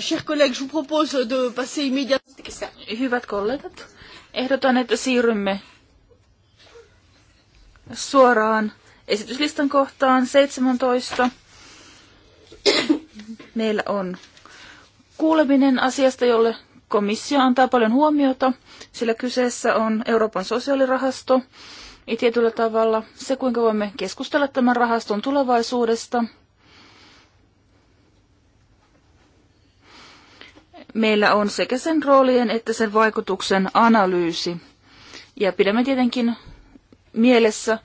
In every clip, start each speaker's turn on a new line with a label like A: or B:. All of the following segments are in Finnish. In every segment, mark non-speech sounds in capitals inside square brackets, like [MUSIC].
A: chers collègues, je vous propose de passer immédiatement. Hyvät kollegat, ehdotan, että siirrymme suoraan esityslistan kohtaan 17. Meillä on kuuleminen asiasta, jolle komissio antaa paljon huomiota, sillä kyseessä on Euroopan sosiaalirahasto ja tietyllä tavalla se, kuinka voimme keskustella tämän rahaston tulevaisuudesta – meillä on sekä sen roolien että sen vaikutuksen analyysi. Ja pidämme tietenkin mielessä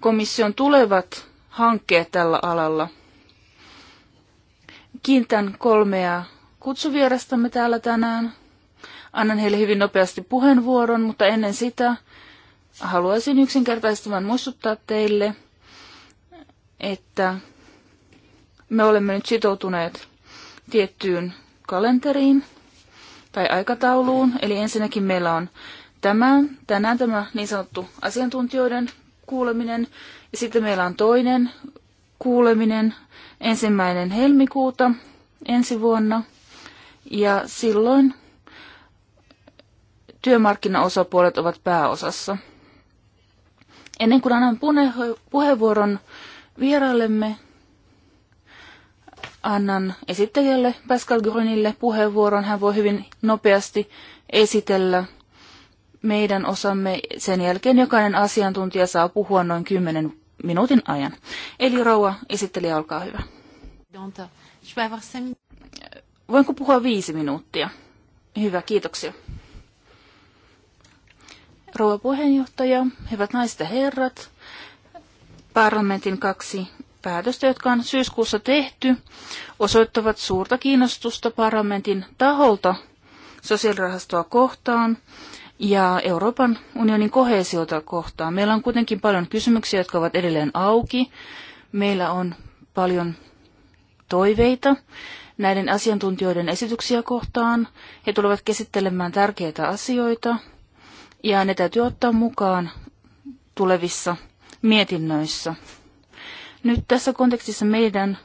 A: komission tulevat hankkeet tällä alalla. Kiintän kolmea kutsuvierastamme täällä tänään. Annan heille hyvin nopeasti puheenvuoron, mutta ennen sitä haluaisin yksinkertaisesti muistuttaa teille, että me olemme nyt sitoutuneet tiettyyn kalenteriin tai aikatauluun. Eli ensinnäkin meillä on tämä, tänään tämä niin sanottu asiantuntijoiden kuuleminen, ja sitten meillä on toinen kuuleminen ensimmäinen helmikuuta ensi vuonna, ja silloin työmarkkinaosapuolet ovat pääosassa. Ennen kuin annan puheenvuoron vieraillemme, annan esittäjälle Pascal Grönille puheenvuoron. Hän voi hyvin nopeasti esitellä meidän osamme. Sen jälkeen jokainen asiantuntija saa puhua noin 10 minuutin ajan. Eli rouva esittelijä, olkaa hyvä. Voinko puhua viisi minuuttia? Hyvä, kiitoksia. Rouva puheenjohtaja, hyvät naiset ja herrat, parlamentin kaksi päätöstä, jotka on syyskuussa tehty, osoittavat suurta kiinnostusta parlamentin taholta sosiaalirahastoa kohtaan ja Euroopan unionin kohesiota kohtaan. Meillä on kuitenkin paljon kysymyksiä, jotka ovat edelleen auki. Meillä on paljon toiveita näiden asiantuntijoiden esityksiä kohtaan. He tulevat käsittelemään tärkeitä asioita ja ne täytyy ottaa mukaan tulevissa mietinnöissä. Nyt tässä kontekstissa meidän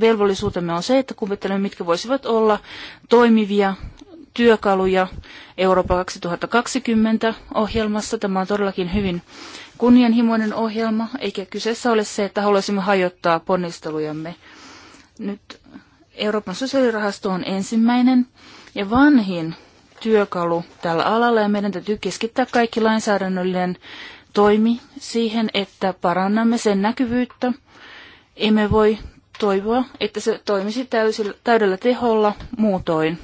A: velvollisuutemme on se, että kuvittelemme, mitkä voisivat olla toimivia työkaluja Eurooppa 2020 ohjelmassa. Tämä on todellakin hyvin kunnianhimoinen ohjelma, eikä kyseessä ole se, että haluaisimme hajottaa ponnistelujamme. Nyt Euroopan sosiaalirahasto on ensimmäinen ja vanhin työkalu tällä alalla ja meidän täytyy keskittää kaikki lainsäädännöllinen toimi siihen, että parannamme sen näkyvyyttä emme voi toivoa, että se toimisi täysillä, täydellä teholla muutoin.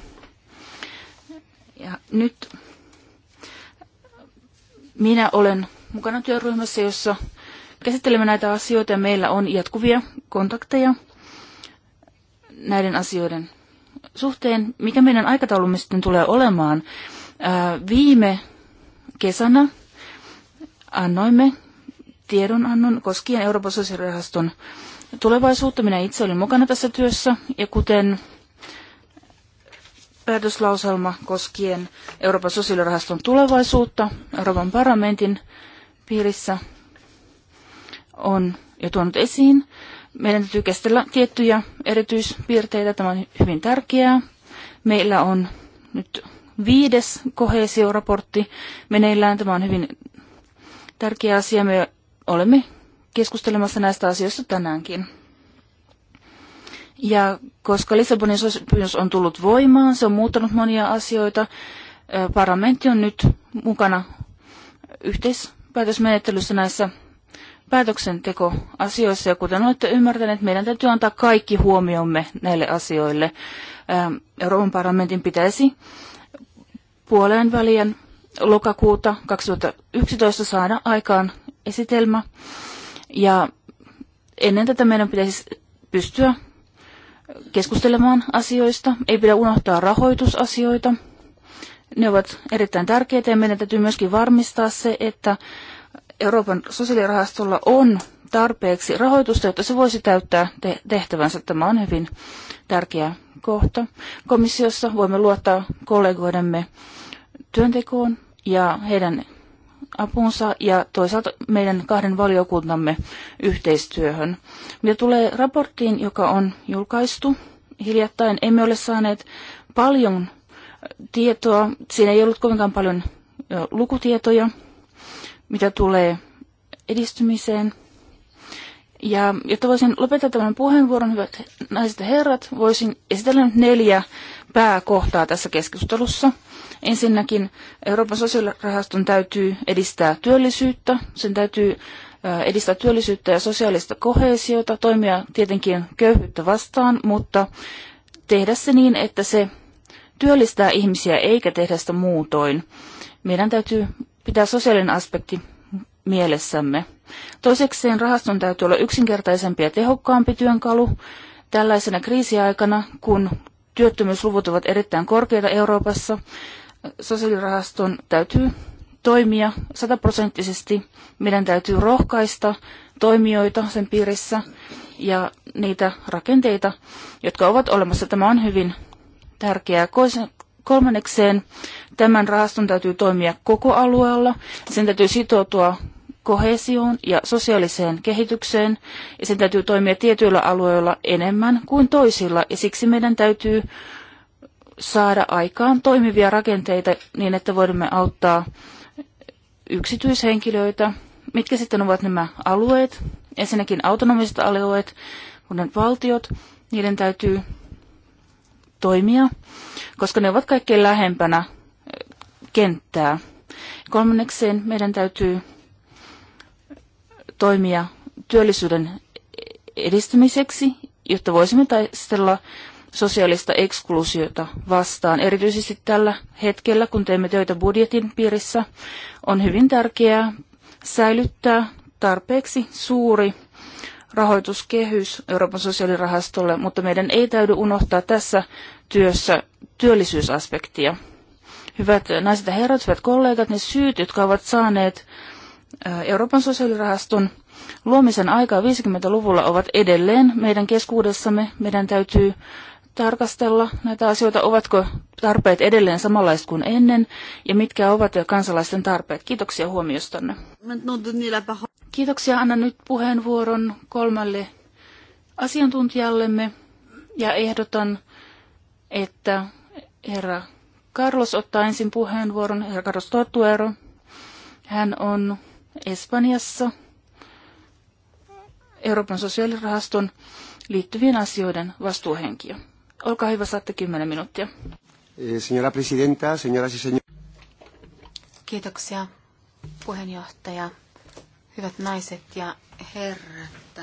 A: Ja nyt minä olen mukana työryhmässä, jossa käsittelemme näitä asioita ja meillä on jatkuvia kontakteja näiden asioiden suhteen. Mikä meidän aikataulumme sitten tulee olemaan? Ää, viime kesänä annoimme tiedonannon koskien Euroopan sosiaalirahaston tulevaisuutta. Minä itse olin mukana tässä työssä ja kuten päätöslauselma koskien Euroopan sosiaalirahaston tulevaisuutta Euroopan parlamentin piirissä on jo tuonut esiin. Meidän täytyy kestellä tiettyjä erityispiirteitä. Tämä on hyvin tärkeää. Meillä on nyt viides kohesioraportti meneillään. Tämä on hyvin tärkeä asia. Me olemme keskustelemassa näistä asioista tänäänkin. Ja koska Lissabonin sopimus on tullut voimaan, se on muuttanut monia asioita. Parlamentti on nyt mukana yhteispäätösmenettelyssä näissä päätöksentekoasioissa. Ja kuten olette ymmärtäneet, meidän täytyy antaa kaikki huomiomme näille asioille. Euroopan parlamentin pitäisi puoleen välien lokakuuta 2011 saada aikaan esitelmä ja ennen tätä meidän pitäisi pystyä keskustelemaan asioista. Ei pidä unohtaa rahoitusasioita. Ne ovat erittäin tärkeitä ja meidän täytyy myöskin varmistaa se, että Euroopan sosiaalirahastolla on tarpeeksi rahoitusta, jotta se voisi täyttää tehtävänsä. Tämä on hyvin tärkeä kohta. Komissiossa voimme luottaa kollegoidemme työntekoon ja heidän apunsa ja toisaalta meidän kahden valiokuntamme yhteistyöhön. Mitä tulee raporttiin, joka on julkaistu hiljattain, emme ole saaneet paljon äh, tietoa. Siinä ei ollut kovinkaan paljon lukutietoja, mitä tulee edistymiseen. Ja jotta voisin lopettaa tämän puheenvuoron, hyvät naiset ja herrat, voisin esitellä neljä pääkohtaa tässä keskustelussa. Ensinnäkin Euroopan sosiaalirahaston täytyy edistää työllisyyttä, sen täytyy edistää työllisyyttä ja sosiaalista kohesiota, toimia tietenkin köyhyyttä vastaan, mutta tehdä se niin, että se työllistää ihmisiä eikä tehdä sitä muutoin. Meidän täytyy pitää sosiaalinen aspekti mielessämme. Toisekseen rahaston täytyy olla yksinkertaisempi ja tehokkaampi työnkalu tällaisena kriisiaikana, kun työttömyysluvut ovat erittäin korkeita Euroopassa sosiaalirahaston täytyy toimia sataprosenttisesti. Meidän täytyy rohkaista toimijoita sen piirissä ja niitä rakenteita, jotka ovat olemassa. Tämä on hyvin tärkeää. Kolmannekseen tämän rahaston täytyy toimia koko alueella. Sen täytyy sitoutua kohesioon ja sosiaaliseen kehitykseen, ja sen täytyy toimia tietyillä alueilla enemmän kuin toisilla, ja siksi meidän täytyy saada aikaan toimivia rakenteita niin, että voimme auttaa yksityishenkilöitä. Mitkä sitten ovat nämä alueet? Ensinnäkin autonomiset alueet, kuten valtiot, niiden täytyy toimia, koska ne ovat kaikkein lähempänä kenttää. Kolmannekseen meidän täytyy toimia työllisyyden edistämiseksi, jotta voisimme taistella sosiaalista eksklusiota vastaan. Erityisesti tällä hetkellä, kun teemme töitä budjetin piirissä, on hyvin tärkeää säilyttää tarpeeksi suuri rahoituskehys Euroopan sosiaalirahastolle, mutta meidän ei täydy unohtaa tässä työssä työllisyysaspektia. Hyvät naiset ja herrat, hyvät kollegat, ne syyt, jotka ovat saaneet Euroopan sosiaalirahaston luomisen aikaa 50-luvulla ovat edelleen meidän keskuudessamme. Meidän täytyy tarkastella näitä asioita, ovatko tarpeet edelleen samanlaiset kuin ennen ja mitkä ovat kansalaisten tarpeet. Kiitoksia huomiostanne. Kiitoksia, annan nyt puheenvuoron kolmalle asiantuntijallemme ja ehdotan, että herra Carlos ottaa ensin puheenvuoron, herra Carlos Tortuero. Hän on Espanjassa Euroopan sosiaalirahaston liittyvien asioiden vastuuhenkilö. Olkaa hyvä, saatte 10 minuuttia.
B: Eh, señora presidenta, señoras y señores.
C: Kiitoksia, puheenjohtaja. Hyvät naiset ja herrat.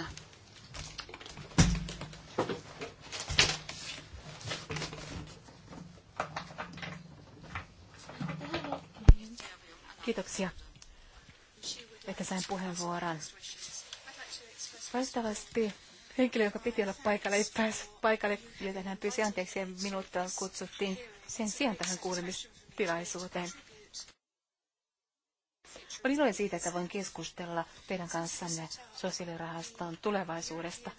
C: Kiitoksia, että sain puheenvuoron. Vastaavasti Henkilö, joka piti olla paikalla, ei päässyt paikalle, joten hän pyysi anteeksi ja minut kutsuttiin sen sijaan tähän kuulemistilaisuuteen. Olin iloinen siitä, että voin keskustella teidän kanssanne sosiaalirahaston tulevaisuudesta.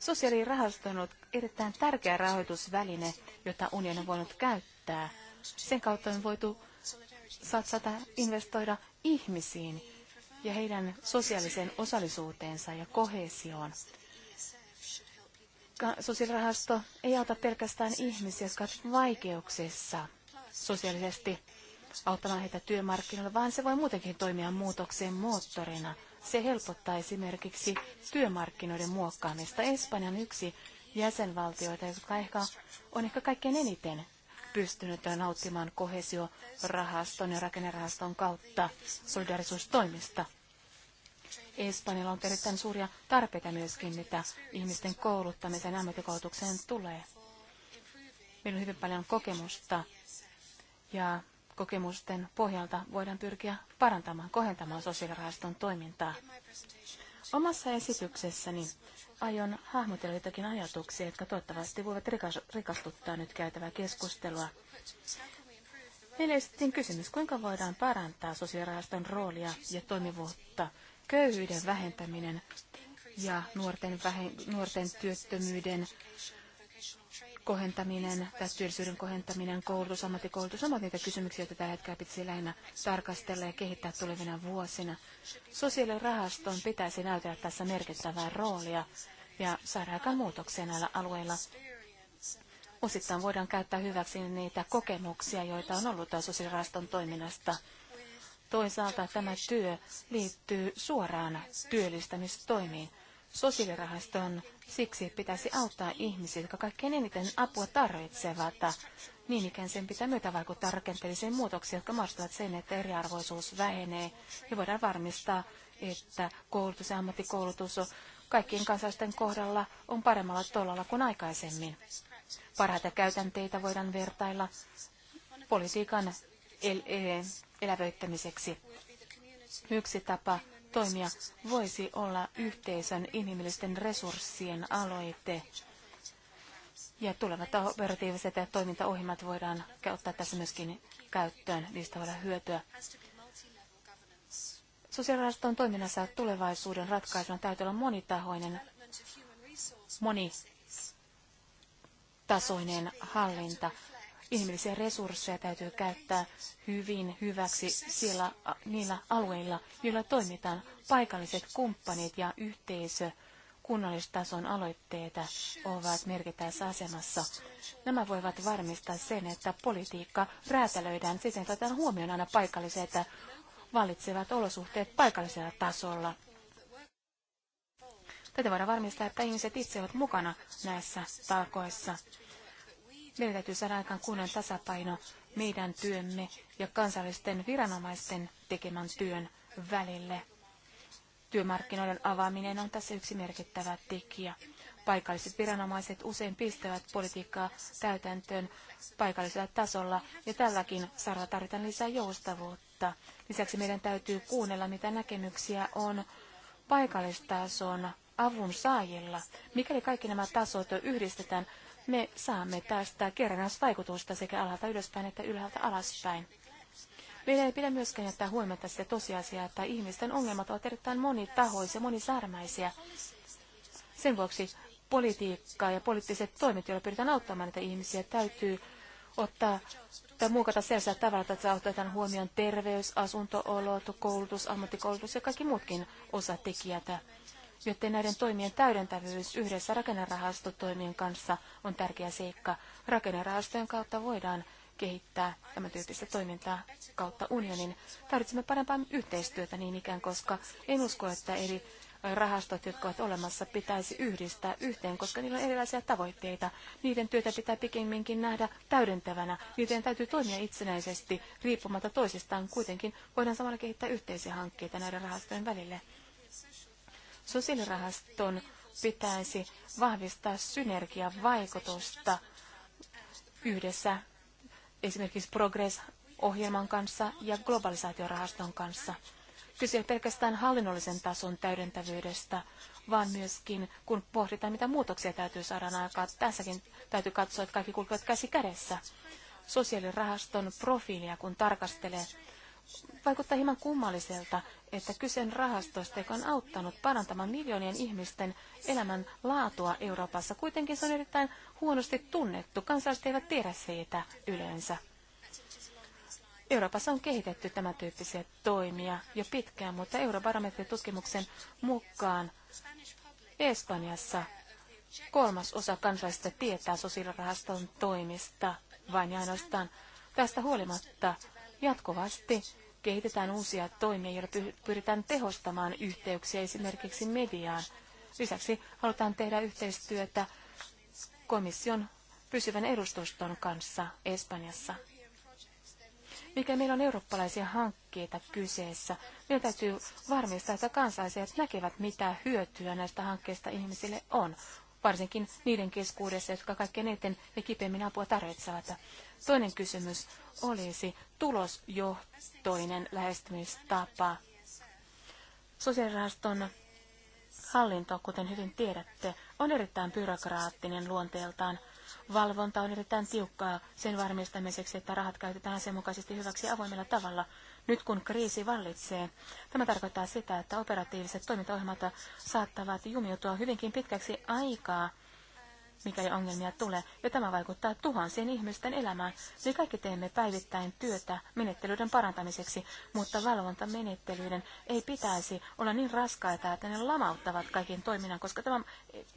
C: Sosiaalirahasto on ollut erittäin tärkeä rahoitusväline, jota unioni on voinut käyttää. Sen kautta on voitu satsata investoida ihmisiin ja heidän sosiaaliseen osallisuuteensa ja kohesioon. Sosiaalirahasto ei auta pelkästään ihmisiä, jotka ovat vaikeuksissa sosiaalisesti auttamaan heitä työmarkkinoilla, vaan se voi muutenkin toimia muutoksen moottorina. Se helpottaa esimerkiksi työmarkkinoiden muokkaamista. Espanjan yksi jäsenvaltioita, jotka ehkä on ehkä kaikkein eniten pystynyt nauttimaan kohesiorahaston ja rakennerahaston kautta solidarisuustoimista. Espanjalla on erittäin suuria tarpeita myöskin, mitä ihmisten kouluttamiseen ja ammattikoulutukseen tulee. Meillä on hyvin paljon kokemusta ja kokemusten pohjalta voidaan pyrkiä parantamaan, kohentamaan sosiaalirahaston toimintaa. Omassa esityksessäni aion hahmotella jotakin ajatuksia, jotka toivottavasti voivat rikastuttaa nyt käytävää keskustelua. Meille esitettiin kysymys, kuinka voidaan parantaa sosiaalirahaston roolia ja toimivuutta. Köyhyyden vähentäminen ja nuorten, vähen, nuorten työttömyyden kohentaminen tai työllisyyden kohentaminen, koulutus, ammattikoulutus ovat niitä kysymyksiä, joita tällä hetkellä pitäisi lähinnä tarkastella ja kehittää tulevina vuosina. Sosiaalirahaston pitäisi näytellä tässä merkittävää roolia ja saada aikaan muutoksia näillä alueilla. Osittain voidaan käyttää hyväksi niitä kokemuksia, joita on ollut sosiaalirahaston toiminnasta. Toisaalta tämä työ liittyy suoraan työllistämistoimiin sosiaalirahaston. Siksi pitäisi auttaa ihmisiä, jotka kaikkein eniten apua tarvitsevat. Niin ikään sen pitää myötä vaikuttaa rakenteellisiin muutoksiin, jotka mahdollistavat sen, että eriarvoisuus vähenee. Ja voidaan varmistaa, että koulutus ja ammattikoulutus kaikkien kansalaisten kohdalla on paremmalla tolalla kuin aikaisemmin. Parhaita käytänteitä voidaan vertailla politiikan el- e- elävöittämiseksi. Yksi tapa toimia voisi olla yhteisön inhimillisten resurssien aloite. Ja tulevat operatiiviset toimintaohjelmat voidaan ottaa tässä myöskin käyttöön, niistä voidaan hyötyä. Sosiaalirahaston toiminnassa tulevaisuuden ratkaisuna täytyy olla monitahoinen, monitasoinen hallinta inhimillisiä resursseja täytyy käyttää hyvin hyväksi siellä, niillä alueilla, joilla toimitaan paikalliset kumppanit ja yhteisö kunnallistason aloitteita ovat merkittävässä asemassa. Nämä voivat varmistaa sen, että politiikka räätälöidään siten, että otetaan huomioon aina paikalliset valitsevat olosuhteet paikallisella tasolla. Tätä voidaan varmistaa, että ihmiset itse ovat mukana näissä talkoissa. Meidän täytyy saada aikaan kunnon tasapaino meidän työmme ja kansallisten viranomaisten tekemän työn välille. Työmarkkinoiden avaaminen on tässä yksi merkittävä tekijä. Paikalliset viranomaiset usein pistävät politiikkaa täytäntöön paikallisella tasolla ja tälläkin saralla tarvitaan lisää joustavuutta. Lisäksi meidän täytyy kuunnella, mitä näkemyksiä on paikallistason avun saajilla. Mikäli kaikki nämä tasot yhdistetään, me saamme tästä kerrannaisvaikutusta sekä alhaalta ylöspäin että ylhäältä alaspäin. Meidän ei pidä myöskään jättää huomiota sitä tosiasiaa, että ihmisten ongelmat ovat erittäin monitahoisia, monisärmäisiä. Sen vuoksi politiikkaa ja poliittiset toimet, joilla pyritään auttamaan näitä ihmisiä, täytyy ottaa tai muokata sellaisella tavalla, että otetaan huomioon terveys, asunto-olot, koulutus, ammattikoulutus ja kaikki muutkin osatekijät joten näiden toimien täydentävyys yhdessä rakennerahastotoimien kanssa on tärkeä seikka. Rakennerahastojen kautta voidaan kehittää tämän tyyppistä toimintaa kautta unionin. Tarvitsemme parempaa yhteistyötä niin ikään, koska en usko, että eri rahastot, jotka ovat olemassa, pitäisi yhdistää yhteen, koska niillä on erilaisia tavoitteita. Niiden työtä pitää pikemminkin nähdä täydentävänä. Niiden täytyy toimia itsenäisesti, riippumatta toisistaan. Kuitenkin voidaan samalla kehittää yhteisiä hankkeita näiden rahastojen välille. Sosiaalirahaston pitäisi vahvistaa synergiavaikutusta yhdessä esimerkiksi Progress-ohjelman kanssa ja globalisaatiorahaston kanssa. Kyse ei pelkästään hallinnollisen tason täydentävyydestä, vaan myöskin kun pohditaan, mitä muutoksia täytyy saada aikaan. Tässäkin täytyy katsoa, että kaikki kulkevat käsi kädessä. Sosiaalirahaston profiilia, kun tarkastelee, vaikuttaa hieman kummalliselta, että kyseen rahastosta, joka on auttanut parantamaan miljoonien ihmisten elämän laatua Euroopassa. Kuitenkin se on erittäin huonosti tunnettu. Kansalaiset eivät tiedä siitä yleensä. Euroopassa on kehitetty tämän tyyppisiä toimia jo pitkään, mutta Eurobarometritutkimuksen mukaan Espanjassa kolmas osa kansalaisista tietää sosiaalirahaston toimista vain ja ainoastaan. Tästä huolimatta Jatkuvasti kehitetään uusia toimia, joilla pyritään tehostamaan yhteyksiä esimerkiksi mediaan. Lisäksi halutaan tehdä yhteistyötä komission pysyvän edustuston kanssa Espanjassa. Mikä meillä on eurooppalaisia hankkeita kyseessä, meidän täytyy varmistaa, että kansalaiset näkevät, mitä hyötyä näistä hankkeista ihmisille on varsinkin niiden keskuudessa, jotka kaikkein eniten ja kipeimmin apua tarvitsevat. Toinen kysymys olisi tulosjohtoinen lähestymistapa. Sosiaalirahaston hallinto, kuten hyvin tiedätte, on erittäin byrokraattinen luonteeltaan. Valvonta on erittäin tiukkaa sen varmistamiseksi, että rahat käytetään asianmukaisesti hyväksi avoimella tavalla. Nyt kun kriisi vallitsee, tämä tarkoittaa sitä, että operatiiviset toimintaohjelmat saattavat jumiutua hyvinkin pitkäksi aikaa mikäli ongelmia tulee, ja tämä vaikuttaa tuhansien ihmisten elämään. Me kaikki teemme päivittäin työtä menettelyiden parantamiseksi, mutta valvontamenettelyiden ei pitäisi olla niin raskaita, että ne lamauttavat kaiken toiminnan, koska tämä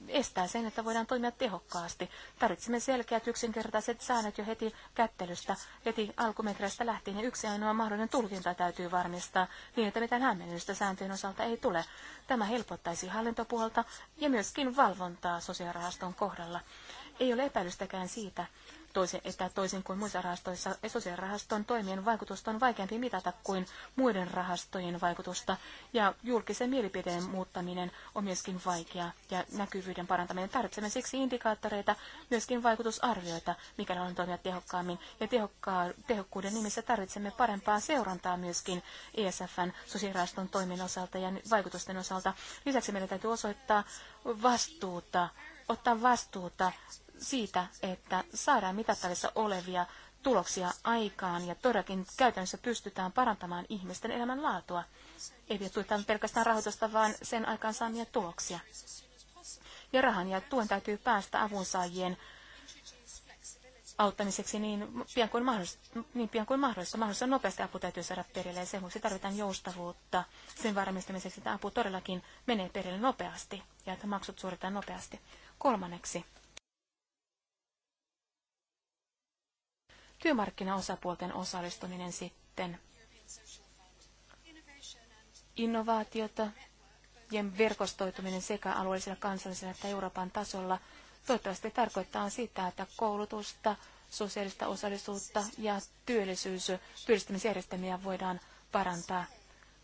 C: estää sen, että voidaan toimia tehokkaasti. Tarvitsemme selkeät yksinkertaiset säännöt jo heti kättelystä, heti alkumetreistä lähtien, ja yksi ainoa mahdollinen tulkinta täytyy varmistaa niin, että mitään hämmennystä sääntöjen osalta ei tule. Tämä helpottaisi hallintopuolta ja myöskin valvontaa sosiaalirahaston kohdalla puolella. Ei ole epäilystäkään siitä, toisin, että toisin kuin muissa rahastoissa, rahaston toimien vaikutusta on vaikeampi mitata kuin muiden rahastojen vaikutusta, ja julkisen mielipiteen muuttaminen on myöskin vaikeaa, ja näkyvyyden parantaminen tarvitsemme siksi indikaattoreita, myöskin vaikutusarvioita, mikä on toimia tehokkaammin, ja tehokkaa, tehokkuuden nimissä tarvitsemme parempaa seurantaa myöskin ESFn sosiaalirahaston toimin osalta ja vaikutusten osalta. Lisäksi meidän täytyy osoittaa vastuuta ottaa vastuuta siitä, että saadaan mitattavissa olevia tuloksia aikaan ja todellakin käytännössä pystytään parantamaan ihmisten elämänlaatua. Ei tuetaan pelkästään rahoitusta, vaan sen saamia tuloksia. Ja rahan ja tuen täytyy päästä avunsaajien auttamiseksi niin pian kuin mahdollista. Niin pian kuin mahdollista. Mahdollisimman nopeasti apu täytyy saada perille ja sen vuoksi tarvitaan joustavuutta sen varmistamiseksi, että apu todellakin menee perille nopeasti ja että maksut suoritetaan nopeasti. Kolmanneksi. Työmarkkinaosapuolten osallistuminen sitten. Innovaatiota ja verkostoituminen sekä alueellisella, kansallisella että Euroopan tasolla toivottavasti tarkoittaa sitä, että koulutusta, sosiaalista osallisuutta ja työllisyys, työllistämisjärjestelmiä voidaan parantaa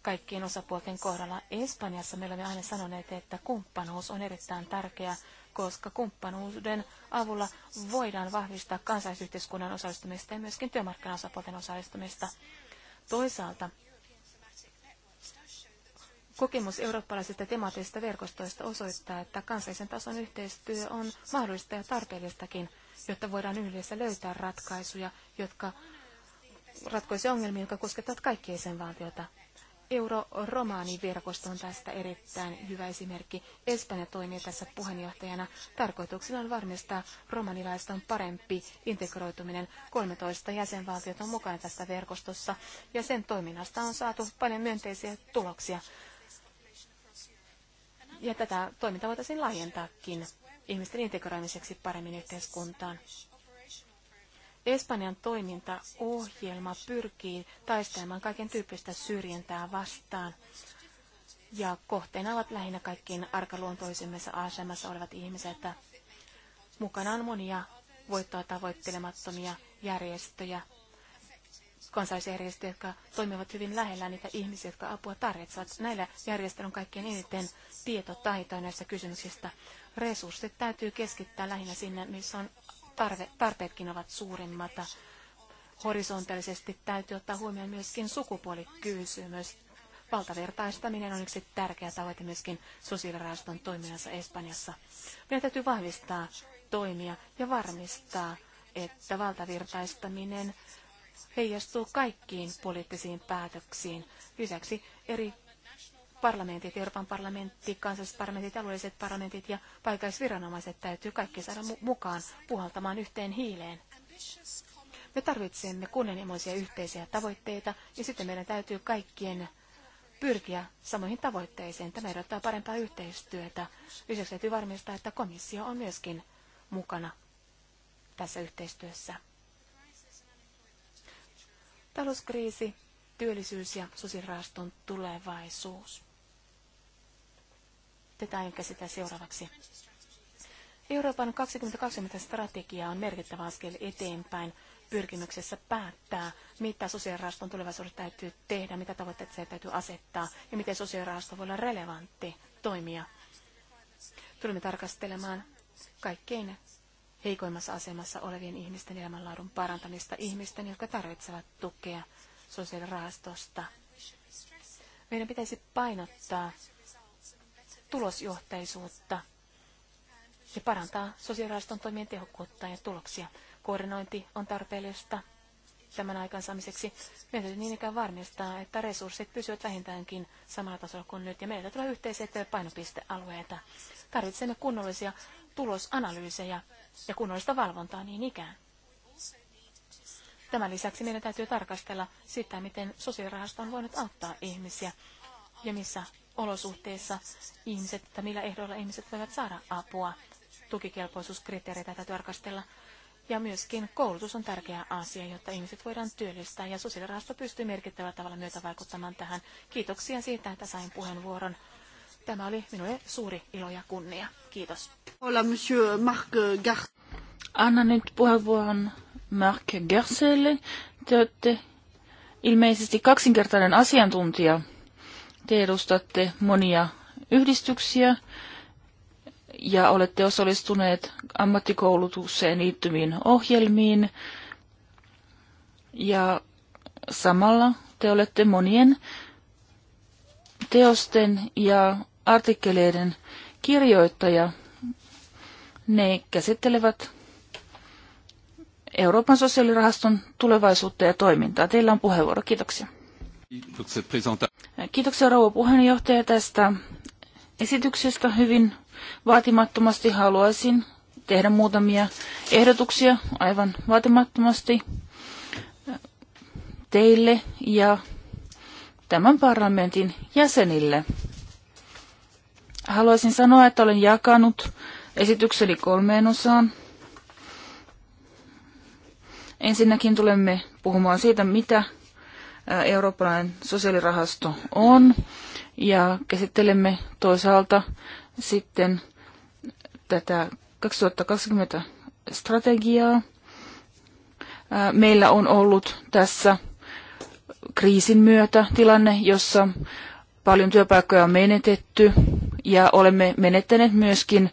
C: kaikkien osapuolten kohdalla. Espanjassa me olemme aina sanoneet, että kumppanuus on erittäin tärkeä koska kumppanuuden avulla voidaan vahvistaa kansalaisyhteiskunnan osallistumista ja myöskin työmarkkinaosapuolten osallistumista. Toisaalta Kokemus eurooppalaisista temaattisista verkostoista osoittaa, että kansallisen tason yhteistyö on mahdollista ja tarpeellistakin, jotta voidaan yhdessä löytää ratkaisuja, jotka ratkoisivat ongelmia, jotka koskettavat kaikkia jäsenvaltioita euro on tästä erittäin hyvä esimerkki. Espanja toimii tässä puheenjohtajana. Tarkoituksena on varmistaa romanilaisten parempi integroituminen. 13 jäsenvaltiota on mukana tässä verkostossa ja sen toiminnasta on saatu paljon myönteisiä tuloksia. Ja tätä toimintaa voitaisiin laajentaakin ihmisten integroimiseksi paremmin yhteiskuntaan. Espanjan toimintaohjelma pyrkii taistelemaan kaiken tyyppistä syrjintää vastaan. Ja kohteena ovat lähinnä kaikkiin arkaluontoisimmissa asemassa olevat ihmiset. Mukana on monia voittoa tavoittelemattomia järjestöjä, kansalaisjärjestöjä, jotka toimivat hyvin lähellä niitä ihmisiä, jotka apua tarvitsevat. Näillä järjestöillä on kaikkein eniten tietotaitoa näistä kysymyksistä. Resurssit täytyy keskittää lähinnä sinne, missä on tarve, tarpeetkin ovat suurimmat. Horisontaalisesti täytyy ottaa huomioon myöskin sukupuolikysymys. Valtavertaistaminen on yksi tärkeä tavoite myöskin sosiaalirahaston toiminnassa Espanjassa. Meidän täytyy vahvistaa toimia ja varmistaa, että valtavirtaistaminen heijastuu kaikkiin poliittisiin päätöksiin. Lisäksi eri parlamentit, Euroopan parlamentti, kansalliset parlamentit, alueelliset parlamentit ja paikallisviranomaiset täytyy kaikki saada mukaan puhaltamaan yhteen hiileen. Me tarvitsemme kunnianhimoisia yhteisiä tavoitteita ja sitten meidän täytyy kaikkien pyrkiä samoihin tavoitteisiin. Tämä edellyttää parempaa yhteistyötä. Lisäksi täytyy varmistaa, että komissio on myöskin mukana tässä yhteistyössä. Talouskriisi, työllisyys ja sosiaalirahaston tulevaisuus. Otetaan aion käsitellä seuraavaksi. Euroopan 2020-strategia on merkittävä askel eteenpäin pyrkimyksessä päättää, mitä sosiaalirahaston tulevaisuudessa täytyy tehdä, mitä tavoitteet se täytyy asettaa ja miten sosiaalirahasto voi olla relevantti toimija. Tulemme tarkastelemaan kaikkein heikoimmassa asemassa olevien ihmisten elämänlaadun parantamista ihmisten, jotka tarvitsevat tukea sosiaalirahastosta. Meidän pitäisi painottaa tulosjohtaisuutta ja parantaa sosiaalirahaston toimien tehokkuutta ja tuloksia. Koordinointi on tarpeellista tämän aikaansaamiseksi. Meidän täytyy niin ikään varmistaa, että resurssit pysyvät vähintäänkin samalla tasolla kuin nyt, ja meillä tulee yhteiset painopistealueita. Tarvitsemme kunnollisia tulosanalyysejä ja kunnollista valvontaa niin ikään. Tämän lisäksi meidän täytyy tarkastella sitä, miten sosiaalirahasto on voinut auttaa ihmisiä ja missä olosuhteissa ihmiset, että millä ehdoilla ihmiset voivat saada apua. Tukikelpoisuuskriteereitä täytyy tarkastella. Ja myöskin koulutus on tärkeä asia, jotta ihmiset voidaan työllistää ja sosiaalirahasto pystyy merkittävällä tavalla myötä vaikuttamaan tähän. Kiitoksia siitä, että sain puheenvuoron. Tämä oli minulle suuri ilo ja kunnia. Kiitos.
A: Hola, monsieur Marc Anna nyt puheenvuoron Marc Gerselle. Te olette ilmeisesti kaksinkertainen asiantuntija te edustatte monia yhdistyksiä ja olette osallistuneet ammattikoulutukseen liittyviin ohjelmiin. Ja samalla te olette monien teosten ja artikkeleiden kirjoittaja. Ne käsittelevät Euroopan sosiaalirahaston tulevaisuutta ja toimintaa. Teillä on puheenvuoro. Kiitoksia. Kiitoksia rouva puheenjohtaja tästä esityksestä. Hyvin vaatimattomasti haluaisin tehdä muutamia ehdotuksia aivan vaatimattomasti teille ja tämän parlamentin jäsenille. Haluaisin sanoa, että olen jakanut esitykseni kolmeen osaan. Ensinnäkin tulemme puhumaan siitä, mitä eurooppalainen sosiaalirahasto on. Ja käsittelemme toisaalta sitten tätä 2020 strategiaa. Meillä on ollut tässä kriisin myötä tilanne, jossa paljon työpaikkoja on menetetty ja olemme menettäneet myöskin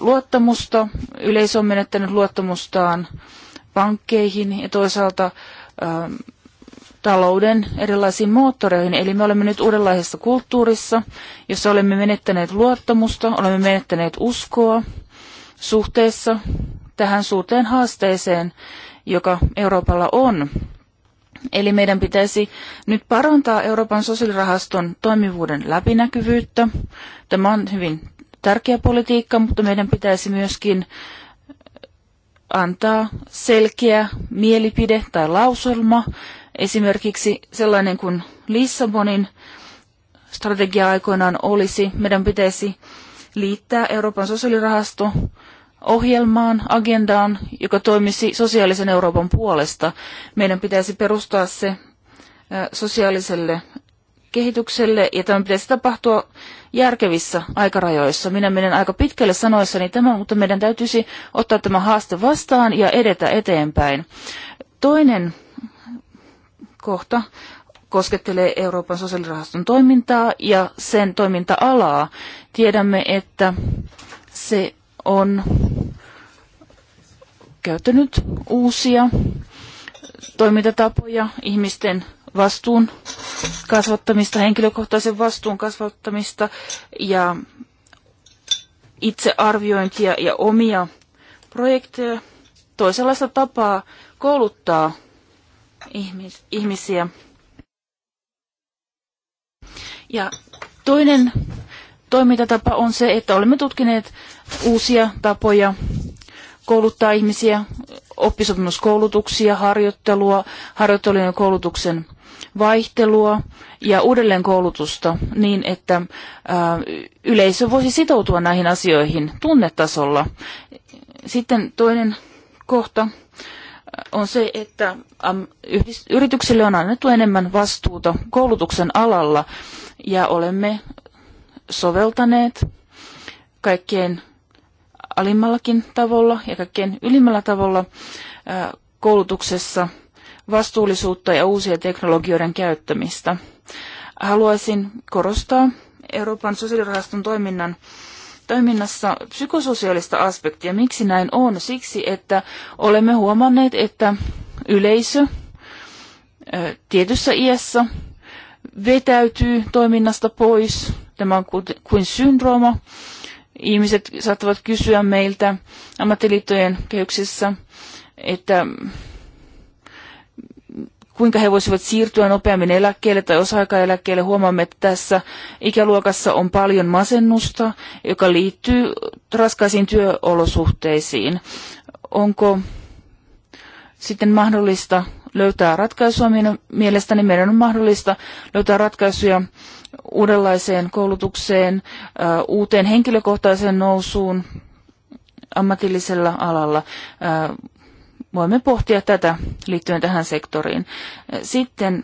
A: luottamusta. Yleisö on menettänyt luottamustaan pankkeihin ja toisaalta talouden erilaisiin moottoreihin. Eli me olemme nyt uudenlaisessa kulttuurissa, jossa olemme menettäneet luottamusta, olemme menettäneet uskoa suhteessa tähän suurteen haasteeseen, joka Euroopalla on. Eli meidän pitäisi nyt parantaa Euroopan sosiaalirahaston toimivuuden läpinäkyvyyttä. Tämä on hyvin tärkeä politiikka, mutta meidän pitäisi myöskin antaa selkeä mielipide tai lauselma Esimerkiksi sellainen kuin Lissabonin strategia aikoinaan olisi, meidän pitäisi liittää Euroopan sosiaalirahasto ohjelmaan, agendaan, joka toimisi sosiaalisen Euroopan puolesta. Meidän pitäisi perustaa se sosiaaliselle kehitykselle, ja tämä pitäisi tapahtua järkevissä aikarajoissa. Minä menen aika pitkälle sanoissani tämä, mutta meidän täytyisi ottaa tämä haaste vastaan ja edetä eteenpäin. Toinen kohta koskettelee Euroopan sosiaalirahaston toimintaa ja sen toiminta-alaa. Tiedämme, että se on käyttänyt uusia toimintatapoja ihmisten vastuun kasvattamista, henkilökohtaisen vastuun kasvattamista ja itsearviointia ja omia projekteja, toisenlaista tapaa kouluttaa ihmis- ihmisiä. Ja toinen toimintatapa on se, että olemme tutkineet uusia tapoja kouluttaa ihmisiä, oppisopimuskoulutuksia, harjoittelua, harjoittelun ja koulutuksen vaihtelua ja uudelleenkoulutusta niin, että yleisö voisi sitoutua näihin asioihin tunnetasolla. Sitten toinen kohta on se, että ähm, yrityksille on annettu enemmän vastuuta koulutuksen alalla ja olemme soveltaneet kaikkein alimmallakin tavalla ja kaikkein ylimmällä tavalla äh, koulutuksessa vastuullisuutta ja uusia teknologioiden käyttämistä. Haluaisin korostaa Euroopan sosiaalirahaston toiminnan toiminnassa psykososiaalista aspektia. Miksi näin on? Siksi, että olemme huomanneet, että yleisö tietyssä iässä vetäytyy toiminnasta pois. Tämä on kuin syndrooma. Ihmiset saattavat kysyä meiltä ammattiliittojen kehyksissä, että kuinka he voisivat siirtyä nopeammin eläkkeelle tai osa-aikaeläkkeelle. Huomaamme, että tässä ikäluokassa on paljon masennusta, joka liittyy raskaisiin työolosuhteisiin. Onko sitten mahdollista löytää ratkaisua? Mielestäni meidän on mahdollista löytää ratkaisuja uudenlaiseen koulutukseen, äh, uuteen henkilökohtaiseen nousuun ammatillisella alalla, äh, voimme pohtia tätä liittyen tähän sektoriin. Sitten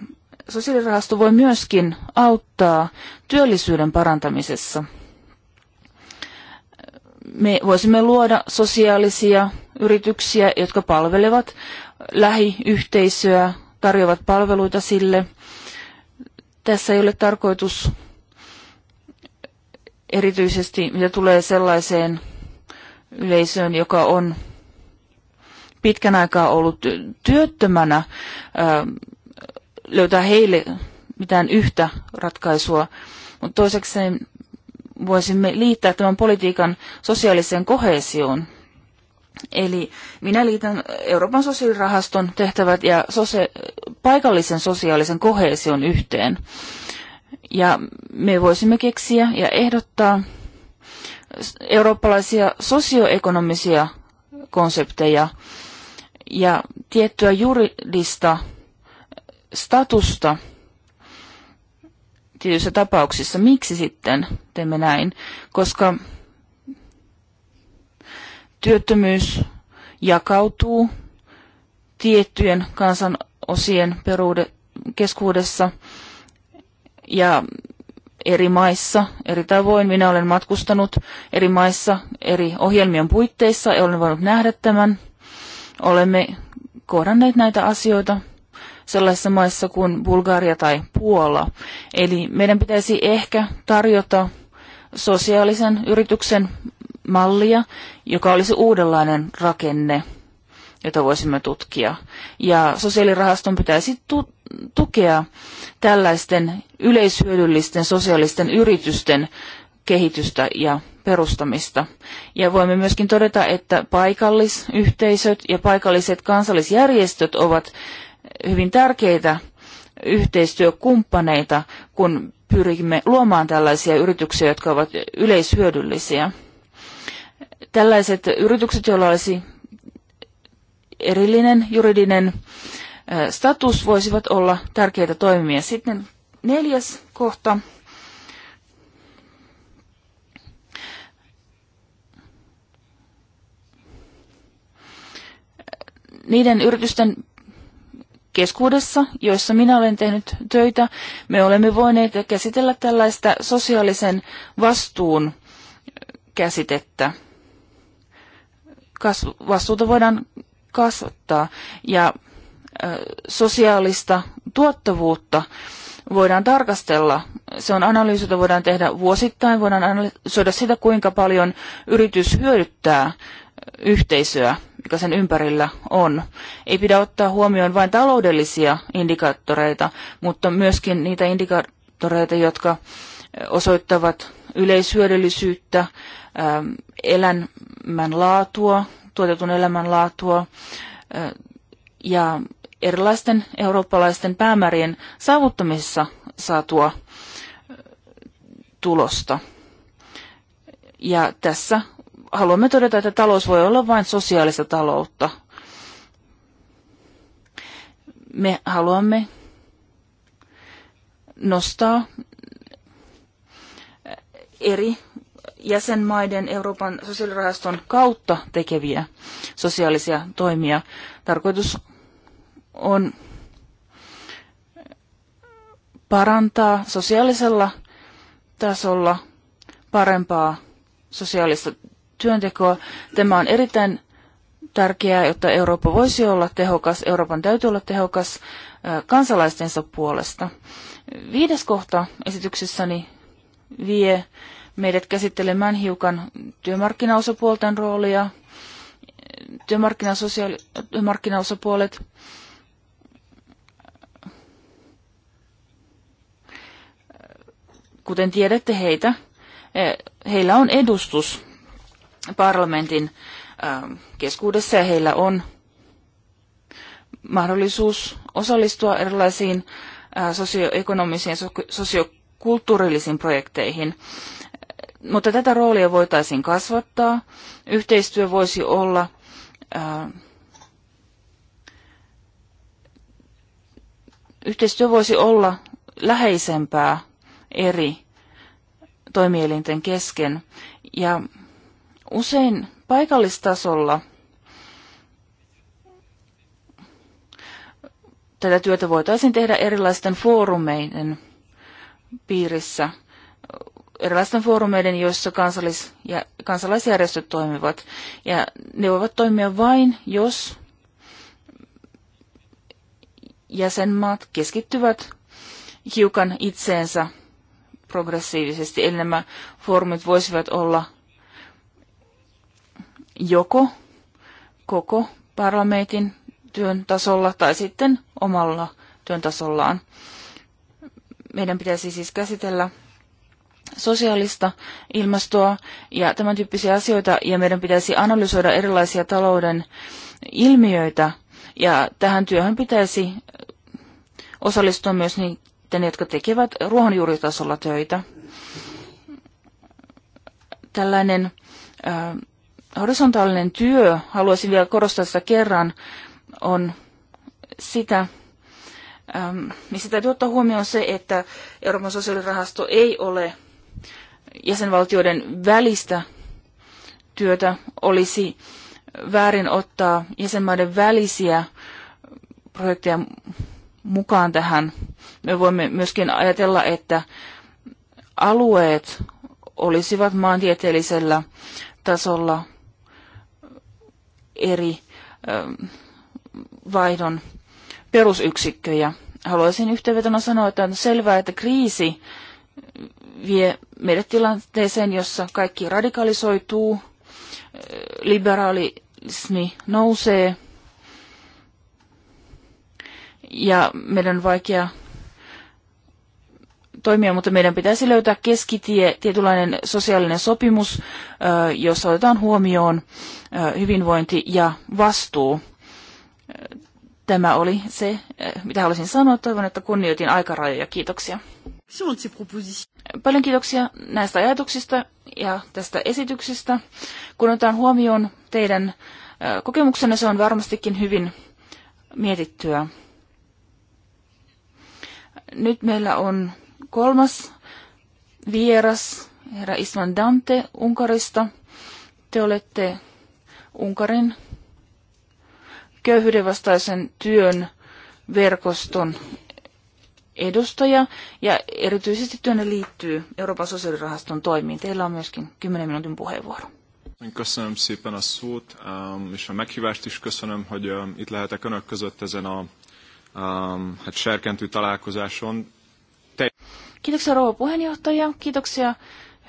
A: sosiaalirahasto voi myöskin auttaa työllisyyden parantamisessa. Me voisimme luoda sosiaalisia yrityksiä, jotka palvelevat lähiyhteisöä, tarjoavat palveluita sille. Tässä ei ole tarkoitus erityisesti, mitä tulee sellaiseen yleisöön, joka on pitkän aikaa ollut työttömänä, ähm, löytää heille mitään yhtä ratkaisua. Mutta toiseksi voisimme liittää tämän politiikan sosiaaliseen kohesioon. Eli minä liitän Euroopan sosiaalirahaston tehtävät ja sosia- paikallisen sosiaalisen kohesion yhteen. Ja me voisimme keksiä ja ehdottaa eurooppalaisia sosioekonomisia konsepteja, ja tiettyä juridista statusta tietyissä tapauksissa. Miksi sitten teemme näin? Koska työttömyys jakautuu tiettyjen kansanosien peruude, keskuudessa ja eri maissa eri tavoin. Minä olen matkustanut eri maissa eri ohjelmien puitteissa ja olen voinut nähdä tämän. Olemme kohdanneet näitä asioita sellaisissa maissa kuin Bulgaria tai Puola. Eli meidän pitäisi ehkä tarjota sosiaalisen yrityksen mallia, joka olisi uudenlainen rakenne, jota voisimme tutkia. Ja sosiaalirahaston pitäisi tu- tukea tällaisten yleishyödyllisten sosiaalisten yritysten kehitystä ja perustamista. Ja voimme myöskin todeta, että paikallisyhteisöt ja paikalliset kansallisjärjestöt ovat hyvin tärkeitä yhteistyökumppaneita, kun pyrimme luomaan tällaisia yrityksiä, jotka ovat yleishyödyllisiä. Tällaiset yritykset, joilla olisi erillinen juridinen status, voisivat olla tärkeitä toimia. Sitten neljäs kohta niiden yritysten keskuudessa, joissa minä olen tehnyt töitä, me olemme voineet käsitellä tällaista sosiaalisen vastuun käsitettä. Kasvu, vastuuta voidaan kasvattaa ja ö, sosiaalista tuottavuutta voidaan tarkastella. Se on analyysiota voidaan tehdä vuosittain. Voidaan analysoida sitä, kuinka paljon yritys hyödyttää yhteisöä sen ympärillä on. Ei pidä ottaa huomioon vain taloudellisia indikaattoreita, mutta myöskin niitä indikaattoreita, jotka osoittavat yleishyödyllisyyttä, elämänlaatua, tuotetun elämänlaatua ja erilaisten eurooppalaisten päämäärien saavuttamisessa saatua tulosta. Ja tässä haluamme todeta, että talous voi olla vain sosiaalista taloutta. Me haluamme nostaa eri jäsenmaiden Euroopan sosiaalirahaston kautta tekeviä sosiaalisia toimia. Tarkoitus on parantaa sosiaalisella tasolla parempaa sosiaalista työntekoa. Tämä on erittäin tärkeää, jotta Eurooppa voisi olla tehokas. Euroopan täytyy olla tehokas kansalaistensa puolesta. Viides kohta esityksessäni vie meidät käsittelemään hiukan työmarkkinaosapuolten roolia, työmarkkinasosiaali- työmarkkinaosapuolet, kuten tiedätte heitä, e, heillä on edustus parlamentin ähm, keskuudessa ja heillä on mahdollisuus osallistua erilaisiin äh, sosioekonomisiin ja sosiokulttuurillisiin projekteihin. Mutta tätä roolia voitaisiin kasvattaa. Yhteistyö voisi olla äh, yhteistyö voisi olla läheisempää eri toimielinten kesken. Ja Usein paikallistasolla tätä työtä voitaisiin tehdä erilaisten foorumeiden piirissä, erilaisten foorumeiden, joissa kansallis- ja kansalaisjärjestöt toimivat. Ja ne voivat toimia vain, jos jäsenmaat keskittyvät hiukan itseensä progressiivisesti. Eli nämä foorumit voisivat olla joko koko parlamentin työn tasolla tai sitten omalla työn tasollaan. Meidän pitäisi siis käsitellä sosiaalista ilmastoa ja tämän tyyppisiä asioita, ja meidän pitäisi analysoida erilaisia talouden ilmiöitä, ja tähän työhön pitäisi osallistua myös niiden, jotka tekevät ruohonjuuritasolla töitä. Tällainen äh, horisontaalinen työ, haluaisin vielä korostaa sitä kerran, on sitä, missä täytyy ottaa huomioon se, että Euroopan sosiaalirahasto ei ole jäsenvaltioiden välistä työtä, olisi väärin ottaa jäsenmaiden välisiä projekteja mukaan tähän. Me voimme myöskin ajatella, että alueet olisivat maantieteellisellä tasolla eri ähm, vaihdon perusyksikköjä. Haluaisin yhteenvetona sanoa, että on selvää, että kriisi vie meidät tilanteeseen, jossa kaikki radikalisoituu, äh, liberaalismi nousee ja meidän on vaikea toimia, mutta meidän pitäisi löytää keskitie, tietynlainen sosiaalinen sopimus, jossa otetaan huomioon hyvinvointi ja vastuu. Tämä oli se, mitä haluaisin sanoa. Toivon, että kunnioitin aikarajoja. Kiitoksia. Paljon kiitoksia näistä ajatuksista ja tästä esityksestä. Kun otetaan huomioon teidän kokemuksenne, se on varmastikin hyvin mietittyä. Nyt meillä on kolmas vieras, herra Isman Dante Unkarista. Te olette Unkarin köyhyydenvastaisen työn verkoston edustaja ja erityisesti työnne liittyy Euroopan sosiaalirahaston toimiin. Teillä on myöskin 10 minuutin puheenvuoro.
D: Köszönöm szépen a szót, um, és a meghívást is köszönöm, hogy um, itt lehetek önök között ezen a um, hát serkentő találkozáson.
A: Kiitoksia rouva puheenjohtaja. Kiitoksia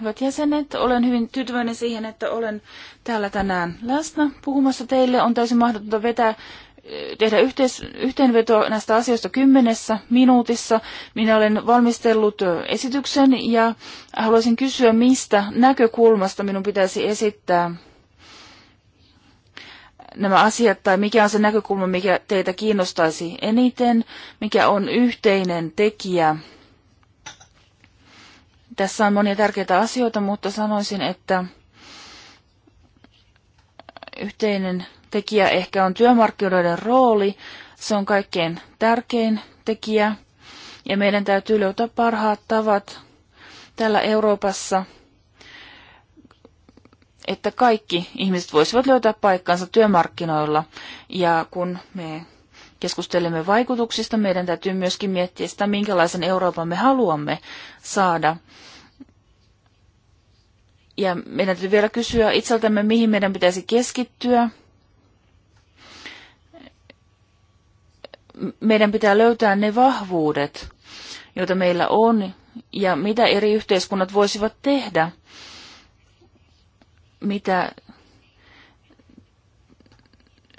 A: hyvät jäsenet. Olen hyvin tyytyväinen siihen, että olen täällä tänään läsnä puhumassa teille. On täysin mahdotonta vetää tehdä yhteis, yhteenveto näistä asioista kymmenessä minuutissa. Minä olen valmistellut esityksen ja haluaisin kysyä, mistä näkökulmasta minun pitäisi esittää nämä asiat tai mikä on se näkökulma, mikä teitä kiinnostaisi eniten, mikä on yhteinen tekijä tässä on monia tärkeitä asioita, mutta sanoisin, että yhteinen tekijä ehkä on työmarkkinoiden rooli. Se on kaikkein tärkein tekijä. Ja meidän täytyy löytää parhaat tavat täällä Euroopassa, että kaikki ihmiset voisivat löytää paikkansa työmarkkinoilla. Ja kun me keskustelemme vaikutuksista, meidän täytyy myöskin miettiä sitä, minkälaisen Euroopan me haluamme saada. Ja meidän täytyy vielä kysyä itseltämme, mihin meidän pitäisi keskittyä. Meidän pitää löytää ne vahvuudet, joita meillä on, ja mitä eri yhteiskunnat voisivat tehdä, mitä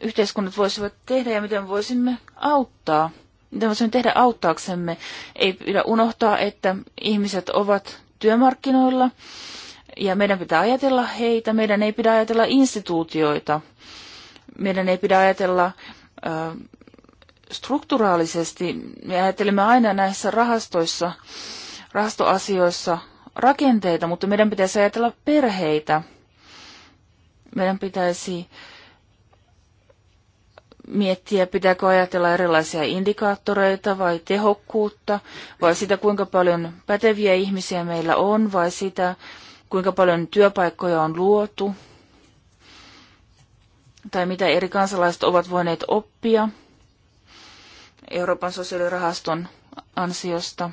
A: yhteiskunnat voisivat tehdä ja miten voisimme auttaa. Mitä voisimme tehdä auttaaksemme? Ei pidä unohtaa, että ihmiset ovat työmarkkinoilla ja meidän pitää ajatella heitä. Meidän ei pidä ajatella instituutioita. Meidän ei pidä ajatella äh, strukturaalisesti. Me ajattelemme aina näissä rahastoissa, rahastoasioissa rakenteita, mutta meidän pitäisi ajatella perheitä. Meidän pitäisi äh, miettiä, pitääkö ajatella erilaisia indikaattoreita vai tehokkuutta, vai sitä, kuinka paljon päteviä ihmisiä meillä on, vai sitä, kuinka paljon työpaikkoja on luotu, tai mitä eri kansalaiset ovat voineet oppia Euroopan sosiaalirahaston ansiosta.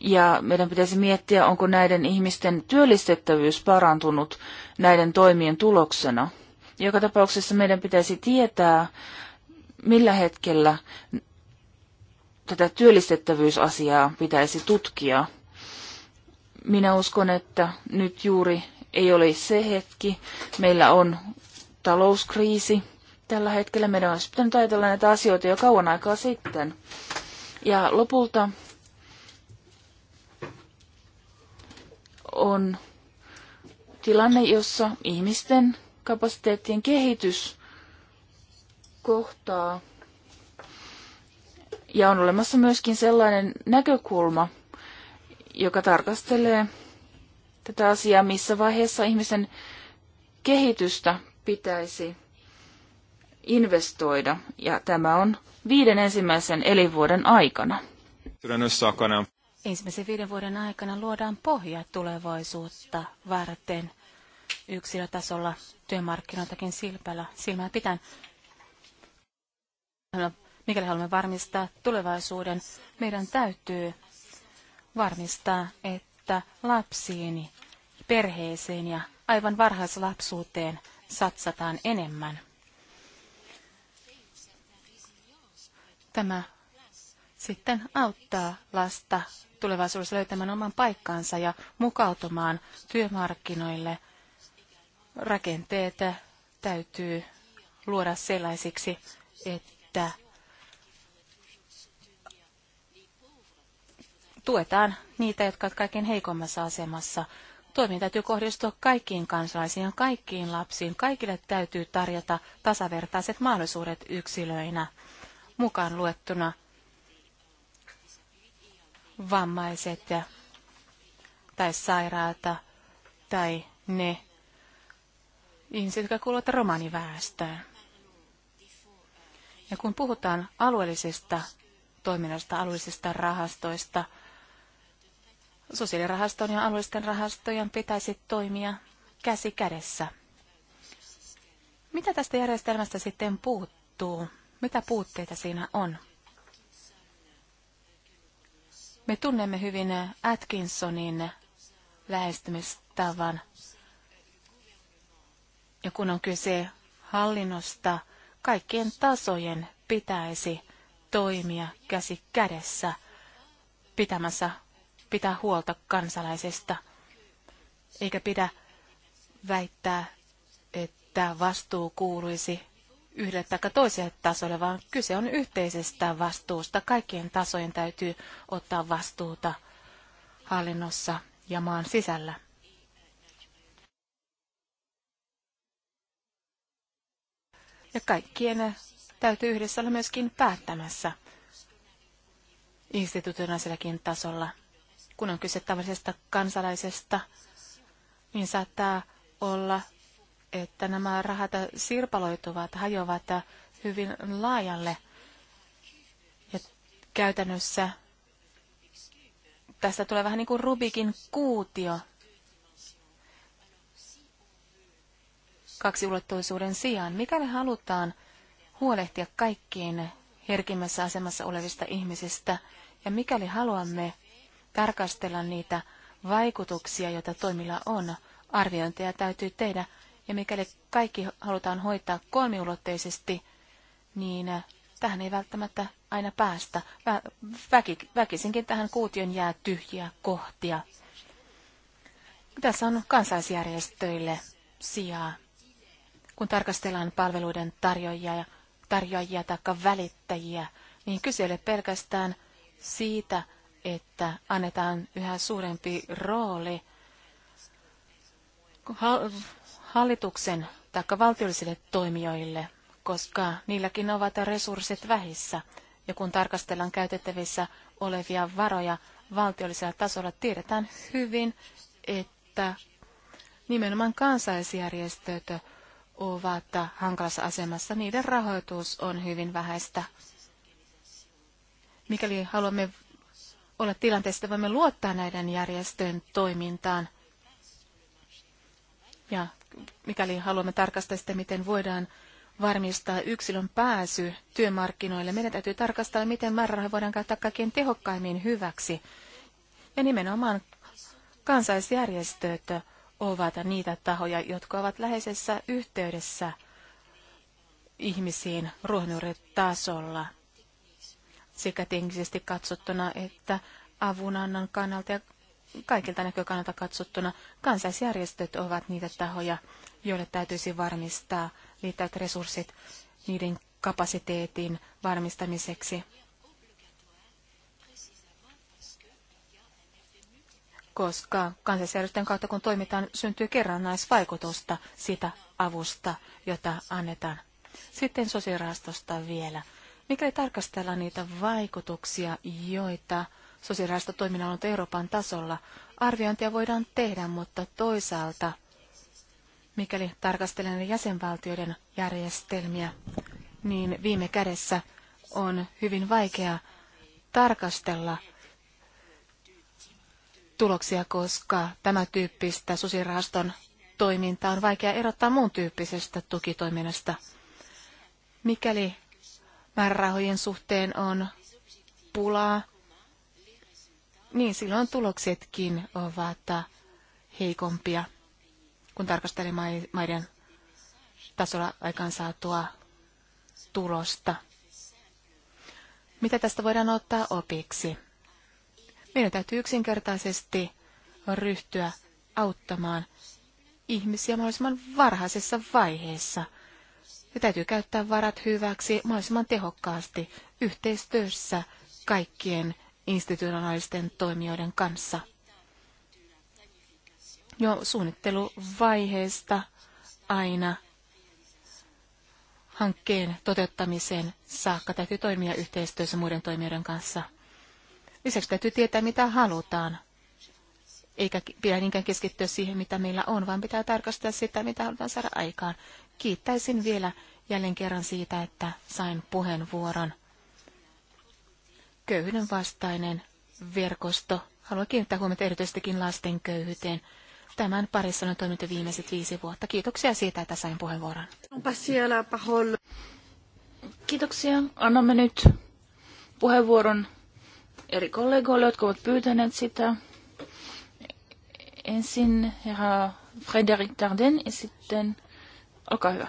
A: Ja meidän pitäisi miettiä, onko näiden ihmisten työllistettävyys parantunut näiden toimien tuloksena – joka tapauksessa meidän pitäisi tietää, millä hetkellä tätä työllistettävyysasiaa pitäisi tutkia. Minä uskon, että nyt juuri ei ole se hetki. Meillä on talouskriisi tällä hetkellä. Meidän olisi pitänyt ajatella näitä asioita jo kauan aikaa sitten. Ja lopulta on tilanne, jossa ihmisten kapasiteettien kehitys kohtaa. Ja on olemassa myöskin sellainen näkökulma, joka tarkastelee tätä asiaa, missä vaiheessa ihmisen kehitystä pitäisi investoida, ja tämä on viiden ensimmäisen elinvuoden aikana. Ensimmäisen
C: viiden vuoden aikana luodaan pohja tulevaisuutta varten – yksilötasolla työmarkkinoitakin silpällä, silmällä pitäen. Mikäli haluamme varmistaa tulevaisuuden, meidän täytyy varmistaa, että lapsiin, perheeseen ja aivan varhaislapsuuteen satsataan enemmän. Tämä sitten auttaa lasta tulevaisuudessa löytämään oman paikkansa ja mukautumaan työmarkkinoille – rakenteet täytyy luoda sellaisiksi, että tuetaan niitä, jotka ovat kaikkein heikommassa asemassa. Toiminta täytyy kohdistua kaikkiin kansalaisiin ja kaikkiin lapsiin. Kaikille täytyy tarjota tasavertaiset mahdollisuudet yksilöinä, mukaan luettuna vammaiset ja, tai sairaata tai ne, ihmiset, jotka kuuluvat romaniväestöön. Ja kun puhutaan alueellisesta toiminnasta, alueellisista rahastoista, sosiaalirahaston ja alueellisten rahastojen pitäisi toimia käsi kädessä. Mitä tästä järjestelmästä sitten puuttuu? Mitä puutteita siinä on? Me tunnemme hyvin Atkinsonin lähestymistavan ja kun on kyse hallinnosta, kaikkien tasojen pitäisi toimia käsi kädessä pitämässä, pitää huolta kansalaisesta. Eikä pidä väittää, että vastuu kuuluisi yhdelle tai toiselle tasolle, vaan kyse on yhteisestä vastuusta. Kaikkien tasojen täytyy ottaa vastuuta hallinnossa ja maan sisällä. Ja kaikkien täytyy yhdessä olla myöskin päättämässä institutionaalisellakin tasolla. Kun on kyse tavallisesta kansalaisesta, niin saattaa olla, että nämä rahat sirpaloituvat, hajoavat hyvin laajalle. Ja käytännössä tästä tulee vähän niin kuin Rubikin kuutio, Kaksiulotteisuuden sijaan. Mikäli halutaan huolehtia kaikkiin herkimmässä asemassa olevista ihmisistä, ja mikäli haluamme tarkastella niitä vaikutuksia, joita toimilla on, arviointeja täytyy tehdä, ja mikäli kaikki halutaan hoitaa kolmiulotteisesti, niin tähän ei välttämättä aina päästä. Vä- väkisinkin tähän kuution jää tyhjiä kohtia. Tässä on kansaisjärjestöille sijaa kun tarkastellaan palveluiden tarjoajia, tarjoajia tai välittäjiä, niin kyse ei ole pelkästään siitä, että annetaan yhä suurempi rooli hallituksen tai valtiollisille toimijoille, koska niilläkin ovat resurssit vähissä. Ja kun tarkastellaan käytettävissä olevia varoja valtiollisella tasolla, tiedetään hyvin, että nimenomaan kansalaisjärjestöt ovat hankalassa asemassa, niiden rahoitus on hyvin vähäistä. Mikäli haluamme olla tilanteessa, voimme luottaa näiden järjestöjen toimintaan. Ja mikäli haluamme tarkastaa sitä, miten voidaan varmistaa yksilön pääsy työmarkkinoille, meidän täytyy tarkastella, miten määrärahoja voidaan käyttää kaikkein tehokkaimmin hyväksi. Ja nimenomaan kansaisjärjestöt ovat niitä tahoja, jotka ovat läheisessä yhteydessä ihmisiin ruohonjuuritasolla sekä teknisesti katsottuna että avunannan kannalta ja kaikilta näkökannalta katsottuna kansaisjärjestöt ovat niitä tahoja, joille täytyisi varmistaa liittävät resurssit niiden kapasiteetin varmistamiseksi. koska kansallisjärjestön kautta kun toimitaan, syntyy kerrannaisvaikutusta sitä avusta, jota annetaan. Sitten sosiaalirahastosta vielä. Mikäli tarkastellaan niitä vaikutuksia, joita sosiaalirahastotoiminnalla on ollut Euroopan tasolla, arviointia voidaan tehdä, mutta toisaalta, mikäli tarkastellaan jäsenvaltioiden järjestelmiä, niin viime kädessä on hyvin vaikea tarkastella – tuloksia, koska tämä tyyppistä susirahaston toimintaa on vaikea erottaa muun tyyppisestä tukitoiminnasta. Mikäli määrärahojen suhteen on pulaa, niin silloin tuloksetkin ovat heikompia, kun tarkastelee maiden tasolla aikaansaatua tulosta. Mitä tästä voidaan ottaa opiksi? Meidän täytyy yksinkertaisesti ryhtyä auttamaan ihmisiä mahdollisimman varhaisessa vaiheessa. Ja täytyy käyttää varat hyväksi mahdollisimman tehokkaasti yhteistyössä kaikkien institutionaalisten toimijoiden kanssa. Jo suunnitteluvaiheesta aina hankkeen toteuttamiseen saakka täytyy toimia yhteistyössä muiden toimijoiden kanssa. Lisäksi täytyy tietää, mitä halutaan. Eikä pidä niinkään keskittyä siihen, mitä meillä on, vaan pitää tarkastella sitä, mitä halutaan saada aikaan. Kiittäisin vielä jälleen kerran siitä, että sain puheenvuoron. Köyhyyden vastainen verkosto. Haluan kiinnittää huomiota erityisestikin lasten köyhyyteen. Tämän parissa on toiminut viimeiset viisi vuotta. Kiitoksia siitä, että sain puheenvuoron.
A: Kiitoksia. Annamme nyt puheenvuoron eri kollegoille, jotka ovat pyytäneet sitä. Ensin herra Frédéric Tarden ja sitten, olkaa hyvä.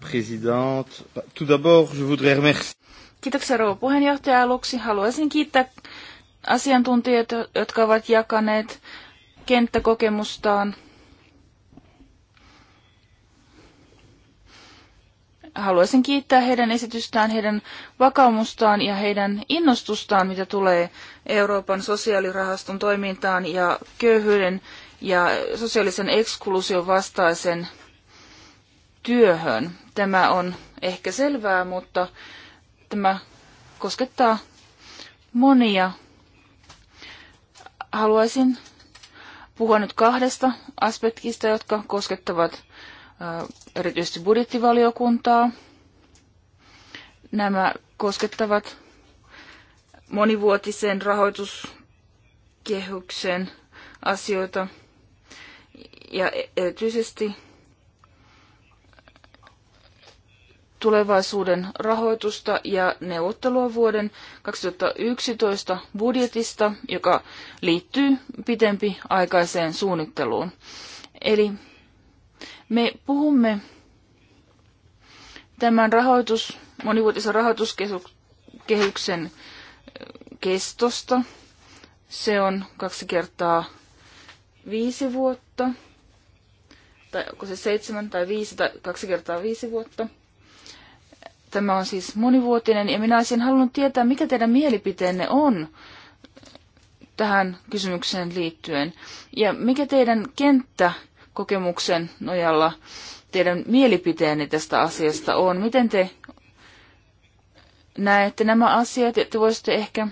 B: Présidente, tout d'abord je voudrais remercier.
A: Kiitoksia rouva puheenjohtaja aluksi. Haluaisin kiittää asiantuntijoita, jotka ovat jakaneet kenttäkokemustaan haluaisin kiittää heidän esitystään, heidän vakaumustaan ja heidän innostustaan, mitä tulee Euroopan sosiaalirahaston toimintaan ja köyhyyden ja sosiaalisen ekskluusion vastaisen työhön. Tämä on ehkä selvää, mutta tämä koskettaa monia. Haluaisin puhua nyt kahdesta aspektista, jotka koskettavat erityisesti budjettivaliokuntaa. Nämä koskettavat monivuotisen rahoituskehyksen asioita ja e- erityisesti tulevaisuuden rahoitusta ja neuvottelua vuoden 2011 budjetista, joka liittyy pitempi aikaiseen suunnitteluun. Eli me puhumme tämän rahoitus, monivuotisen rahoituskehyksen eh, kestosta. Se on kaksi kertaa viisi vuotta, tai onko se seitsemän tai viisi, tai kaksi kertaa viisi vuotta. Tämä on siis monivuotinen, ja minä olisin halunnut tietää, mikä teidän mielipiteenne on tähän kysymykseen liittyen, ja mikä teidän kenttä kokemuksen nojalla teidän mielipiteenne tästä asiasta on. Miten te näette nämä asiat, että voisitte ehkä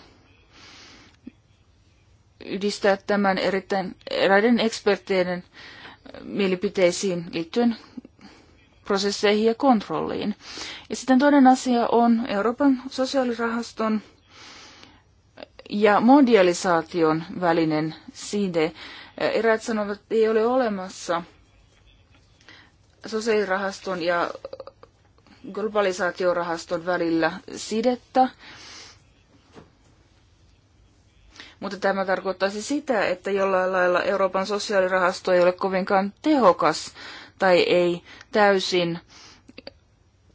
A: yhdistää tämän erittäin eräiden eksperteiden mielipiteisiin liittyen prosesseihin ja kontrolliin. Ja sitten toinen asia on Euroopan sosiaalirahaston ja mondialisaation välinen side. Eräät sanovat, että ei ole olemassa sosiaalirahaston ja globalisaatiorahaston välillä sidettä. Mutta tämä tarkoittaisi sitä, että jollain lailla Euroopan sosiaalirahasto ei ole kovinkaan tehokas tai ei täysin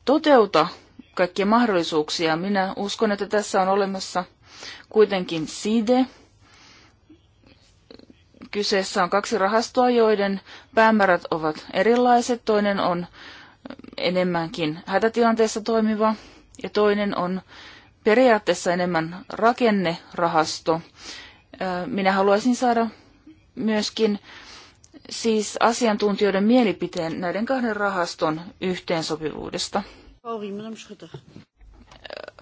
A: toteuta kaikkia mahdollisuuksia. Minä uskon, että tässä on olemassa kuitenkin side Kyseessä on kaksi rahastoa, joiden päämäärät ovat erilaiset. Toinen on enemmänkin hätätilanteessa toimiva ja toinen on periaatteessa enemmän rakennerahasto. Minä haluaisin saada myöskin siis asiantuntijoiden mielipiteen näiden kahden rahaston yhteensopivuudesta.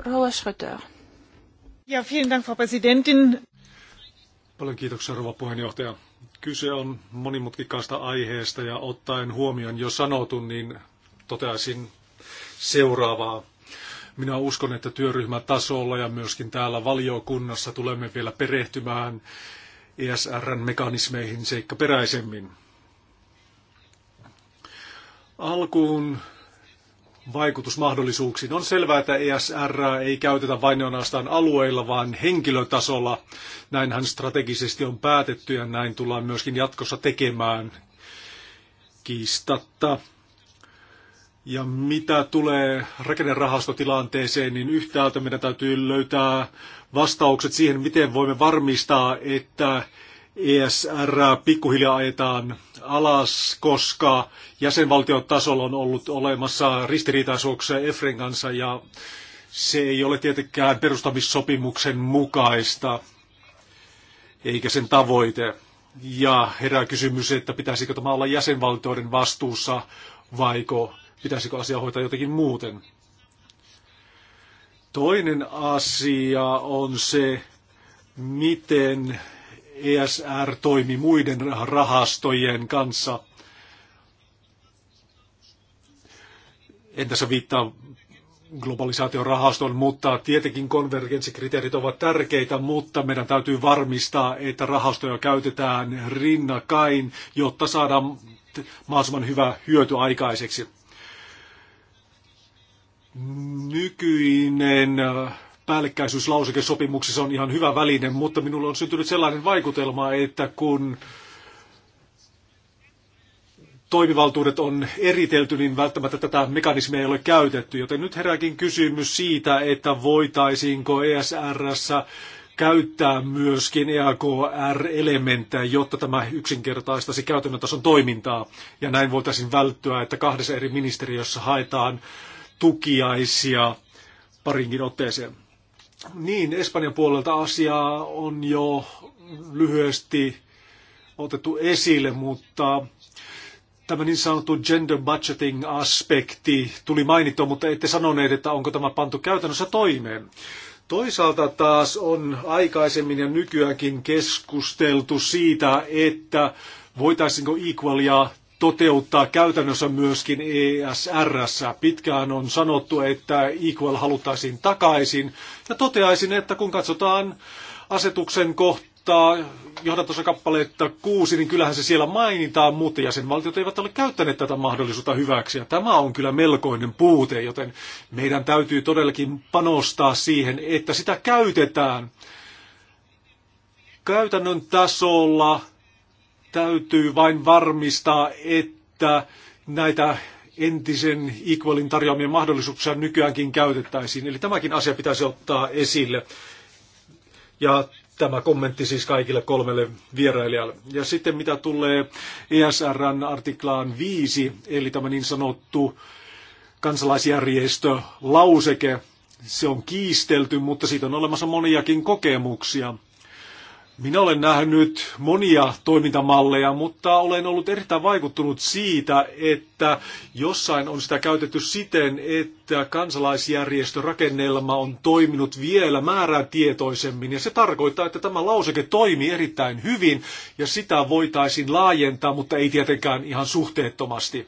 A: Rouva Schröter. Ja, vielen Dank, Frau Präsidentin.
D: Paljon kiitoksia, rouva puheenjohtaja. Kyse on monimutkikkaasta aiheesta ja ottaen huomioon jo sanotun, niin toteaisin seuraavaa. Minä uskon, että työryhmätasolla ja myöskin täällä valiokunnassa tulemme vielä perehtymään ESRn mekanismeihin seikkaperäisemmin. Alkuun vaikutusmahdollisuuksiin. On selvää, että ESR ei käytetä vain ainoastaan alueilla, vaan henkilötasolla. Näinhän strategisesti on päätetty ja näin tullaan myöskin jatkossa tekemään kiistatta. Ja mitä tulee rakennerahastotilanteeseen, niin yhtäältä meidän täytyy löytää vastaukset siihen, miten voimme varmistaa, että ESR pikkuhiljaa ajetaan alas, koska jäsenvaltiotasolla on ollut olemassa ristiriitaisuuksia EFREN kanssa ja se ei ole tietenkään perustamissopimuksen mukaista, eikä sen tavoite. Ja herää kysymys, että pitäisikö tämä olla jäsenvaltioiden vastuussa, vaiko pitäisikö asia hoitaa jotenkin muuten. Toinen asia on se, miten ESR toimi muiden rahastojen kanssa. En tässä viittaa globalisaation rahaston, mutta tietenkin konvergenssikriteerit ovat tärkeitä, mutta meidän täytyy varmistaa, että rahastoja käytetään rinnakkain, jotta saadaan mahdollisimman hyvä hyöty aikaiseksi. Nykyinen päällekkäisyyslauseke sopimuksissa on ihan hyvä väline, mutta minulla on syntynyt sellainen vaikutelma, että kun toimivaltuudet on eritelty, niin välttämättä tätä mekanismia ei ole käytetty. Joten nyt herääkin kysymys siitä, että voitaisiinko ESRssä käyttää myöskin EAKR-elementtejä, jotta tämä yksinkertaistaisi käytännön tason toimintaa. Ja näin voitaisiin välttyä, että kahdessa eri ministeriössä haetaan tukiaisia parinkin otteeseen. Niin, Espanjan puolelta asiaa on jo lyhyesti otettu esille, mutta tämä niin sanottu gender budgeting-aspekti tuli mainittua, mutta ette sanoneet, että onko tämä pantu käytännössä toimeen. Toisaalta taas on aikaisemmin ja nykyäänkin keskusteltu siitä, että voitaisiinko Equalia toteuttaa käytännössä myöskin ESR. Pitkään on sanottu, että Equal haluttaisiin takaisin. Ja toteaisin, että kun katsotaan asetuksen kohtaa johdatossa kappaletta kuusi, niin kyllähän se siellä mainitaan, mutta jäsenvaltiot eivät ole käyttäneet tätä mahdollisuutta hyväksi. Ja tämä on kyllä melkoinen puute, joten meidän täytyy todellakin panostaa siihen, että sitä käytetään käytännön tasolla – Täytyy vain varmistaa, että näitä entisen Equalin tarjoamia mahdollisuuksia nykyäänkin käytettäisiin. Eli tämäkin asia pitäisi ottaa esille. Ja tämä kommentti siis kaikille kolmelle vierailijalle. Ja sitten mitä tulee ESRn artiklaan 5, eli tämä niin sanottu kansalaisjärjestö lauseke, se on kiistelty, mutta siitä on olemassa moniakin kokemuksia. Minä olen nähnyt monia toimintamalleja, mutta olen ollut erittäin vaikuttunut siitä, että jossain on sitä käytetty siten, että kansalaisjärjestörakennelma on toiminut vielä määrätietoisemmin. Ja se tarkoittaa, että tämä lauseke toimii erittäin hyvin ja sitä voitaisiin laajentaa, mutta ei tietenkään ihan suhteettomasti.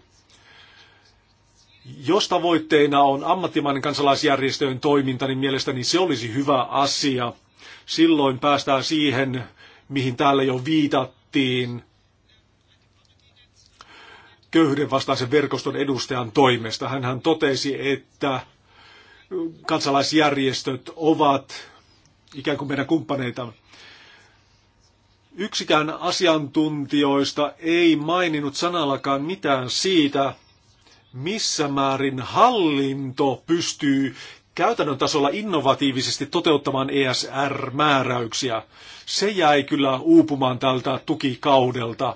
D: Jos tavoitteena on ammattimainen kansalaisjärjestöjen toiminta, niin mielestäni se olisi hyvä asia – Silloin päästään siihen, mihin täällä jo viitattiin köyhyyden vastaisen verkoston edustajan toimesta. Hän totesi, että kansalaisjärjestöt ovat ikään kuin meidän kumppaneita. Yksikään asiantuntijoista ei maininnut sanallakaan mitään siitä, missä määrin hallinto pystyy käytännön tasolla innovatiivisesti toteuttamaan ESR-määräyksiä. Se jäi kyllä uupumaan tältä tukikaudelta.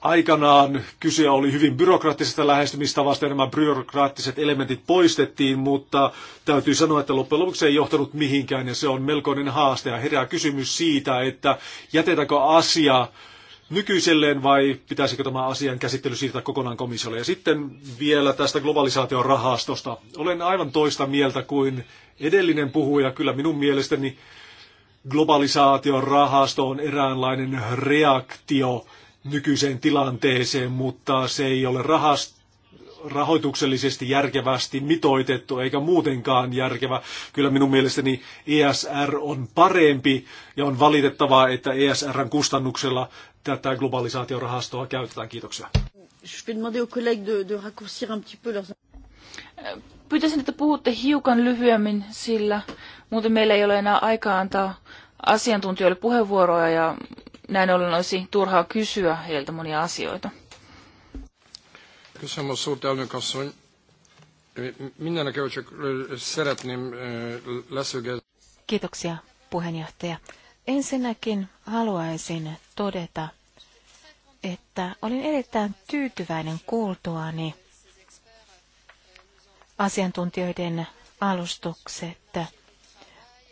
D: Aikanaan kyse oli hyvin byrokraattisesta lähestymistavasta ja nämä byrokraattiset elementit poistettiin, mutta täytyy sanoa, että loppujen lopuksi ei johtanut mihinkään ja se on melkoinen haaste ja herää kysymys siitä, että jätetäänkö asia nykyiselleen vai pitäisikö tämä asian käsittely siirtää kokonaan komissiolle? Ja sitten vielä tästä globalisaation rahastosta. Olen aivan toista mieltä kuin edellinen puhuja. Kyllä minun mielestäni globalisaation rahasto on eräänlainen reaktio nykyiseen tilanteeseen, mutta se ei ole rahasto rahoituksellisesti järkevästi mitoitettu eikä muutenkaan järkevä. Kyllä minun mielestäni ESR on parempi ja on valitettavaa, että ESRn kustannuksella tätä globalisaatiorahastoa käytetään. Kiitoksia.
A: Pyytäisin, että puhutte hiukan lyhyemmin, sillä muuten meillä ei ole enää aikaa antaa asiantuntijoille puheenvuoroja ja näin ollen olisi turhaa kysyä heiltä monia asioita.
D: Köszönöm a szót,
A: elnök asszony. Mindenek előtt csak szeretném leszögezni.
C: Kiitoksia, puheenjohtaja. Ensinnäkin haluaisin todeta, että olin erittäin tyytyväinen kuultuani asiantuntijoiden alustukset,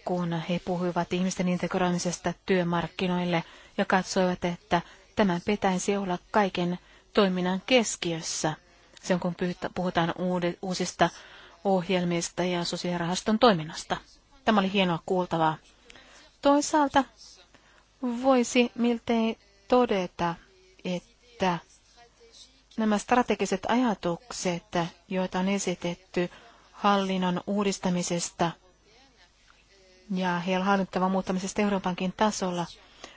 C: kun he puhuivat ihmisten integroimisesta työmarkkinoille ja katsoivat, että tämän pitäisi olla kaiken toiminnan keskiössä, sen kun puhutaan uusista ohjelmista ja sosiaalirahaston toiminnasta. Tämä oli hienoa kuultavaa. Toisaalta voisi miltei todeta, että nämä strategiset ajatukset, joita on esitetty hallinnon uudistamisesta ja hallintavan muuttamisesta Euroopankin tasolla –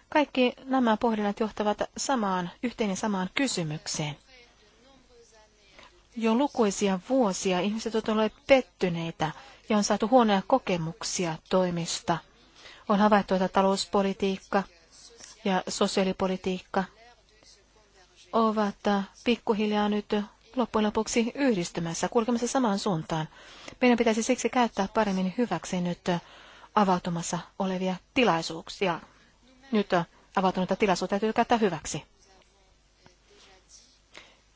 C: kaikki nämä pohdinnat johtavat samaan, yhteen ja samaan kysymykseen. Jo lukuisia vuosia ihmiset ovat olleet pettyneitä ja on saatu huonoja kokemuksia toimista. On havaittu, että talouspolitiikka ja sosiaalipolitiikka ovat pikkuhiljaa nyt loppujen lopuksi yhdistymässä, kulkemassa samaan suuntaan. Meidän pitäisi siksi käyttää paremmin hyväksi nyt avautumassa olevia tilaisuuksia nyt äh, avautunutta tilaisuutta täytyy käyttää hyväksi.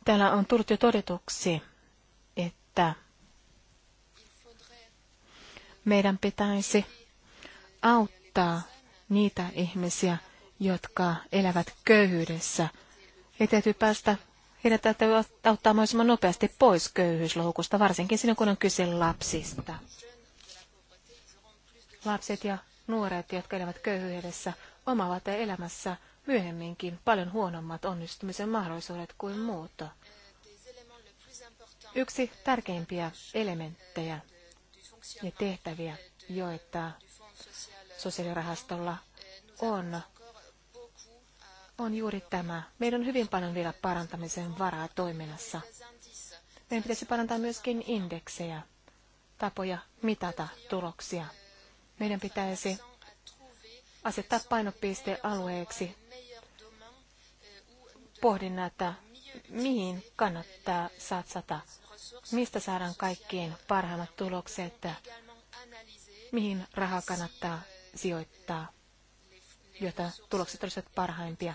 C: Täällä on tullut jo todetuksi, että meidän pitäisi auttaa niitä ihmisiä, jotka elävät köyhyydessä. He täytyy päästä, heidän täytyy auttaa mahdollisimman nopeasti pois köyhyysloukusta, varsinkin silloin, kun on kyse lapsista. Lapset ja nuoret, jotka elävät köyhyydessä, omaavat elämässä myöhemminkin paljon huonommat onnistumisen mahdollisuudet kuin muut. Yksi tärkeimpiä elementtejä ja tehtäviä, joita sosiaalirahastolla on, on juuri tämä. Meidän on hyvin paljon vielä parantamisen varaa toiminnassa. Meidän pitäisi parantaa myöskin indeksejä, tapoja mitata tuloksia. Meidän pitäisi asettaa painopistealueeksi pohdinnata, mihin kannattaa satsata, mistä saadaan kaikkiin parhaimmat tulokset, mihin rahaa kannattaa sijoittaa, jotta tulokset olisivat parhaimpia.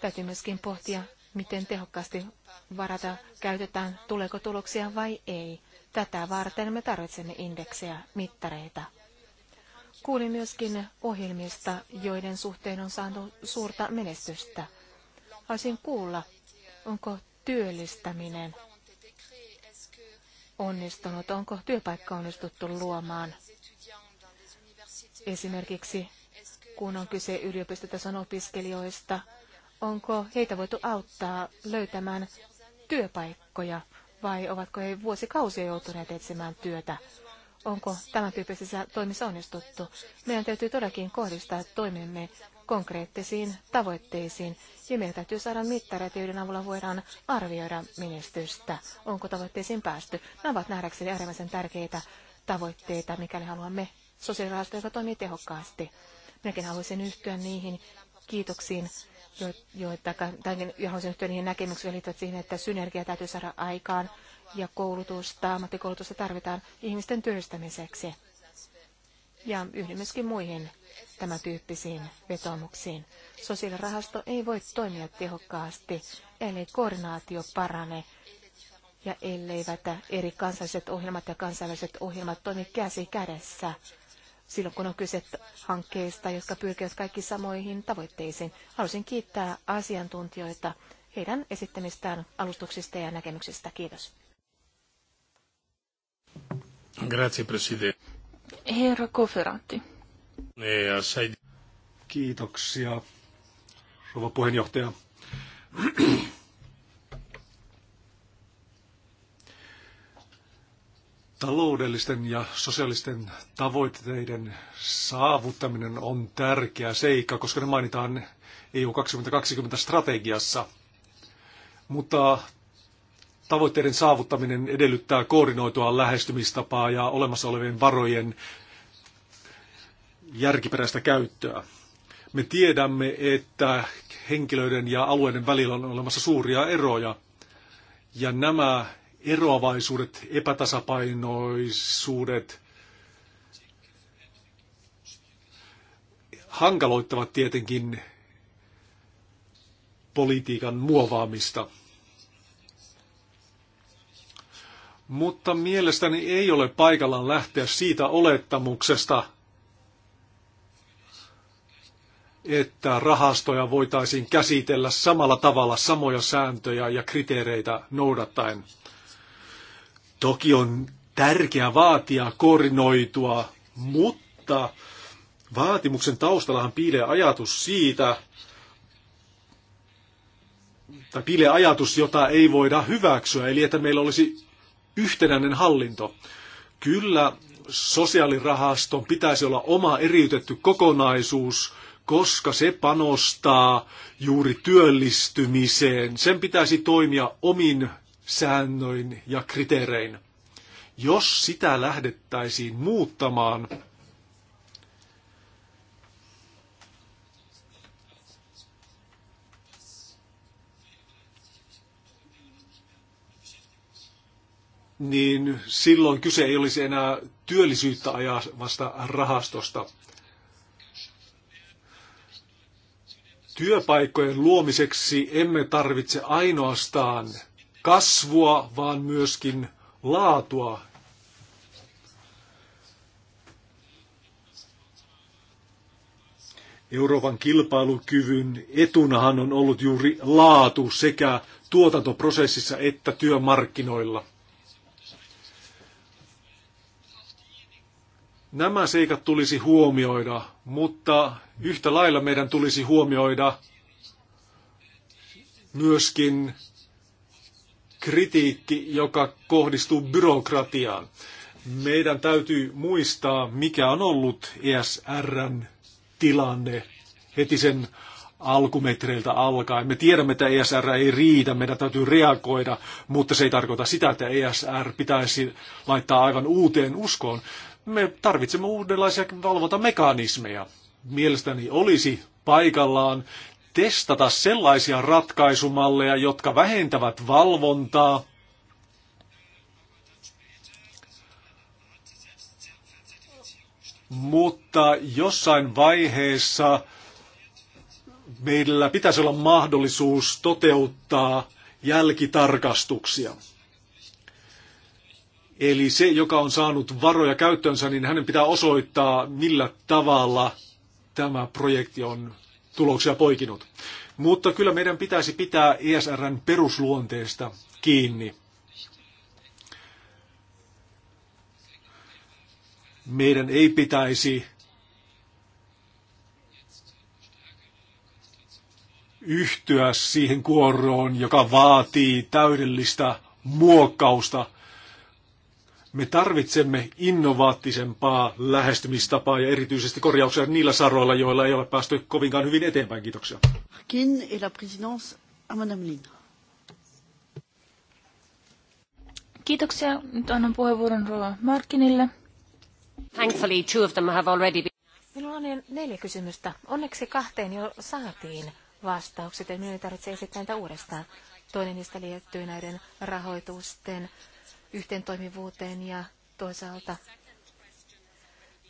C: Täytyy myöskin pohtia, miten tehokkaasti varata käytetään, tuleeko tuloksia vai ei. Tätä varten me tarvitsemme indeksejä, mittareita. Kuulin myöskin ohjelmista, joiden suhteen on saanut suurta menestystä. Haluaisin kuulla, onko työllistäminen onnistunut, onko työpaikka onnistuttu luomaan. Esimerkiksi kun on kyse yliopistotason opiskelijoista, onko heitä voitu auttaa löytämään työpaikkoja vai ovatko he vuosikausia joutuneet etsimään työtä? onko tämän tyyppisissä toimissa onnistuttu. Meidän täytyy todellakin kohdistaa toimimme konkreettisiin tavoitteisiin, ja meidän täytyy saada mittareet, joiden avulla voidaan arvioida menestystä, onko tavoitteisiin päästy. Nämä ovat nähdäkseni äärimmäisen tärkeitä tavoitteita, mikäli haluamme sosiaalirahasto, joka toimii tehokkaasti. Minäkin haluaisin yhtyä niihin kiitoksiin, joita, tai haluaisin yhtyä niihin näkemyksiin liittyen siihen, että synergia täytyy saada aikaan ja koulutusta, ammattikoulutusta tarvitaan ihmisten työllistämiseksi. Ja yhdyn myöskin muihin tämän tyyppisiin vetomuksiin. Sosiaalirahasto ei voi toimia tehokkaasti, ellei koordinaatio parane ja elleivät eri kansalliset ohjelmat ja kansainväliset ohjelmat toimi käsi kädessä silloin, kun on kyse hankkeista, jotka pyrkivät kaikki samoihin tavoitteisiin. Haluaisin kiittää asiantuntijoita heidän esittämistään alustuksista ja näkemyksistä.
A: Kiitos.
D: Grazie, Presidente.
A: Herra Koferatti.
D: Kiitoksia, rouva puheenjohtaja. Taloudellisten ja sosiaalisten tavoitteiden saavuttaminen on tärkeä seikka, koska ne mainitaan EU 2020 strategiassa. Mutta tavoitteiden saavuttaminen edellyttää koordinoitua lähestymistapaa ja olemassa olevien varojen järkiperäistä käyttöä. Me tiedämme, että henkilöiden ja alueiden välillä on olemassa suuria eroja, ja nämä eroavaisuudet, epätasapainoisuudet hankaloittavat tietenkin politiikan muovaamista – Mutta mielestäni ei ole paikallaan lähteä siitä olettamuksesta, että rahastoja voitaisiin käsitellä samalla tavalla samoja sääntöjä ja kriteereitä noudattaen. Toki on tärkeää vaatia koordinoitua, mutta vaatimuksen taustallahan piilee ajatus siitä, tai piilee ajatus, jota ei voida hyväksyä, eli että meillä olisi yhtenäinen hallinto. Kyllä sosiaalirahaston pitäisi olla oma eriytetty kokonaisuus, koska se panostaa juuri työllistymiseen. Sen pitäisi toimia omin säännöin ja kriteerein. Jos sitä lähdettäisiin muuttamaan, niin silloin kyse ei olisi enää työllisyyttä ajavasta rahastosta. Työpaikkojen luomiseksi emme tarvitse ainoastaan kasvua, vaan myöskin laatua. Euroopan kilpailukyvyn etunahan on ollut juuri laatu sekä tuotantoprosessissa että työmarkkinoilla – Nämä seikat tulisi huomioida, mutta yhtä lailla meidän tulisi huomioida myöskin kritiikki, joka kohdistuu byrokratiaan. Meidän täytyy muistaa, mikä on ollut ESRn tilanne heti sen alkumetreiltä alkaen. Me tiedämme, että ESR ei riitä, meidän täytyy reagoida, mutta se ei tarkoita sitä, että ESR pitäisi laittaa aivan uuteen uskoon me tarvitsemme uudenlaisia valvontamekanismeja. Mielestäni olisi paikallaan testata sellaisia ratkaisumalleja, jotka vähentävät valvontaa, mutta jossain vaiheessa meillä pitäisi olla mahdollisuus toteuttaa jälkitarkastuksia. Eli se, joka on saanut varoja käyttöönsä, niin hänen pitää osoittaa, millä tavalla tämä projekti on tuloksia poikinut. Mutta kyllä meidän pitäisi pitää ESRn perusluonteesta kiinni. Meidän ei pitäisi yhtyä siihen kuoroon, joka vaatii täydellistä muokkausta – me tarvitsemme innovaattisempaa lähestymistapaa ja erityisesti korjauksia niillä saroilla, joilla ei ole päästy kovinkaan hyvin eteenpäin. Kiitoksia.
A: Kiitoksia. Nyt annan puheenvuoron Rova Thankfully,
B: two
C: of
A: them have already been... Minulla
C: on niin neljä kysymystä. Onneksi kahteen jo saatiin vastaukset, ja minun ei tarvitse esittää niitä uudestaan. Toinen niistä liittyy näiden rahoitusten yhteentoimivuuteen ja toisaalta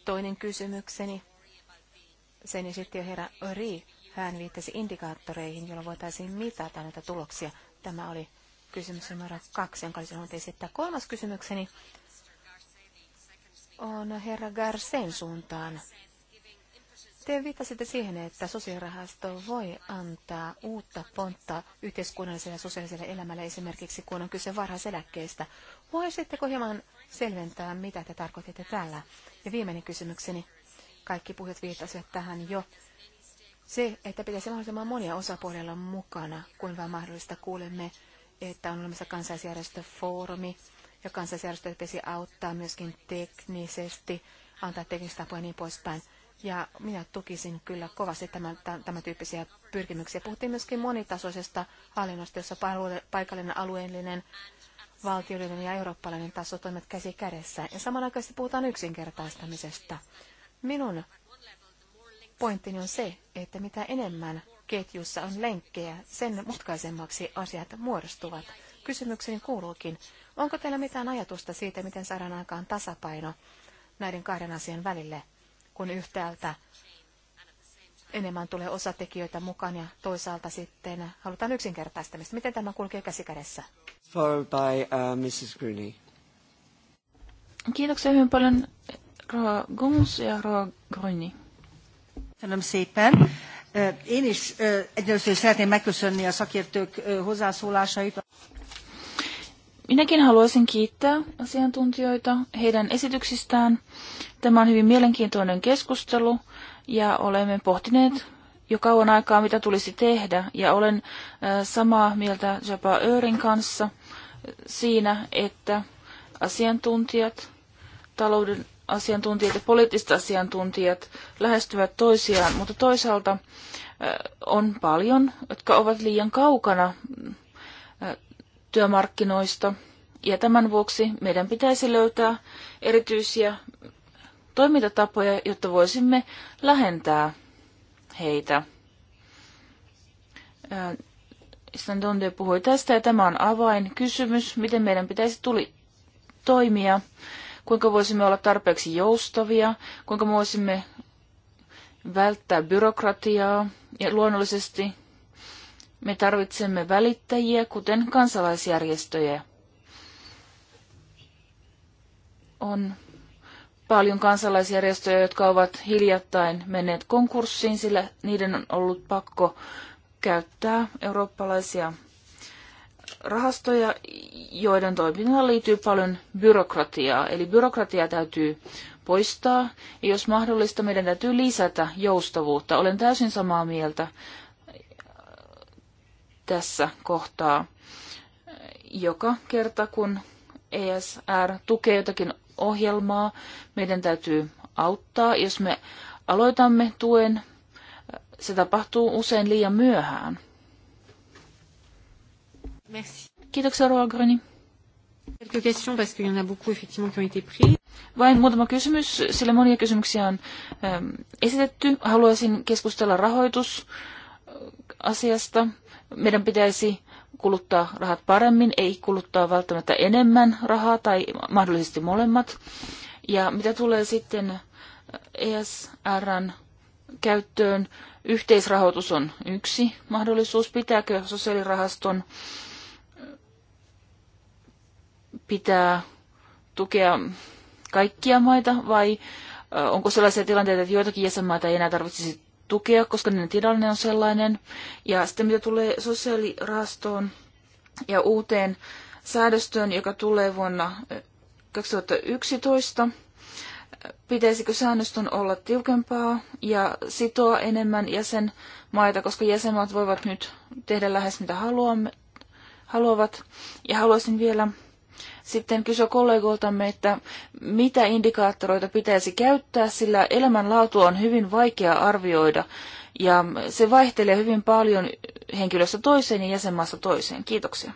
C: toinen kysymykseni, sen esitti jo herra Ori, hän viittasi indikaattoreihin, joilla voitaisiin mitata näitä tuloksia. Tämä oli kysymys numero kaksi, jonka olisin halunnut esittää. Kolmas kysymykseni on herra Garsen suuntaan. Te viittasitte siihen, että sosiaalirahasto voi antaa uutta pontta yhteiskunnalliselle ja sosiaaliselle elämälle esimerkiksi, kun on kyse varhaiseläkkeestä. Voisitteko hieman selventää, mitä te tarkoititte tällä? Ja viimeinen kysymykseni. Kaikki puhujat viittasivat tähän jo. Se, että pitäisi mahdollisimman monia osapuolia mukana, kuin vain mahdollista kuulemme, että on olemassa kansaisjärjestöfoorumi, ja kansaisjärjestö pitäisi auttaa myöskin teknisesti, antaa teknistä apua ja niin poispäin. Ja minä tukisin kyllä kovasti tämän, tämän tyyppisiä pyrkimyksiä. Puhuttiin myöskin monitasoisesta hallinnosta, jossa paikallinen alueellinen valtioiden ja eurooppalainen taso toimivat käsi kädessä. Ja samanaikaisesti puhutaan yksinkertaistamisesta. Minun pointtini on se, että mitä enemmän ketjussa on lenkkejä, sen mutkaisemmaksi asiat muodostuvat. Kysymykseni kuuluukin, onko teillä mitään ajatusta siitä, miten saadaan aikaan tasapaino näiden kahden asian välille, kun yhtäältä enemmän tulee osatekijöitä mukaan ja toisaalta sitten halutaan yksinkertaistamista. Miten tämä kulkee käsikädessä?
B: Followed by uh, Mrs. Greeny.
A: Kiitoksia hyvin paljon Roa Gums ja Roa Gruni. Köszönöm szépen. Uh, én is uh, egyrészt szeretném megköszönni a szakértők uh, hozzászólásait. Minäkin haluaisin kiittää asiantuntijoita heidän esityksistään. Tämä on hyvin mielenkiintoinen keskustelu ja olemme pohtineet jo kauan aikaa, mitä tulisi tehdä. Ja olen äh, samaa mieltä Japa Örin kanssa äh, siinä, että asiantuntijat, talouden asiantuntijat ja poliittiset asiantuntijat lähestyvät toisiaan, mutta toisaalta äh, on paljon, jotka ovat liian kaukana työmarkkinoista. Ja tämän vuoksi meidän pitäisi löytää erityisiä toimintatapoja, jotta voisimme lähentää heitä. Stan Donde puhui tästä ja tämä on avain kysymys, miten meidän pitäisi tuli, toimia, kuinka voisimme olla tarpeeksi joustavia, kuinka voisimme välttää byrokratiaa ja luonnollisesti me tarvitsemme välittäjiä, kuten kansalaisjärjestöjä. On paljon kansalaisjärjestöjä, jotka ovat hiljattain menneet konkurssiin, sillä niiden on ollut pakko käyttää eurooppalaisia rahastoja, joiden toimintaan liittyy paljon byrokratiaa. Eli byrokratia täytyy poistaa ja jos mahdollista, meidän täytyy lisätä joustavuutta. Olen täysin samaa mieltä tässä kohtaa. Joka kerta, kun ESR tukee jotakin ohjelmaa. Meidän täytyy auttaa. Jos me aloitamme tuen, se tapahtuu usein liian myöhään. Merci. Kiitoksia, Roa Gröni. Vain muutama kysymys, sillä monia kysymyksiä on ähm, esitetty. Haluaisin keskustella rahoitusasiasta. Meidän pitäisi kuluttaa rahat paremmin, ei kuluttaa välttämättä enemmän rahaa tai mahdollisesti molemmat. Ja mitä tulee sitten ESRn käyttöön, yhteisrahoitus on yksi mahdollisuus. Pitääkö sosiaalirahaston pitää tukea kaikkia maita vai onko sellaisia tilanteita, että joitakin jäsenmaita ei enää tarvitsisi tukea, koska niiden tilanne on sellainen. Ja sitten mitä tulee sosiaalirahastoon ja uuteen säädöstöön, joka tulee vuonna 2011, pitäisikö säännöstön olla tiukempaa ja sitoa enemmän jäsenmaita, koska jäsenmaat voivat nyt tehdä lähes mitä haluamme, haluavat. Ja haluaisin vielä sitten kysyä kollegoiltamme, että mitä indikaattoreita pitäisi käyttää, sillä elämänlaatu on hyvin vaikea arvioida ja se vaihtelee hyvin paljon henkilöstä toiseen ja jäsenmaasta toiseen. Kiitoksia.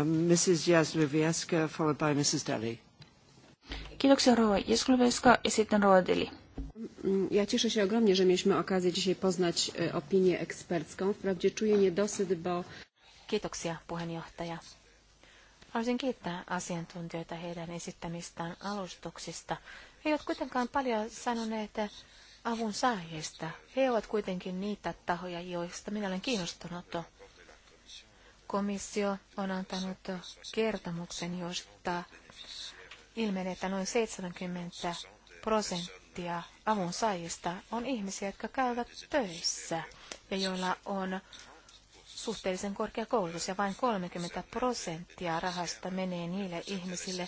B: Um, Mrs. followed by Mrs. Deli.
A: Kiitoksia Rova Jaslovieska ja sitten Rova Deli. Mm, ja cieszę się ogromnie, że mieliśmy okazję dzisiaj poznać e, opinię ekspercką. Wprawdzie
C: czuję niedosyt, bo... Kiitoksia puheenjohtaja. Haluaisin kiittää asiantuntijoita heidän esittämistään alustuksista. He eivät kuitenkaan paljon sanoneet avun saajista. He ovat kuitenkin niitä tahoja, joista minä olen kiinnostunut. Komissio on antanut kertomuksen, josta ilmenee, että noin 70 prosenttia avun saajista on ihmisiä, jotka käyvät töissä ja joilla on suhteellisen korkea koulutus ja vain 30 prosenttia rahasta menee niille ihmisille,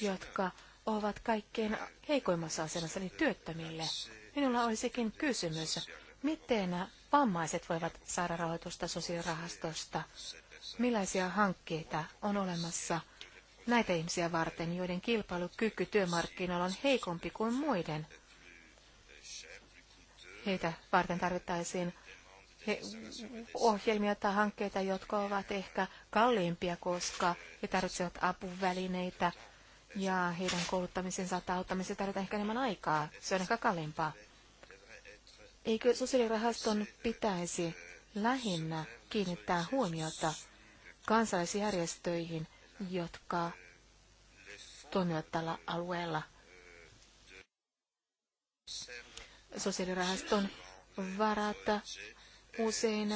C: jotka ovat kaikkein heikoimmassa asemassa, eli työttömille. Minulla olisikin kysymys, miten vammaiset voivat saada rahoitusta sosiaalirahastosta? Millaisia hankkeita on olemassa näitä ihmisiä varten, joiden kilpailukyky työmarkkinoilla on heikompi kuin muiden? Heitä varten tarvittaisiin ohjelmia tai hankkeita, jotka ovat ehkä kalliimpia, koska he tarvitsevat apuvälineitä ja heidän kouluttamisensa tai auttamisensa tarvitaan ehkä enemmän aikaa. Se on ehkä kalliimpaa. Eikö sosiaalirahaston pitäisi lähinnä kiinnittää huomiota kansalaisjärjestöihin, jotka toimivat tällä alueella?
B: Sosiaalirahaston
C: varat usein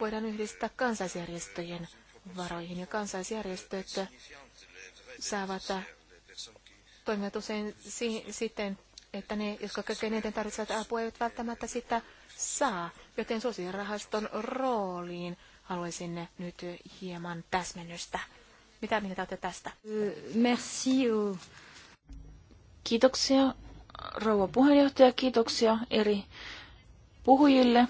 C: voidaan yhdistää kansaisjärjestöjen varoihin. Ja kansaisjärjestöt saavat toimia usein si- siten, että ne, jotka kaikkein eniten tarvitsevat apua, eivät välttämättä sitä saa. Joten sosiaalirahaston rooliin haluaisin nyt hieman täsmennystä. Mitä mieltä olette tästä?
A: Euh, merci. Kiitoksia rouva puheenjohtaja, kiitoksia eri puhujille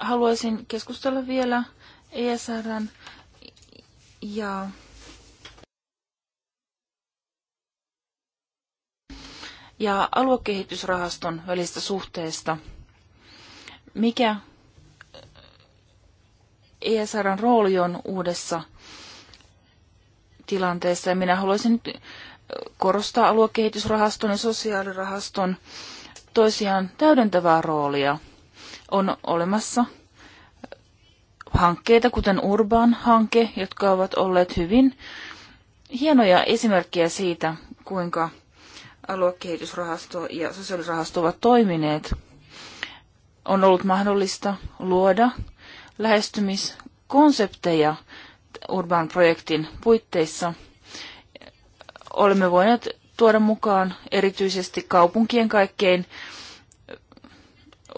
A: haluaisin keskustella vielä ESRn ja ja aluekehitysrahaston välistä suhteesta. Mikä ESRn rooli on uudessa tilanteessa? Ja minä haluaisin nyt korostaa aluekehitysrahaston ja sosiaalirahaston toisiaan täydentävää roolia – on olemassa hankkeita, kuten Urban-hanke, jotka ovat olleet hyvin hienoja esimerkkejä siitä, kuinka aluekehitysrahasto ja sosiaalirahasto ovat toimineet. On ollut mahdollista luoda lähestymiskonsepteja Urban-projektin puitteissa. Olemme voineet tuoda mukaan erityisesti kaupunkien kaikkein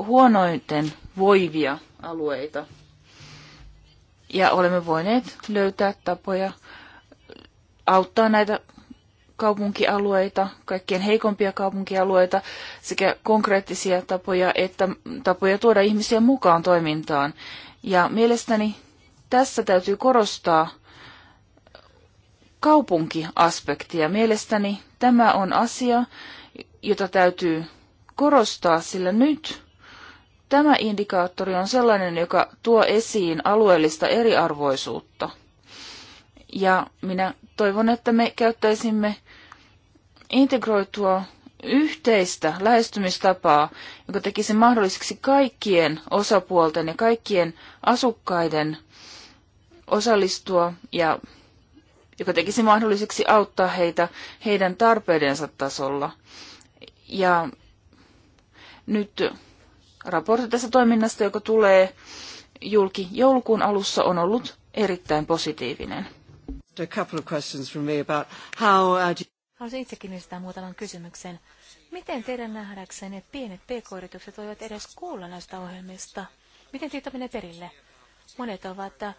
A: huonoiten voivia alueita. Ja olemme voineet löytää tapoja auttaa näitä kaupunkialueita, kaikkien heikompia kaupunkialueita, sekä konkreettisia tapoja että tapoja tuoda ihmisiä mukaan toimintaan. Ja mielestäni tässä täytyy korostaa kaupunkiaspektia. Mielestäni tämä on asia, jota täytyy korostaa, sillä nyt Tämä indikaattori on sellainen, joka tuo esiin alueellista eriarvoisuutta. Ja minä toivon, että me käyttäisimme integroitua yhteistä lähestymistapaa, joka tekisi mahdolliseksi kaikkien osapuolten ja kaikkien asukkaiden osallistua ja joka tekisi mahdolliseksi auttaa heitä heidän tarpeidensa tasolla. Ja nyt raportti tästä toiminnasta, joka tulee julki joulukuun alussa, on ollut erittäin positiivinen. Uh,
C: Haluaisin itsekin esittää muutaman kysymyksen. Miten teidän nähdäksenne pienet pk-yritykset voivat edes kuulla näistä ohjelmista? Miten tieto menee perille? Monet ovat äh,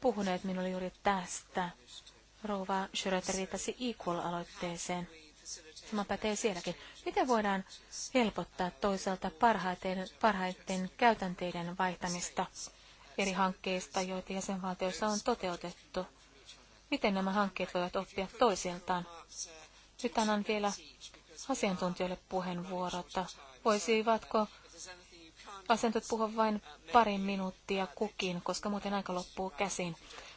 C: puhuneet minulle juuri tästä. Rouva Schröter viittasi Equal-aloitteeseen. Sama pätee sielläkin. Miten voidaan helpottaa toisaalta parhaiten, parhaiten käytänteiden vaihtamista eri hankkeista, joita jäsenvaltioissa on toteutettu? Miten nämä hankkeet voivat oppia toisiltaan? Nyt annan vielä asiantuntijoille puheenvuorota. Voisivatko asiantuntijat puhua vain pari minuuttia kukin, koska muuten aika loppuu käsin.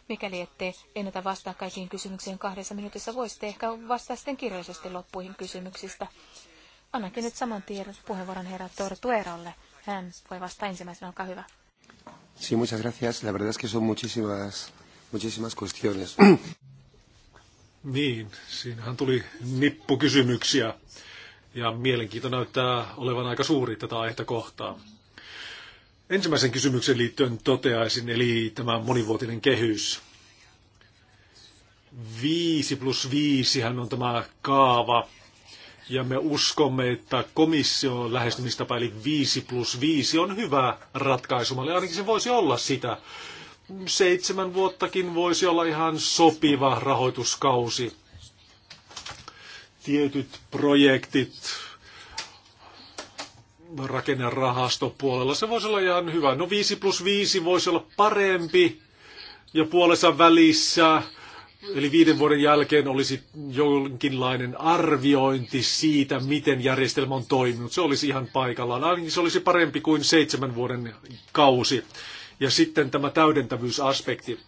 C: Mikäli ette ennätä vastaa kaikkiin kysymyksiin kahdessa minuutissa, voisitte ehkä vastata sitten kirjallisesti loppuihin kysymyksistä. Annankin nyt saman tiedon puheenvuoron herra Tortueralle. Hän voi vastata ensimmäisenä, olkaa hyvä.
B: Sí, muchas gracias. La verdad es que son muchísimas, muchísimas cuestiones. [CLEARS THROAT]
D: Niin, siinähän tuli nippu kysymyksiä. Ja mielenkiinto näyttää olevan aika suuri tätä aihetta kohtaan. Ensimmäisen kysymyksen liittyen toteaisin, eli tämä monivuotinen kehys. 5 plus 5 on tämä kaava, ja me uskomme, että komission lähestymistapa eli 5 plus 5 on hyvä eli Ainakin se voisi olla sitä. Seitsemän vuottakin voisi olla ihan sopiva rahoituskausi. Tietyt projektit rakennerahastopuolella. Se voisi olla ihan hyvä. No 5 plus 5 voisi olla parempi ja puolessa välissä, eli viiden vuoden jälkeen olisi jonkinlainen arviointi siitä, miten järjestelmä on toiminut. Se olisi ihan paikallaan. Ainakin se olisi parempi kuin seitsemän vuoden kausi. Ja sitten tämä täydentävyysaspekti.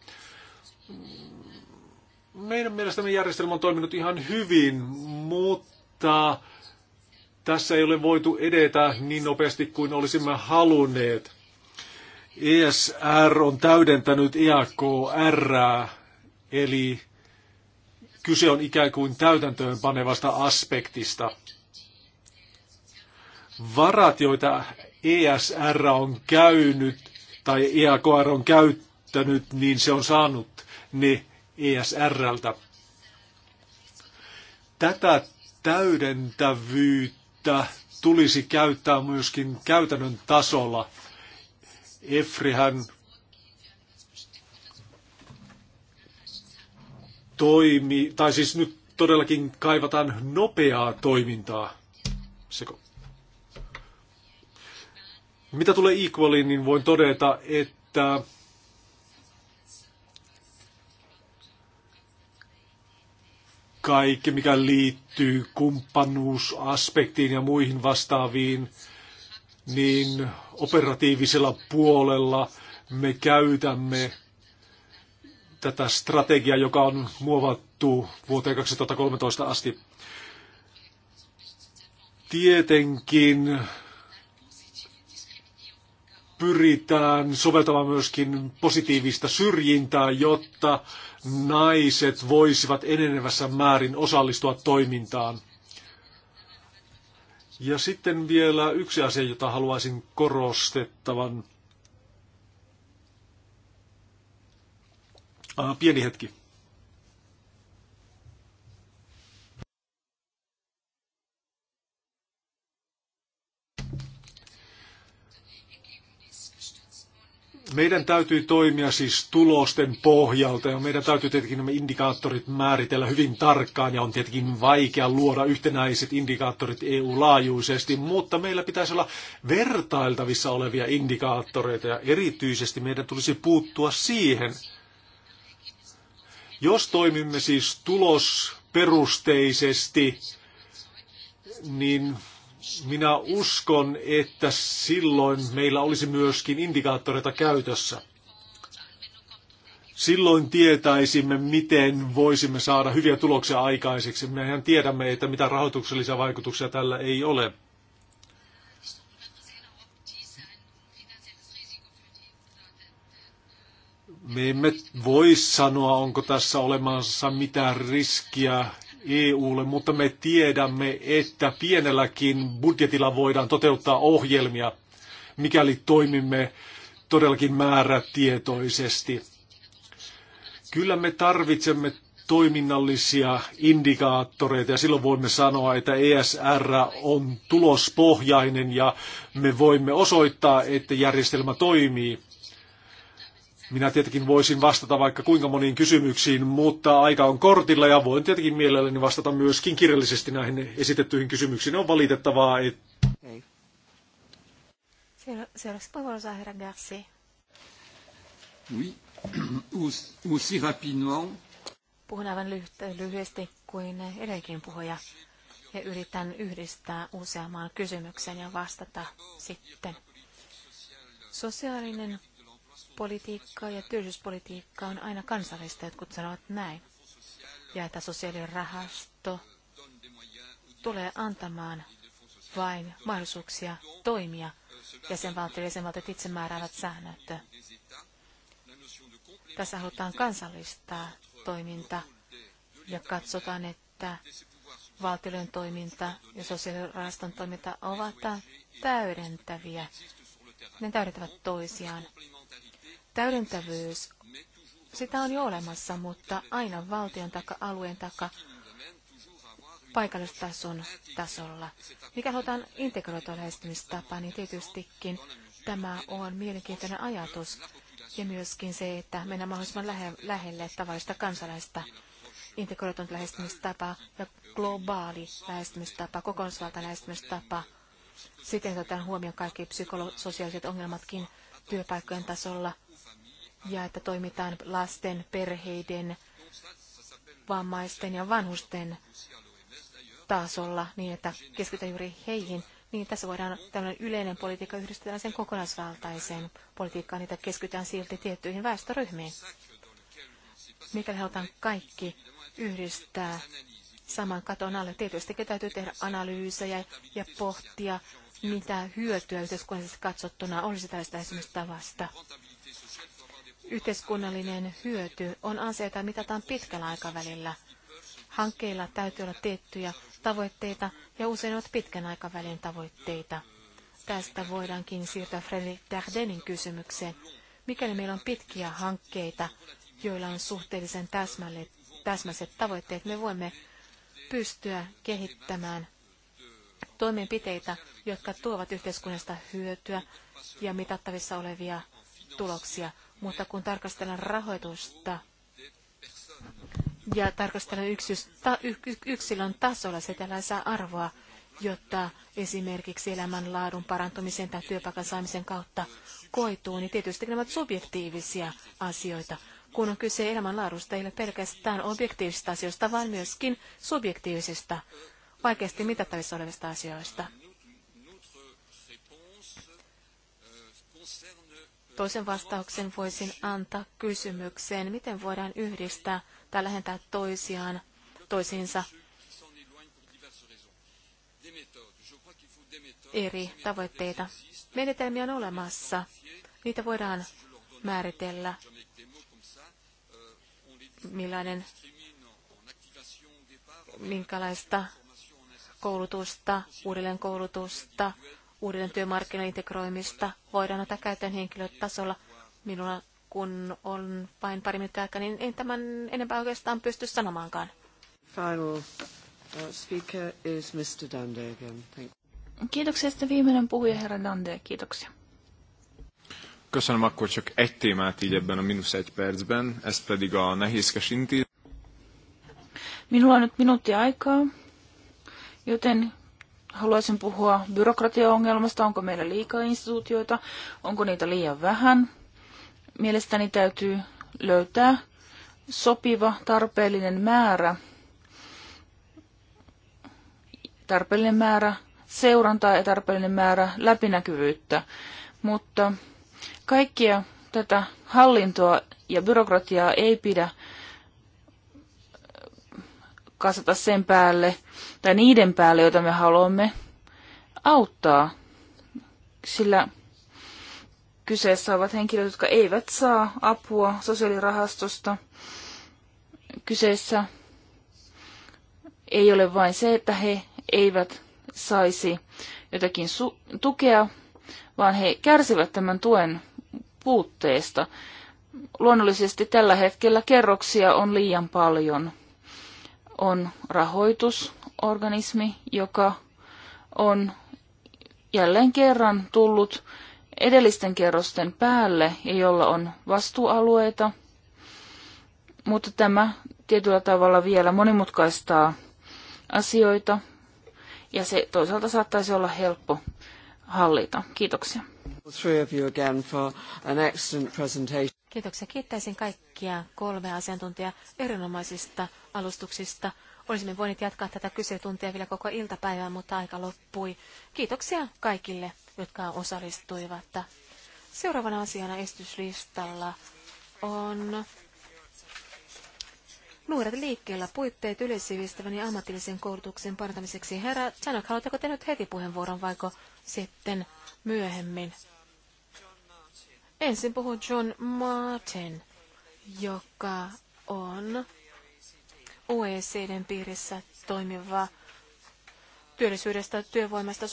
D: Meidän mielestämme järjestelmä on toiminut ihan hyvin, mutta tässä ei ole voitu edetä niin nopeasti kuin olisimme halunneet. ESR on täydentänyt EAKR, eli kyse on ikään kuin täytäntöönpanevasta aspektista. Varat, joita ESR on käynyt tai EAKR on käyttänyt, niin se on saanut ne ESRltä. Tätä täydentävyyttä että tulisi käyttää myöskin käytännön tasolla. Efrihän toimi, tai siis nyt todellakin kaivataan nopeaa toimintaa. Seko. Mitä tulee Equaliin, niin voin todeta, että kaikki, mikä liittyy kumppanuusaspektiin ja muihin vastaaviin, niin operatiivisella puolella me käytämme tätä strategiaa, joka on muovattu vuoteen 2013 asti. Tietenkin pyritään soveltamaan myöskin positiivista syrjintää, jotta naiset voisivat enenevässä määrin osallistua toimintaan. Ja sitten vielä yksi asia, jota haluaisin korostettavan. pieni hetki. Meidän täytyy toimia siis tulosten pohjalta ja meidän täytyy tietenkin nämä indikaattorit määritellä hyvin tarkkaan ja on tietenkin vaikea luoda yhtenäiset indikaattorit EU-laajuisesti, mutta meillä pitäisi olla vertailtavissa olevia indikaattoreita ja erityisesti meidän tulisi puuttua siihen. Jos toimimme siis tulosperusteisesti, niin minä uskon, että silloin meillä olisi myöskin indikaattoreita käytössä. Silloin tietäisimme, miten voisimme saada hyviä tuloksia aikaiseksi. Mehän tiedämme, että mitä rahoituksellisia vaikutuksia tällä ei ole. Me emme voi sanoa, onko tässä olemassa mitään riskiä EUlle, mutta me tiedämme, että pienelläkin budjetilla voidaan toteuttaa ohjelmia, mikäli toimimme todellakin määrätietoisesti. Kyllä me tarvitsemme toiminnallisia indikaattoreita ja silloin voimme sanoa, että ESR on tulospohjainen ja me voimme osoittaa, että järjestelmä toimii. Minä tietenkin voisin vastata vaikka kuinka moniin kysymyksiin, mutta aika on kortilla ja voin tietenkin mielelläni vastata myöskin kirjallisesti näihin esitettyihin kysymyksiin. On valitettavaa, että... Ei.
B: Oui, [CLEARS THROAT] aussi rapidement.
C: Puhun aivan lyhyesti kuin edelläkin puhuja ja yritän yhdistää useamman kysymyksen ja vastata sitten. Sosiaalinen Politiikka ja työllisyyspolitiikka on aina kansallista, jotkut sanovat näin. Ja että sosiaalirahasto tulee antamaan vain mahdollisuuksia toimia. sen jäsenvaltiot itse määräävät säännöt. Tässä halutaan kansallistaa toiminta ja katsotaan, että valtioiden toiminta ja sosiaalirahaston toiminta ovat täydentäviä. Ne täydentävät toisiaan. Täydentävyys, sitä on jo olemassa, mutta aina valtion taka, alueen taka, paikallistason tasolla. Mikä halutaan integroitua lähestymistapaa, niin tietystikin tämä on mielenkiintoinen ajatus. Ja myöskin se, että mennään mahdollisimman lähe- lähelle tavallista kansalaista integroitunut lähestymistapa ja globaali lähestymistapa, kokonaisvalta lähestymistapa. Siten otetaan huomioon kaikki psykososiaaliset ongelmatkin työpaikkojen tasolla – ja että toimitaan lasten, perheiden, vammaisten ja vanhusten tasolla niin, että keskitytään juuri heihin. Niin tässä voidaan tällainen yleinen politiikka yhdistetään sen kokonaisvaltaiseen politiikkaan, niitä keskitytään silti tiettyihin väestöryhmiin. Mikäli halutaan kaikki yhdistää saman katon alle, tietysti täytyy tehdä analyysejä ja pohtia, mitä hyötyä yhteiskunnallisesti katsottuna olisi tällaista esimerkiksi tavasta. Yhteiskunnallinen hyöty on asia, jota mitataan pitkällä aikavälillä. Hankkeilla täytyy olla tiettyjä tavoitteita ja usein ovat pitkän aikavälin tavoitteita. Tästä voidaankin siirtyä Fredrik Dardenin kysymykseen. Mikäli meillä on pitkiä hankkeita, joilla on suhteellisen täsmäiset tavoitteet, me voimme pystyä kehittämään toimenpiteitä, jotka tuovat yhteiskunnasta hyötyä ja mitattavissa olevia tuloksia mutta kun tarkastellaan rahoitusta ja tarkastellaan yksilön tasolla, se tällä saa arvoa, jotta esimerkiksi elämänlaadun parantumisen tai työpaikan saamisen kautta koituu, niin tietysti nämä ovat subjektiivisia asioita. Kun on kyse elämänlaadusta, ei ole pelkästään objektiivisista asioista, vaan myöskin subjektiivisista, vaikeasti mitattavissa olevista asioista. Toisen vastauksen voisin antaa kysymykseen, miten voidaan yhdistää tai lähentää toisiaan toisiinsa
B: eri tavoitteita.
C: Menetelmiä on olemassa. Niitä voidaan määritellä, millainen, minkälaista koulutusta, uudelleenkoulutusta, Uuden työmarkkinoiden integroimista voidaan ottaa käyttöön henkilötasolla. Minulla kun on vain pari minuuttia aikaa, niin en tämän enempää oikeastaan pysty sanomaankaan.
B: Final uh, speaker is Mr. Dande again. Thank
A: you. Kiitoksia. Sitten viimeinen puhuja, herra Dande. Kiitoksia.
D: Köszönöm, akkor csak egy témát így ebben a mínusz egy percben, ez pedig a nehézkes intéz.
A: Minulla on nyt minuutti aikaa, joten Haluaisin puhua byrokratiaongelmasta. Onko meillä liikaa instituutioita? Onko niitä liian vähän? Mielestäni täytyy löytää sopiva, tarpeellinen määrä. Tarpeellinen määrä seurantaa ja tarpeellinen määrä läpinäkyvyyttä. Mutta kaikkia tätä hallintoa ja byrokratiaa ei pidä kasata sen päälle tai niiden päälle, joita me haluamme auttaa. Sillä kyseessä ovat henkilöt, jotka eivät saa apua sosiaalirahastosta. Kyseessä ei ole vain se, että he eivät saisi jotakin tukea, vaan he kärsivät tämän tuen puutteesta. Luonnollisesti tällä hetkellä kerroksia on liian paljon – on rahoitusorganismi, joka on jälleen kerran tullut edellisten kerrosten päälle ja jolla on vastuualueita, mutta tämä tietyllä tavalla vielä monimutkaistaa asioita ja se toisaalta saattaisi olla helppo hallita. Kiitoksia. Three of you again for an excellent presentation. Kiitoksia.
C: Kiittäisin kaikkia kolmea asiantuntijaa erinomaisista alustuksista. Olisimme voineet jatkaa tätä kyselytuntia vielä koko iltapäivän, mutta aika loppui. Kiitoksia kaikille, jotka osallistuivat. Seuraavana asiana esityslistalla on Nuoret liikkeellä puitteet yleissivistävän ja ammatillisen koulutuksen parantamiseksi. Herra Chanok, haluatteko te nyt heti puheenvuoron vaiko sitten myöhemmin? Ensin puhun John Martin, joka on OECDn piirissä toimiva työllisyydestä, työvoimasta,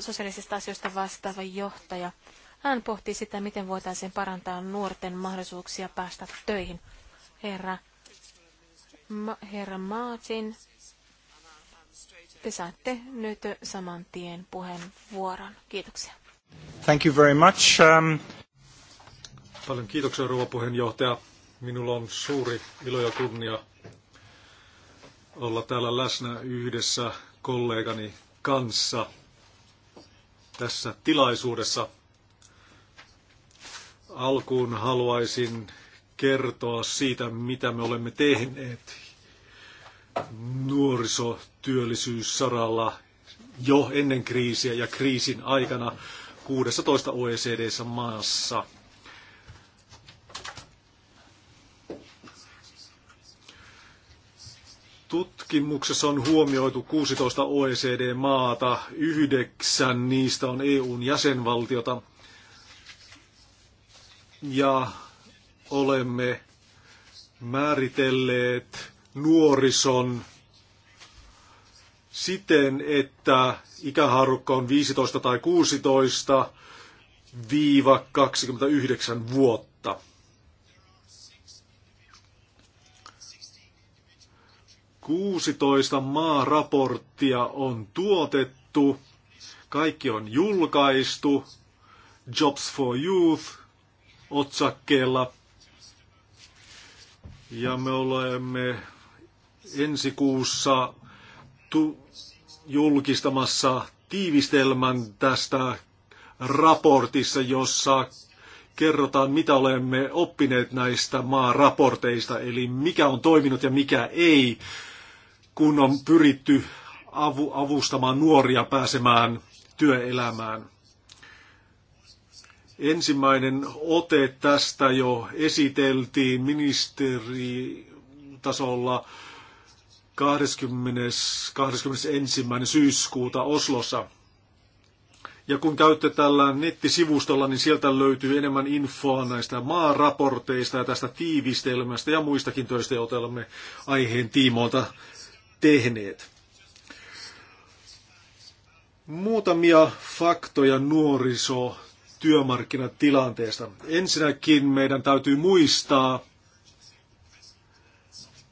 C: sosiaalisista, asioista vastaava johtaja. Hän pohtii sitä, miten voitaisiin parantaa nuorten mahdollisuuksia päästä töihin. Herra, ma, herra Martin, te saatte nyt saman tien puheenvuoron. Kiitoksia.
D: Thank you very much. Um... Paljon kiitoksia, rouva puheenjohtaja. Minulla on suuri ilo ja kunnia olla täällä läsnä yhdessä kollegani kanssa tässä tilaisuudessa. Alkuun haluaisin kertoa siitä, mitä me olemme tehneet nuorisotyöllisyyssaralla jo ennen kriisiä ja kriisin aikana 16 OECD-maassa. Tutkimuksessa on huomioitu 16 OECD-maata, yhdeksän niistä on EUn jäsenvaltiota. Ja olemme määritelleet nuorison siten, että ikähaarukka on 15 tai 16 viiva 29 vuotta 16 maaraporttia on tuotettu, kaikki on julkaistu, Jobs for Youth otsakkeella. Ja me olemme ensi kuussa tu- julkistamassa tiivistelmän tästä raportissa, jossa kerrotaan, mitä olemme oppineet näistä maaraporteista, eli mikä on toiminut ja mikä ei kun on pyritty avustamaan nuoria pääsemään työelämään. Ensimmäinen ote tästä jo esiteltiin ministeritasolla 20. 21. syyskuuta Oslossa. Ja kun käytte tällä nettisivustolla, niin sieltä löytyy enemmän infoa näistä maaraporteista ja tästä tiivistelmästä ja muistakin töistä, joita olemme aiheen tiimoilta tehneet. Muutamia faktoja nuoriso työmarkkinatilanteesta. Ensinnäkin meidän täytyy muistaa,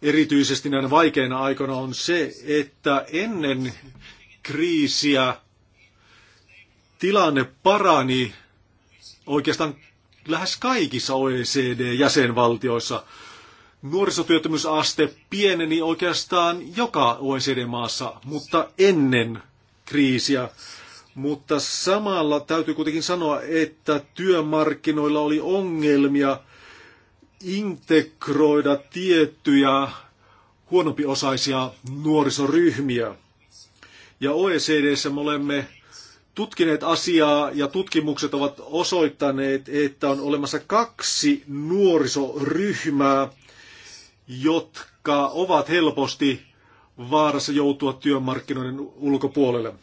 D: erityisesti näinä vaikeina aikoina on se, että ennen kriisiä tilanne parani oikeastaan lähes kaikissa OECD-jäsenvaltioissa. Nuorisotyöttömyysaste pieneni oikeastaan joka OECD-maassa, mutta ennen kriisiä. Mutta samalla täytyy kuitenkin sanoa, että työmarkkinoilla oli ongelmia integroida tiettyjä huonompiosaisia nuorisoryhmiä. Ja OECDssä me olemme tutkineet asiaa ja tutkimukset ovat osoittaneet, että on olemassa kaksi nuorisoryhmää, jotka ovat helposti vaarassa joutua työmarkkinoiden ulkopuolelle.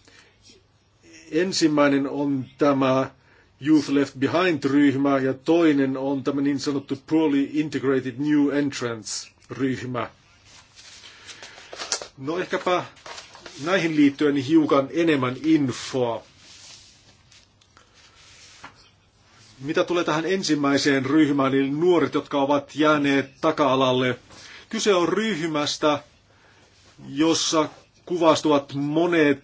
D: Ensimmäinen on tämä Youth Left Behind-ryhmä ja toinen on tämä niin sanottu Poorly Integrated New Entrants-ryhmä. No ehkäpä näihin liittyen hiukan enemmän infoa. Mitä tulee tähän ensimmäiseen ryhmään, eli nuoret, jotka ovat jääneet taka-alalle Kyse on ryhmästä, jossa kuvastuvat monet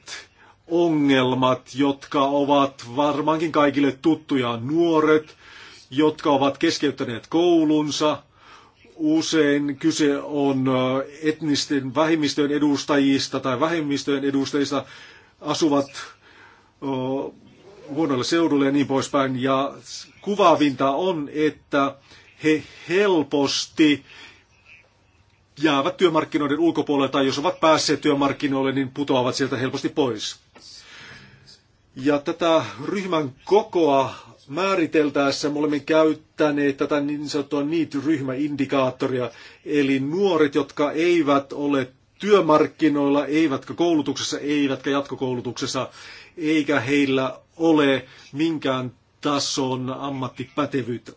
D: ongelmat, jotka ovat varmaankin kaikille tuttuja. Nuoret, jotka ovat keskeyttäneet koulunsa. Usein kyse on etnisten vähemmistöjen edustajista tai vähemmistöjen edustajista asuvat huonoille seudulle ja niin poispäin. Ja kuvaavinta on, että he helposti jäävät työmarkkinoiden ulkopuolelle tai jos ovat päässeet työmarkkinoille, niin putoavat sieltä helposti pois. Ja tätä ryhmän kokoa määriteltäessä me olemme käyttäneet tätä niin sanottua NEET-ryhmäindikaattoria, eli nuoret, jotka eivät ole työmarkkinoilla, eivätkä koulutuksessa, eivätkä jatkokoulutuksessa, eikä heillä ole minkään tason ammattipätevyyttä.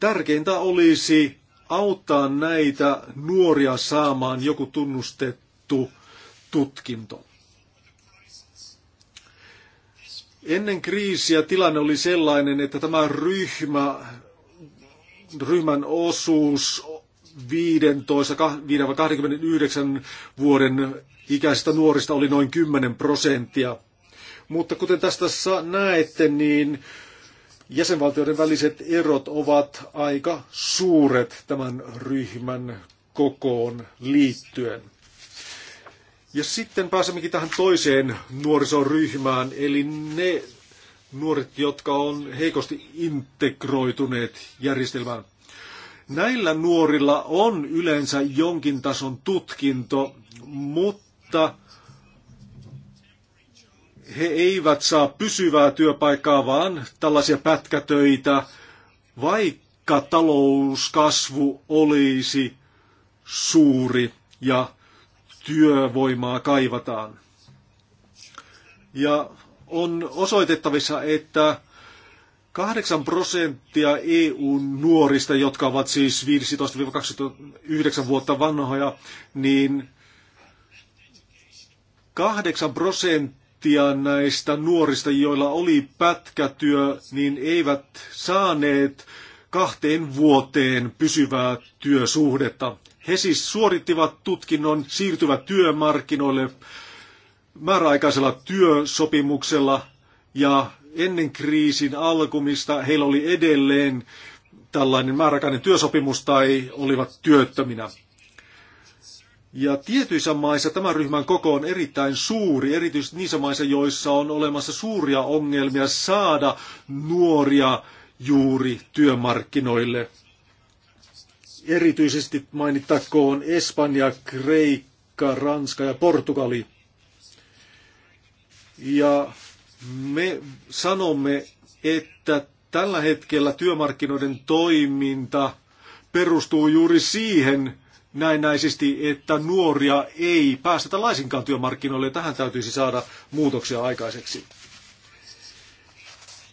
D: Tärkeintä olisi auttaa näitä nuoria saamaan joku tunnustettu tutkinto. Ennen kriisiä tilanne oli sellainen, että tämä ryhmä, ryhmän osuus 15-29 vuoden ikäisistä nuorista oli noin 10 prosenttia. Mutta kuten tästä näette, niin Jäsenvaltioiden väliset erot ovat aika suuret tämän ryhmän kokoon liittyen. Ja sitten pääsemmekin tähän toiseen nuorisoryhmään, eli ne nuoret, jotka on heikosti integroituneet järjestelmään. Näillä nuorilla on yleensä jonkin tason tutkinto, mutta he eivät saa pysyvää työpaikkaa, vaan tällaisia pätkätöitä, vaikka talouskasvu olisi suuri ja työvoimaa kaivataan. Ja on osoitettavissa, että 8 prosenttia EU-nuorista, jotka ovat siis 15-29 vuotta vanhoja, niin 8 prosenttia prosenttia näistä nuorista, joilla oli pätkätyö, niin eivät saaneet kahteen vuoteen pysyvää työsuhdetta. He siis suorittivat tutkinnon, siirtyvät työmarkkinoille määräaikaisella työsopimuksella ja ennen kriisin alkumista heillä oli edelleen tällainen määräaikainen työsopimus tai olivat työttöminä. Ja tietyissä maissa tämän ryhmän koko on erittäin suuri, erityisesti niissä maissa, joissa on olemassa suuria ongelmia saada nuoria juuri työmarkkinoille. Erityisesti mainittakoon Espanja, Kreikka, Ranska ja Portugali. Ja me sanomme, että tällä hetkellä työmarkkinoiden toiminta perustuu juuri siihen, näennäisesti, että nuoria ei päästetä laisinkaan työmarkkinoille ja tähän täytyisi saada muutoksia aikaiseksi.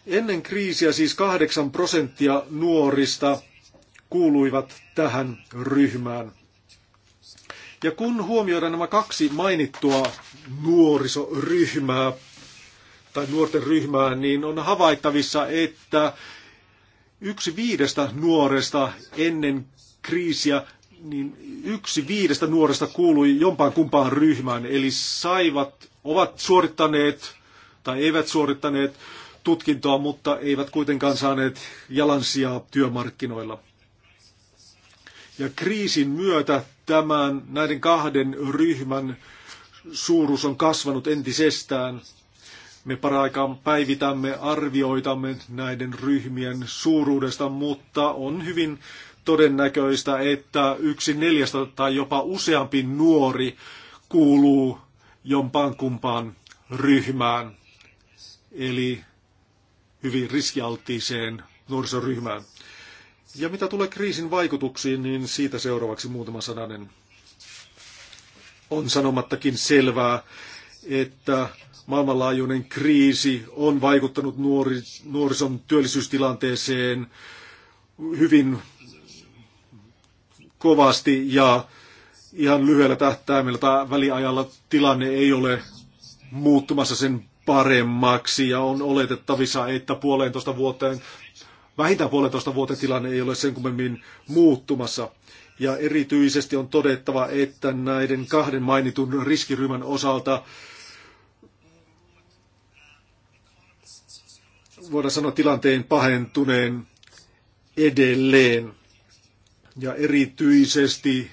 D: Ennen kriisiä siis 8 prosenttia nuorista kuuluivat tähän ryhmään. Ja kun huomioidaan nämä kaksi mainittua nuorisoryhmää tai nuorten ryhmää, niin on havaittavissa, että yksi viidestä nuoresta ennen kriisiä niin yksi viidestä nuoresta kuului jompaan kumpaan ryhmään, eli saivat, ovat suorittaneet tai eivät suorittaneet tutkintoa, mutta eivät kuitenkaan saaneet jalansijaa työmarkkinoilla. Ja kriisin myötä tämän, näiden kahden ryhmän suuruus on kasvanut entisestään. Me paraikaan päivitämme arvioitamme näiden ryhmien suuruudesta, mutta on hyvin todennäköistä, että yksi neljästä tai jopa useampi nuori kuuluu jompaan kumpaan ryhmään, eli hyvin riskialttiiseen nuorisoryhmään. Ja mitä tulee kriisin vaikutuksiin, niin siitä seuraavaksi muutama sananen. On sanomattakin selvää, että maailmanlaajuinen kriisi on vaikuttanut nuori, nuorison työllisyystilanteeseen hyvin kovasti ja ihan lyhyellä tähtäimellä tai väliajalla tilanne ei ole muuttumassa sen paremmaksi ja on oletettavissa, että puolentoista vuoteen, vähintään puolentoista vuoteen tilanne ei ole sen kummemmin muuttumassa. Ja erityisesti on todettava, että näiden kahden mainitun riskiryhmän osalta voidaan sanoa tilanteen pahentuneen edelleen. Ja erityisesti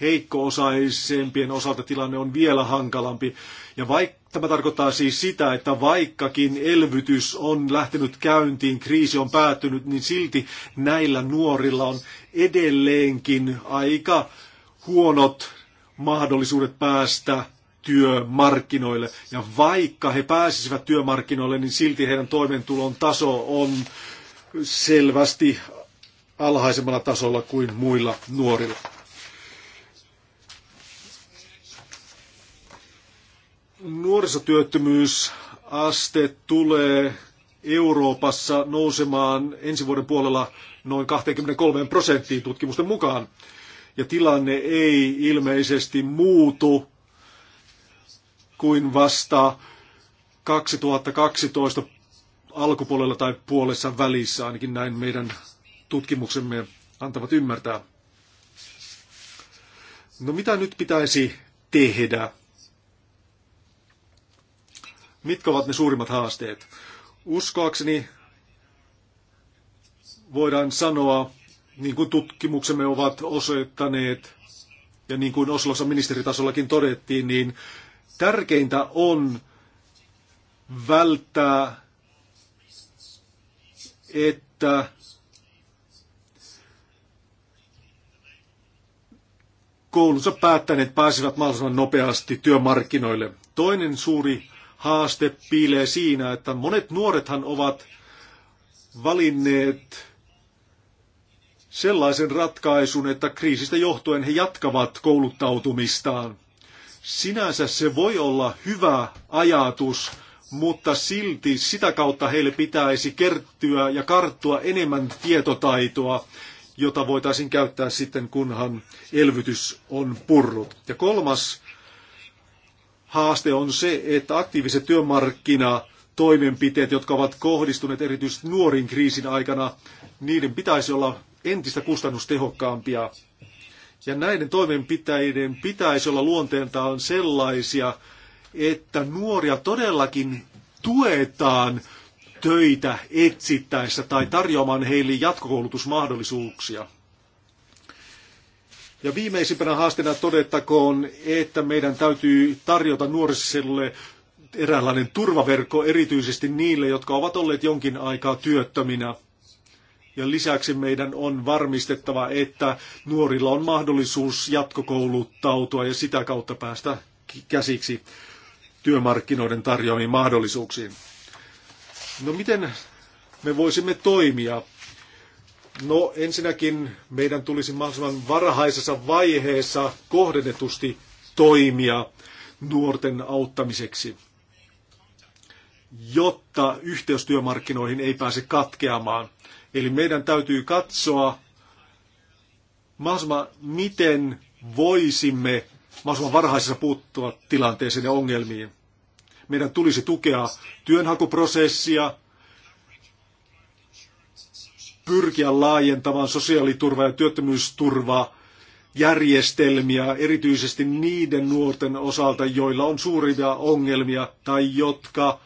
D: heikko-osaisempien osalta tilanne on vielä hankalampi. Ja vaikka tämä tarkoittaa siis sitä, että vaikkakin elvytys on lähtenyt käyntiin, kriisi on päättynyt, niin silti näillä nuorilla on edelleenkin aika huonot mahdollisuudet päästä työmarkkinoille. Ja vaikka he pääsisivät työmarkkinoille, niin silti heidän toimeentulon taso on selvästi alhaisemmalla tasolla kuin muilla nuorilla. Nuorisotyöttömyysaste tulee Euroopassa nousemaan ensi vuoden puolella noin 23 prosenttiin tutkimusten mukaan. Ja tilanne ei ilmeisesti muutu kuin vasta 2012 alkupuolella tai puolessa välissä, ainakin näin meidän tutkimuksemme antavat ymmärtää. No mitä nyt pitäisi tehdä? Mitkä ovat ne suurimmat haasteet? Uskoakseni voidaan sanoa, niin kuin tutkimuksemme ovat osoittaneet, ja niin kuin Oslossa ministeritasollakin todettiin, niin tärkeintä on välttää, että koulunsa päättäneet pääsivät mahdollisimman nopeasti työmarkkinoille. Toinen suuri haaste piilee siinä, että monet nuorethan ovat valinneet sellaisen ratkaisun, että kriisistä johtuen he jatkavat kouluttautumistaan. Sinänsä se voi olla hyvä ajatus, mutta silti sitä kautta heille pitäisi kertyä ja karttua enemmän tietotaitoa jota voitaisiin käyttää sitten, kunhan elvytys on purrut. Ja kolmas haaste on se, että aktiiviset työmarkkina toimenpiteet, jotka ovat kohdistuneet erityisesti nuorin kriisin aikana, niiden pitäisi olla entistä kustannustehokkaampia. Ja näiden toimenpiteiden pitäisi olla luonteeltaan sellaisia, että nuoria todellakin tuetaan töitä etsittäessä tai tarjoamaan heille jatkokoulutusmahdollisuuksia. Ja viimeisimpänä haasteena todettakoon, että meidän täytyy tarjota nuorisolle eräänlainen turvaverkko erityisesti niille, jotka ovat olleet jonkin aikaa työttöminä. Ja lisäksi meidän on varmistettava, että nuorilla on mahdollisuus jatkokouluttautua ja sitä kautta päästä käsiksi työmarkkinoiden tarjoamiin mahdollisuuksiin. No miten me voisimme toimia? No ensinnäkin meidän tulisi mahdollisimman varhaisessa vaiheessa kohdennetusti toimia nuorten auttamiseksi, jotta yhteys työmarkkinoihin ei pääse katkeamaan. Eli meidän täytyy katsoa mahdollisimman, miten voisimme mahdollisimman varhaisessa puuttua tilanteeseen ja ongelmiin. Meidän tulisi tukea työnhakuprosessia, pyrkiä laajentamaan sosiaaliturvaa ja työttömyysturvaa järjestelmiä, erityisesti niiden nuorten osalta, joilla on suuria ongelmia tai jotka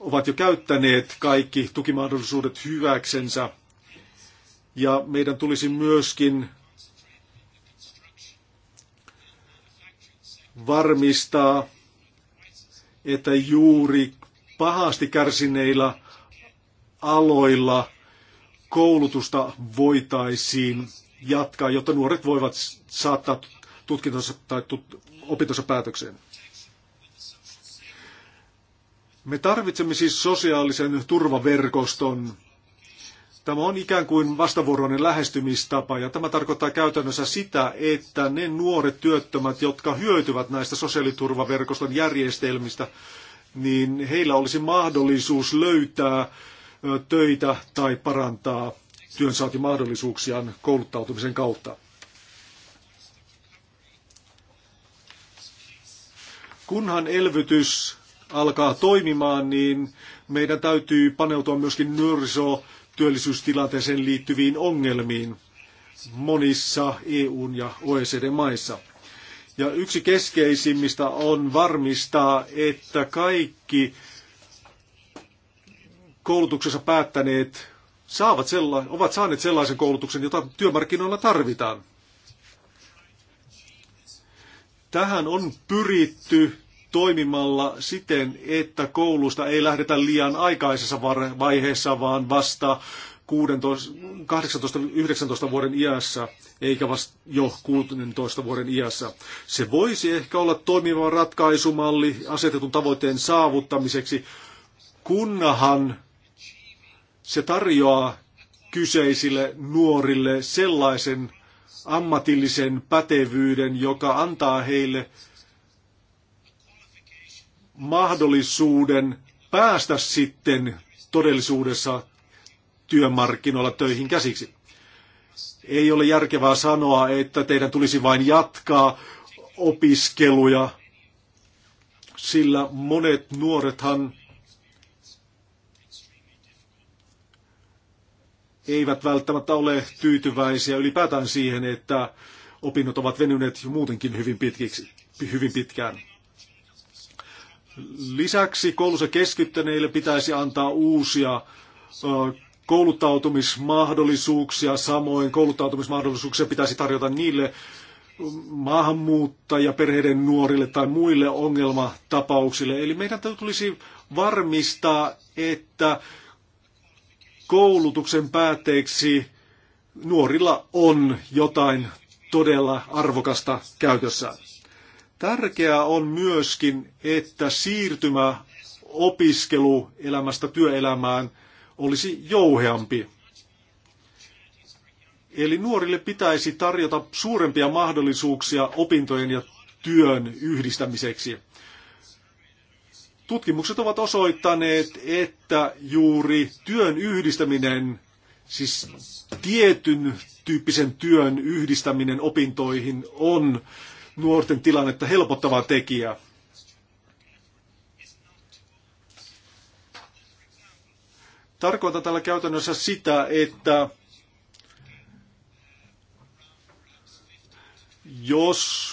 D: ovat jo käyttäneet kaikki tukimahdollisuudet hyväksensä. Ja meidän tulisi myöskin varmistaa että juuri pahasti kärsineillä aloilla koulutusta voitaisiin jatkaa, jotta nuoret voivat saattaa tutkintonsa tai tut- opintonsa päätökseen. Me tarvitsemme siis sosiaalisen turvaverkoston Tämä on ikään kuin vastavuoroinen lähestymistapa ja tämä tarkoittaa käytännössä sitä, että ne nuoret työttömät, jotka hyötyvät näistä sosiaaliturvaverkoston järjestelmistä, niin heillä olisi mahdollisuus löytää töitä tai parantaa työnsaantimahdollisuuksiaan kouluttautumisen kautta. Kunhan elvytys alkaa toimimaan, niin meidän täytyy paneutua myöskin nuoriso- työllisyystilanteeseen liittyviin ongelmiin monissa EUn ja OECD-maissa. Ja yksi keskeisimmistä on varmistaa, että kaikki koulutuksessa päättäneet saavat sella- ovat saaneet sellaisen koulutuksen, jota työmarkkinoilla tarvitaan. Tähän on pyritty toimimalla siten, että koulusta ei lähdetä liian aikaisessa vaiheessa, vaan vasta 18-19 vuoden iässä, eikä vasta jo 16 vuoden iässä. Se voisi ehkä olla toimiva ratkaisumalli asetetun tavoitteen saavuttamiseksi, kunnahan se tarjoaa kyseisille nuorille sellaisen ammatillisen pätevyyden, joka antaa heille mahdollisuuden päästä sitten todellisuudessa työmarkkinoilla töihin käsiksi. Ei ole järkevää sanoa, että teidän tulisi vain jatkaa opiskeluja, sillä monet nuorethan eivät välttämättä ole tyytyväisiä ylipäätään siihen, että opinnot ovat venyneet muutenkin hyvin, pitkiksi, hyvin pitkään. Lisäksi koulussa keskittyneille pitäisi antaa uusia kouluttautumismahdollisuuksia, samoin kouluttautumismahdollisuuksia pitäisi tarjota niille perheiden nuorille tai muille ongelmatapauksille. Eli meidän tulisi varmistaa, että koulutuksen päätteeksi nuorilla on jotain todella arvokasta käytössään. Tärkeää on myöskin, että siirtymä opiskeluelämästä työelämään olisi jouheampi. Eli nuorille pitäisi tarjota suurempia mahdollisuuksia opintojen ja työn yhdistämiseksi. Tutkimukset ovat osoittaneet, että juuri työn yhdistäminen, siis tietyn tyyppisen työn yhdistäminen opintoihin on nuorten tilannetta helpottava tekijä. Tarkoitan tällä käytännössä sitä, että jos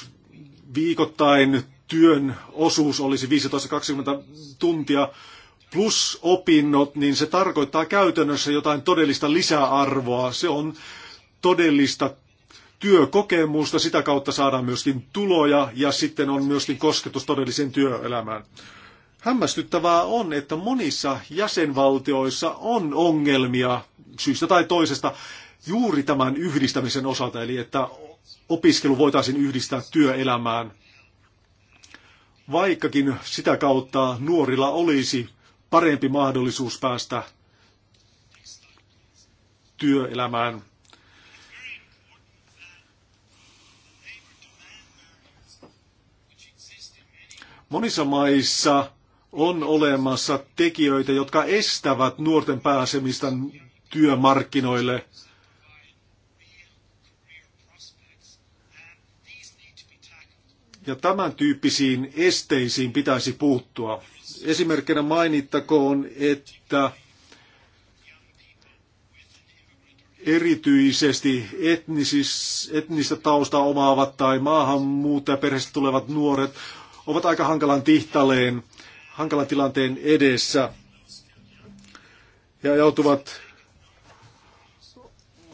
D: viikoittain työn osuus olisi 15-20 tuntia plus opinnot, niin se tarkoittaa käytännössä jotain todellista lisäarvoa. Se on todellista työkokemusta, sitä kautta saadaan myöskin tuloja ja sitten on myöskin kosketus todelliseen työelämään. Hämmästyttävää on, että monissa jäsenvaltioissa on ongelmia syystä tai toisesta juuri tämän yhdistämisen osalta, eli että opiskelu voitaisiin yhdistää työelämään, vaikkakin sitä kautta nuorilla olisi parempi mahdollisuus päästä työelämään. Monissa maissa on olemassa tekijöitä, jotka estävät nuorten pääsemistä työmarkkinoille. Ja tämän tyyppisiin esteisiin pitäisi puuttua. Esimerkkinä mainittakoon, että erityisesti etnisistä taustaa omaavat tai maahanmuuttajaperheistä tulevat nuoret ovat aika hankalan tihtaleen, hankalan tilanteen edessä ja joutuvat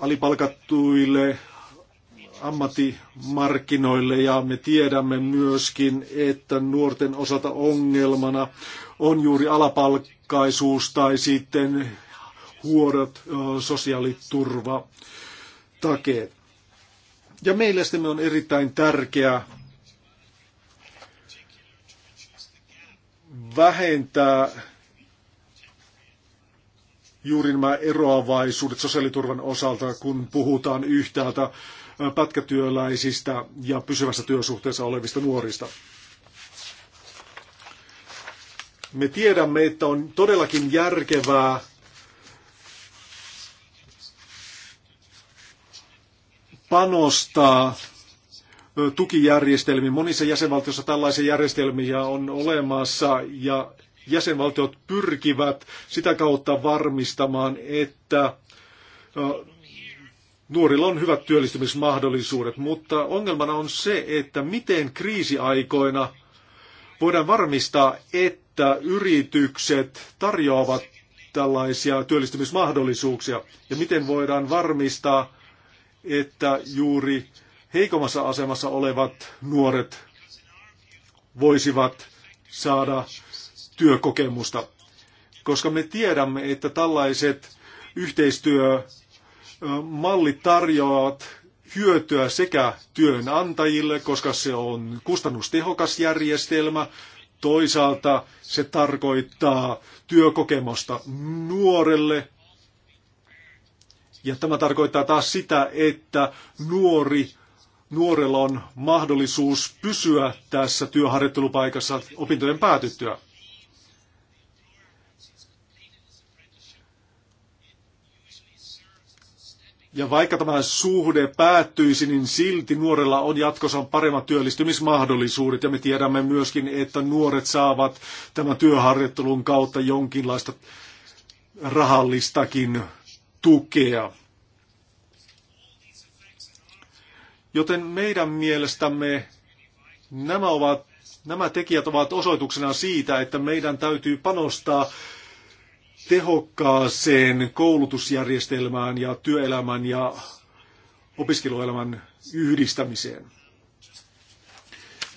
D: alipalkattuille ammattimarkkinoille ja me tiedämme myöskin, että nuorten osalta ongelmana on juuri alapalkkaisuus tai sitten huorot sosiaaliturvatakeet. Ja meillä on erittäin tärkeää vähentää juuri nämä eroavaisuudet sosiaaliturvan osalta, kun puhutaan yhtäältä pätkätyöläisistä ja pysyvässä työsuhteessa olevista nuorista. Me tiedämme, että on todellakin järkevää panostaa tukijärjestelmiin. Monissa jäsenvaltioissa tällaisia järjestelmiä on olemassa ja jäsenvaltiot pyrkivät sitä kautta varmistamaan, että nuorilla on hyvät työllistymismahdollisuudet, mutta ongelmana on se, että miten kriisiaikoina voidaan varmistaa, että yritykset tarjoavat tällaisia työllistymismahdollisuuksia ja miten voidaan varmistaa, että juuri heikommassa asemassa olevat nuoret voisivat saada työkokemusta, koska me tiedämme, että tällaiset yhteistyömallit tarjoavat hyötyä sekä työnantajille, koska se on kustannustehokas järjestelmä, Toisaalta se tarkoittaa työkokemusta nuorelle. Ja tämä tarkoittaa taas sitä, että nuori nuorella on mahdollisuus pysyä tässä työharjoittelupaikassa opintojen päätyttyä. Ja vaikka tämä suhde päättyisi, niin silti nuorella on jatkossa paremmat työllistymismahdollisuudet. Ja me tiedämme myöskin, että nuoret saavat tämän työharjoittelun kautta jonkinlaista rahallistakin tukea. Joten meidän mielestämme nämä, ovat, nämä tekijät ovat osoituksena siitä, että meidän täytyy panostaa tehokkaaseen koulutusjärjestelmään ja työelämän ja opiskeluelämän yhdistämiseen.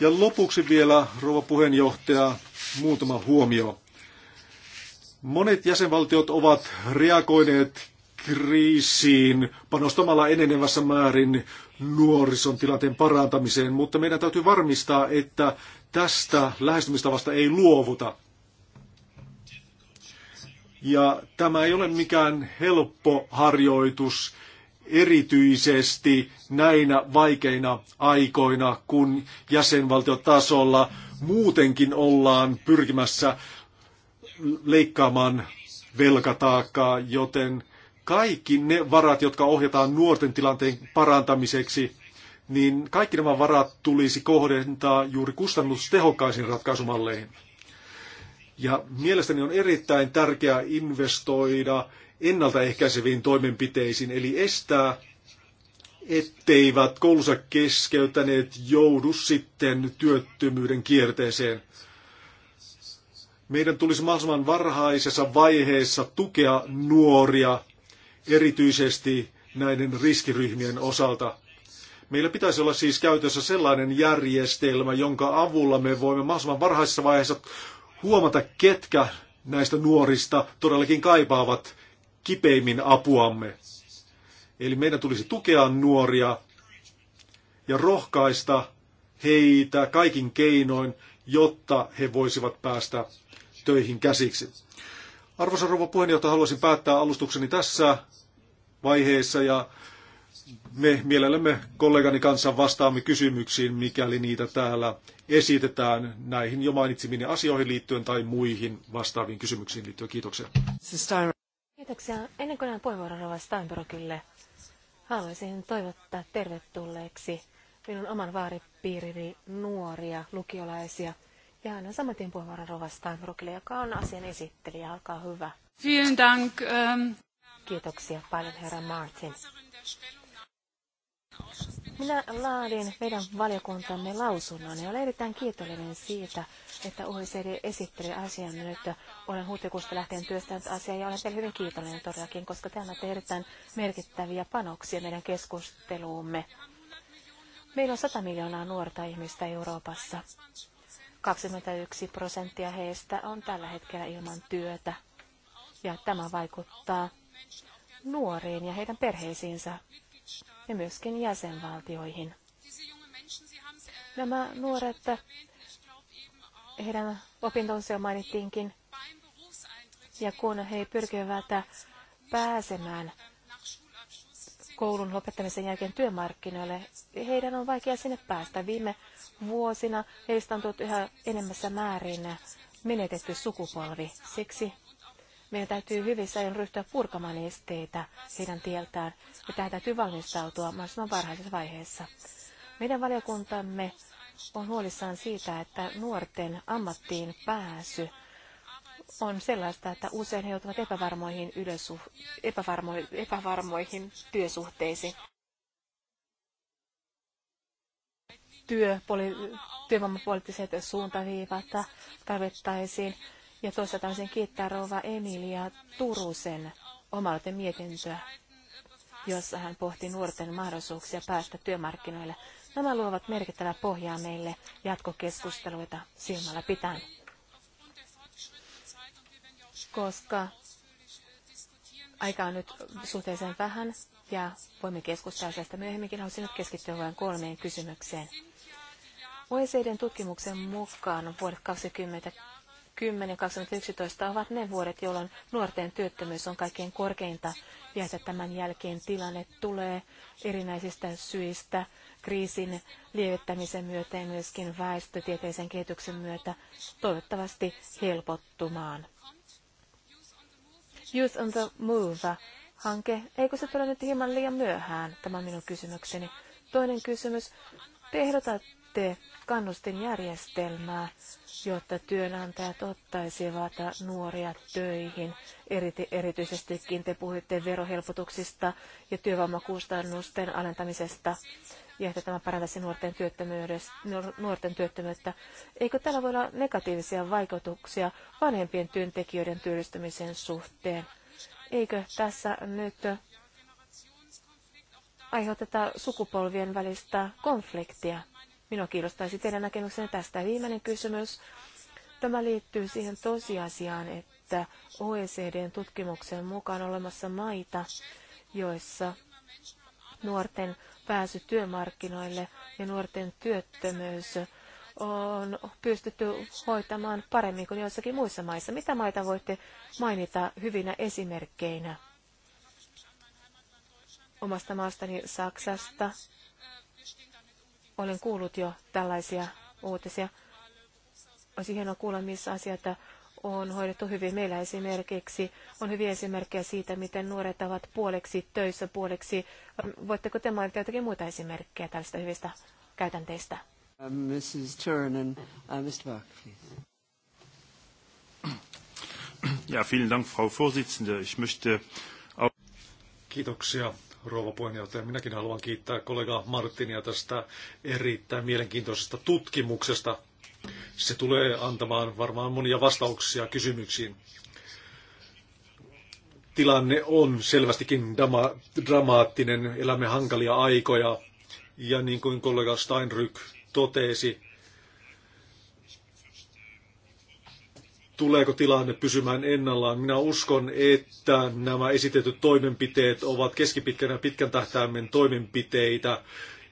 D: Ja lopuksi vielä, rouva puheenjohtaja, muutama huomio. Monet jäsenvaltiot ovat reagoineet kriisiin panostamalla enenevässä määrin nuorison tilanteen parantamiseen, mutta meidän täytyy varmistaa, että tästä lähestymistavasta ei luovuta. Ja tämä ei ole mikään helppo harjoitus, erityisesti näinä vaikeina aikoina, kun jäsenvaltiotasolla muutenkin ollaan pyrkimässä leikkaamaan velkataakkaa, joten kaikki ne varat, jotka ohjataan nuorten tilanteen parantamiseksi, niin kaikki nämä varat tulisi kohdentaa juuri kustannustehokkaisiin ratkaisumalleihin. Ja mielestäni on erittäin tärkeää investoida ennaltaehkäiseviin toimenpiteisiin, eli estää, etteivät koulussa keskeyttäneet joudu sitten työttömyyden kierteeseen. Meidän tulisi mahdollisimman varhaisessa vaiheessa tukea nuoria erityisesti näiden riskiryhmien osalta. Meillä pitäisi olla siis käytössä sellainen järjestelmä, jonka avulla me voimme mahdollisimman varhaisessa vaiheessa huomata, ketkä näistä nuorista todellakin kaipaavat kipeimmin apuamme. Eli meidän tulisi tukea nuoria ja rohkaista heitä kaikin keinoin, jotta he voisivat päästä töihin käsiksi. Arvoisa rouva puheenjohtaja, haluaisin päättää alustukseni tässä vaiheessa ja me mielellämme kollegani kanssa vastaamme kysymyksiin, mikäli niitä täällä esitetään näihin jo mainitsemiin asioihin liittyen tai muihin vastaaviin kysymyksiin liittyen. Kiitoksia.
C: Kiitoksia. Ennen kuin annan puheenvuoron rouva Steinbrokille, haluaisin toivottaa tervetulleeksi minun oman vaaripiirini nuoria lukiolaisia – ja annan saman puheenvuoron Rovastaan Rukille, joka on asian esittelijä. Alkaa hyvä.
A: Vielen dank. Ähm. Kiitoksia paljon,
C: herra Martin. Minä laadin meidän valiokuntamme lausunnon ja olen erittäin kiitollinen siitä, että OECD esitteli asian nyt. Olen huhtikuusta lähtien työstänyt asiaa ja olen teille hyvin kiitollinen todellakin, koska tämä on erittäin merkittäviä panoksia meidän keskusteluumme. Meillä on 100 miljoonaa nuorta ihmistä Euroopassa. 21 prosenttia heistä on tällä hetkellä ilman työtä. Ja tämä vaikuttaa nuoriin ja heidän perheisiinsä ja myöskin jäsenvaltioihin. Nämä nuoret, heidän opintonsa jo mainittiinkin, ja kun he pyrkivät pääsemään koulun lopettamisen jälkeen työmarkkinoille, heidän on vaikea sinne päästä. Viime vuosina heistä on tullut yhä enemmässä määrin menetetty sukupolvi. Siksi meidän täytyy hyvissä ajoin ryhtyä purkamaan esteitä heidän tieltään, ja tähän täytyy valmistautua mahdollisimman varhaisessa vaiheessa. Meidän valiokuntamme on huolissaan siitä, että nuorten ammattiin pääsy on sellaista, että usein he joutuvat epävarmoihin, ylösu, epävarmo, epävarmoihin työsuhteisiin. työ, poli, työvoimapoliittiset suuntaviivat tarvittaisiin. Ja toisaalta haluaisin kiittää rouva Emilia Turusen omalta mietintöä, jossa hän pohti nuorten mahdollisuuksia päästä työmarkkinoille. Nämä luovat merkittävää pohjaa meille jatkokeskusteluita silmällä pitäen. Koska aikaa on nyt suhteellisen vähän ja voimme keskustella tästä myöhemminkin, haluaisin nyt keskittyä vain kolmeen kysymykseen. OECDn tutkimuksen mukaan vuodet 2010 2011 ovat ne vuodet, jolloin nuorten työttömyys on kaikkein korkeinta ja että tämän jälkeen tilanne tulee erinäisistä syistä kriisin lievittämisen myötä ja myöskin väestötieteisen kehityksen myötä toivottavasti helpottumaan. Youth on the Move hanke, eikö se tule nyt hieman liian myöhään? Tämä on minun kysymykseni. Toinen kysymys. Te ehdotatte ehdotatte kannustinjärjestelmää, jotta työnantajat ottaisivat nuoria töihin. Erity, erityisestikin te puhuitte verohelpotuksista ja työvoimakustannusten alentamisesta ja että tämä parantaisi nuorten, nuorten työttömyyttä. Eikö tällä voi olla negatiivisia vaikutuksia vanhempien työntekijöiden työllistymisen suhteen? Eikö tässä nyt aiheuteta sukupolvien välistä konfliktia? Minua kiinnostaisi teidän näkemyksenne tästä. Viimeinen kysymys. Tämä liittyy siihen tosiasiaan, että OECDn tutkimuksen mukaan olemassa maita, joissa nuorten pääsy työmarkkinoille ja nuorten työttömyys on pystytty hoitamaan paremmin kuin joissakin muissa maissa. Mitä maita voitte mainita hyvinä esimerkkeinä? Omasta maastani Saksasta olen kuullut jo tällaisia uutisia. Olisi hienoa kuulla, missä asiat on hoidettu hyvin. Meillä esimerkiksi on hyviä esimerkkejä siitä, miten nuoret ovat puoleksi töissä, puoleksi. Voitteko te mainita jotakin muita esimerkkejä tällaista hyvistä käytänteistä?
B: Uh, Mrs. Turunen, uh, Mr. Bach, please.
A: Ja, vielen Dank, Frau Vorsitzende. Ich möchte
D: Kiitoksia, rouva puheenjohtaja. Minäkin haluan kiittää kollega Martinia tästä erittäin mielenkiintoisesta tutkimuksesta. Se tulee antamaan varmaan monia vastauksia kysymyksiin. Tilanne on selvästikin dama- dramaattinen, elämme hankalia aikoja. Ja niin kuin kollega Steinryk totesi, tuleeko tilanne pysymään ennallaan. Minä uskon, että nämä esitetyt toimenpiteet ovat keskipitkän ja pitkän tähtäimen toimenpiteitä.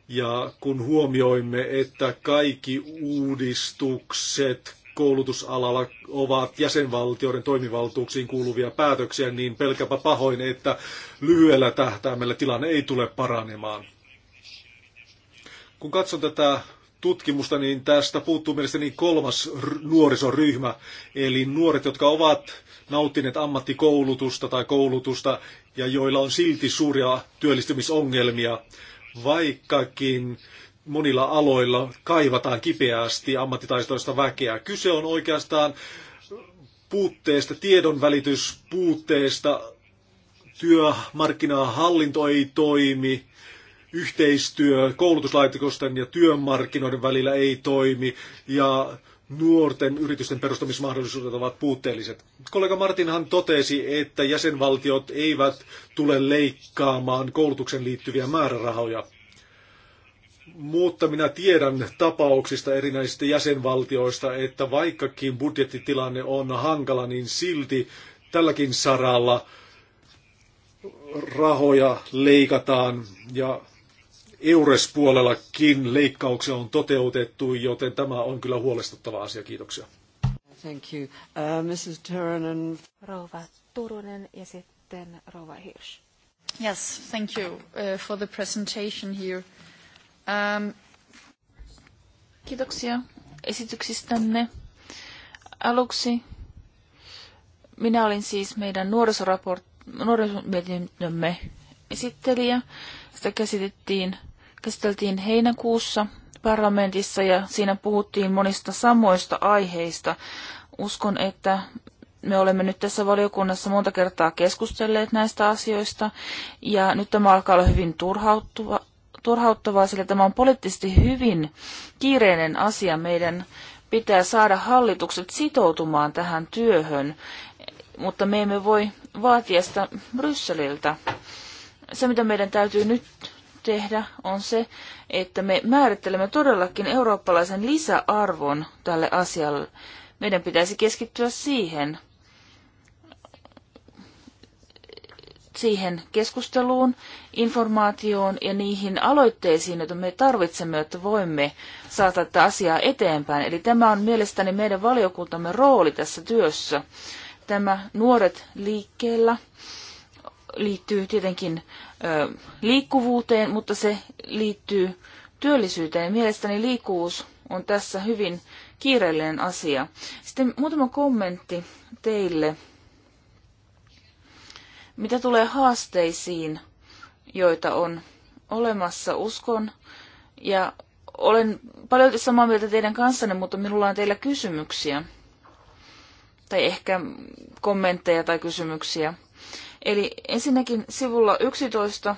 D: Ja kun huomioimme, että kaikki uudistukset koulutusalalla ovat jäsenvaltioiden toimivaltuuksiin kuuluvia päätöksiä, niin pelkäpä pahoin, että lyhyellä tähtäimellä tilanne ei tule paranemaan. Kun katson tätä tutkimusta, niin tästä puuttuu mielestäni kolmas nuorisoryhmä, eli nuoret, jotka ovat nauttineet ammattikoulutusta tai koulutusta ja joilla on silti suuria työllistymisongelmia, vaikkakin monilla aloilla kaivataan kipeästi ammattitaistoista väkeä. Kyse on oikeastaan puutteesta, välityspuutteesta, työmarkkinahallinto ei toimi, yhteistyö koulutuslaitokosten ja työmarkkinoiden välillä ei toimi ja nuorten yritysten perustamismahdollisuudet ovat puutteelliset. Kollega Martinhan totesi, että jäsenvaltiot eivät tule leikkaamaan koulutuksen liittyviä määrärahoja. Mutta minä tiedän tapauksista erinäisistä jäsenvaltioista, että vaikkakin budjettitilanne on hankala, niin silti tälläkin saralla rahoja leikataan ja EURES-puolellakin leikkauksia on toteutettu, joten tämä on kyllä huolestuttava asia. Kiitoksia.
B: Thank you. Uh, Mrs. Turunen.
C: Rouva Turunen ja sitten Rouva Hirsch.
A: Yes, thank you uh, for the presentation here. Um, Kiitoksia esityksistänne. Aluksi minä olin siis meidän nuorisomietinnömme esittelijä. Sitä käsitettiin käsiteltiin heinäkuussa parlamentissa ja siinä puhuttiin monista samoista aiheista. Uskon, että me olemme nyt tässä valiokunnassa monta kertaa keskustelleet näistä asioista ja nyt tämä alkaa olla hyvin turhauttuva, turhauttavaa, sillä tämä on poliittisesti hyvin kiireinen asia. Meidän pitää saada hallitukset sitoutumaan tähän työhön, mutta me emme voi vaatia sitä Brysseliltä. Se, mitä meidän täytyy nyt tehdä, on se, että me määrittelemme todellakin eurooppalaisen lisäarvon tälle asialle. Meidän pitäisi keskittyä siihen, siihen keskusteluun, informaatioon ja niihin aloitteisiin, joita me tarvitsemme, jotta voimme saada tätä asiaa eteenpäin. Eli tämä on mielestäni meidän valiokuntamme rooli tässä työssä. Tämä nuoret liikkeellä liittyy tietenkin ö, liikkuvuuteen, mutta se liittyy työllisyyteen. Mielestäni liikkuvuus on tässä hyvin kiireellinen asia. Sitten muutama kommentti teille. Mitä tulee haasteisiin, joita on olemassa, uskon ja olen paljon samaa mieltä teidän kanssanne, mutta minulla on teillä kysymyksiä. Tai ehkä kommentteja tai kysymyksiä. Eli ensinnäkin sivulla 11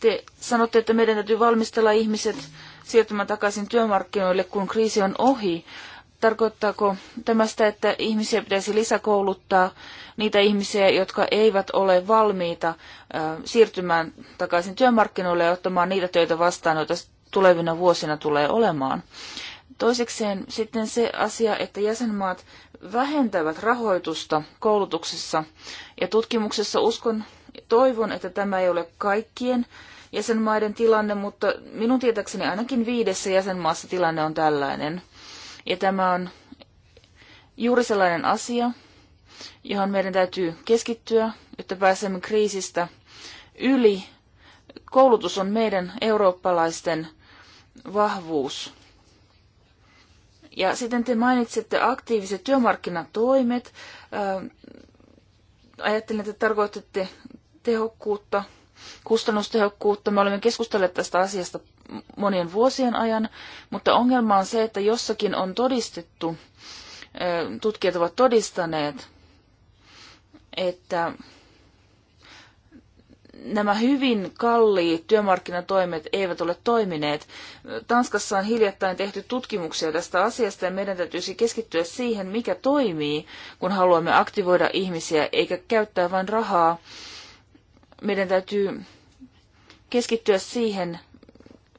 A: te sanotte, että meidän täytyy valmistella ihmiset siirtymään takaisin työmarkkinoille, kun kriisi on ohi. Tarkoittaako tämä sitä, että ihmisiä pitäisi lisäkouluttaa, niitä ihmisiä, jotka eivät ole valmiita siirtymään takaisin työmarkkinoille ja ottamaan niitä töitä vastaan, joita tulevina vuosina tulee olemaan? Toisekseen sitten se asia, että jäsenmaat vähentävät rahoitusta koulutuksessa ja tutkimuksessa. Uskon ja toivon, että tämä ei ole kaikkien jäsenmaiden tilanne, mutta minun tietäkseni ainakin viidessä jäsenmaassa tilanne on tällainen. Ja tämä on juuri sellainen asia, johon meidän täytyy keskittyä, jotta pääsemme kriisistä yli. Koulutus on meidän eurooppalaisten vahvuus. Ja sitten te mainitsette aktiiviset työmarkkinatoimet. Ajattelin, että tarkoitatte tehokkuutta, kustannustehokkuutta. Me olemme keskustelleet tästä asiasta monien vuosien ajan, mutta ongelma on se, että jossakin on todistettu, tutkijat ovat todistaneet, että nämä hyvin kalliit työmarkkinatoimet eivät ole toimineet. Tanskassa on hiljattain tehty tutkimuksia tästä asiasta ja meidän täytyisi keskittyä siihen, mikä toimii, kun haluamme aktivoida ihmisiä eikä käyttää vain rahaa. Meidän täytyy keskittyä siihen,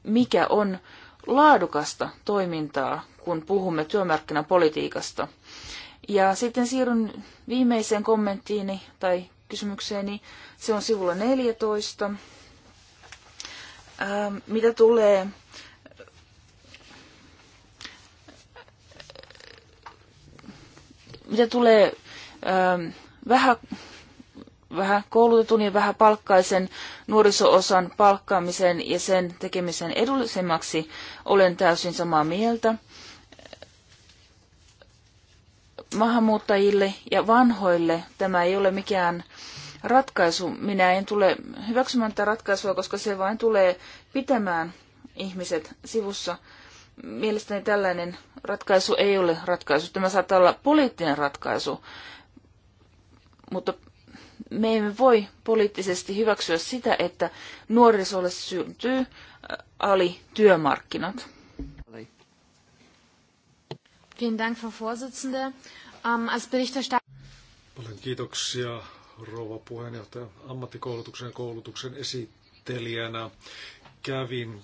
A: mikä on laadukasta toimintaa, kun puhumme työmarkkinapolitiikasta. Ja sitten siirryn viimeiseen kommenttiini tai kysymykseeni. Niin se on sivulla 14. Ähm, mitä tulee mitä tulee vähän vähän koulutetun ja vähän palkkaisen nuorisoosan palkkaamisen ja sen tekemisen edullisemmaksi olen täysin samaa mieltä. Maahanmuuttajille ja vanhoille tämä ei ole mikään ratkaisu. Minä en tule hyväksymään tätä ratkaisua, koska se vain tulee pitämään ihmiset sivussa. Mielestäni tällainen ratkaisu ei ole ratkaisu. Tämä saattaa olla poliittinen ratkaisu, mutta me emme voi poliittisesti hyväksyä sitä, että nuorisolle syntyy äh, alityömarkkinat.
C: Vielen Dank, Frau Vorsitzende. Ähm,
D: Paljon kiitoksia rouva puheenjohtaja. Ammattikoulutuksen koulutuksen esittelijänä kävin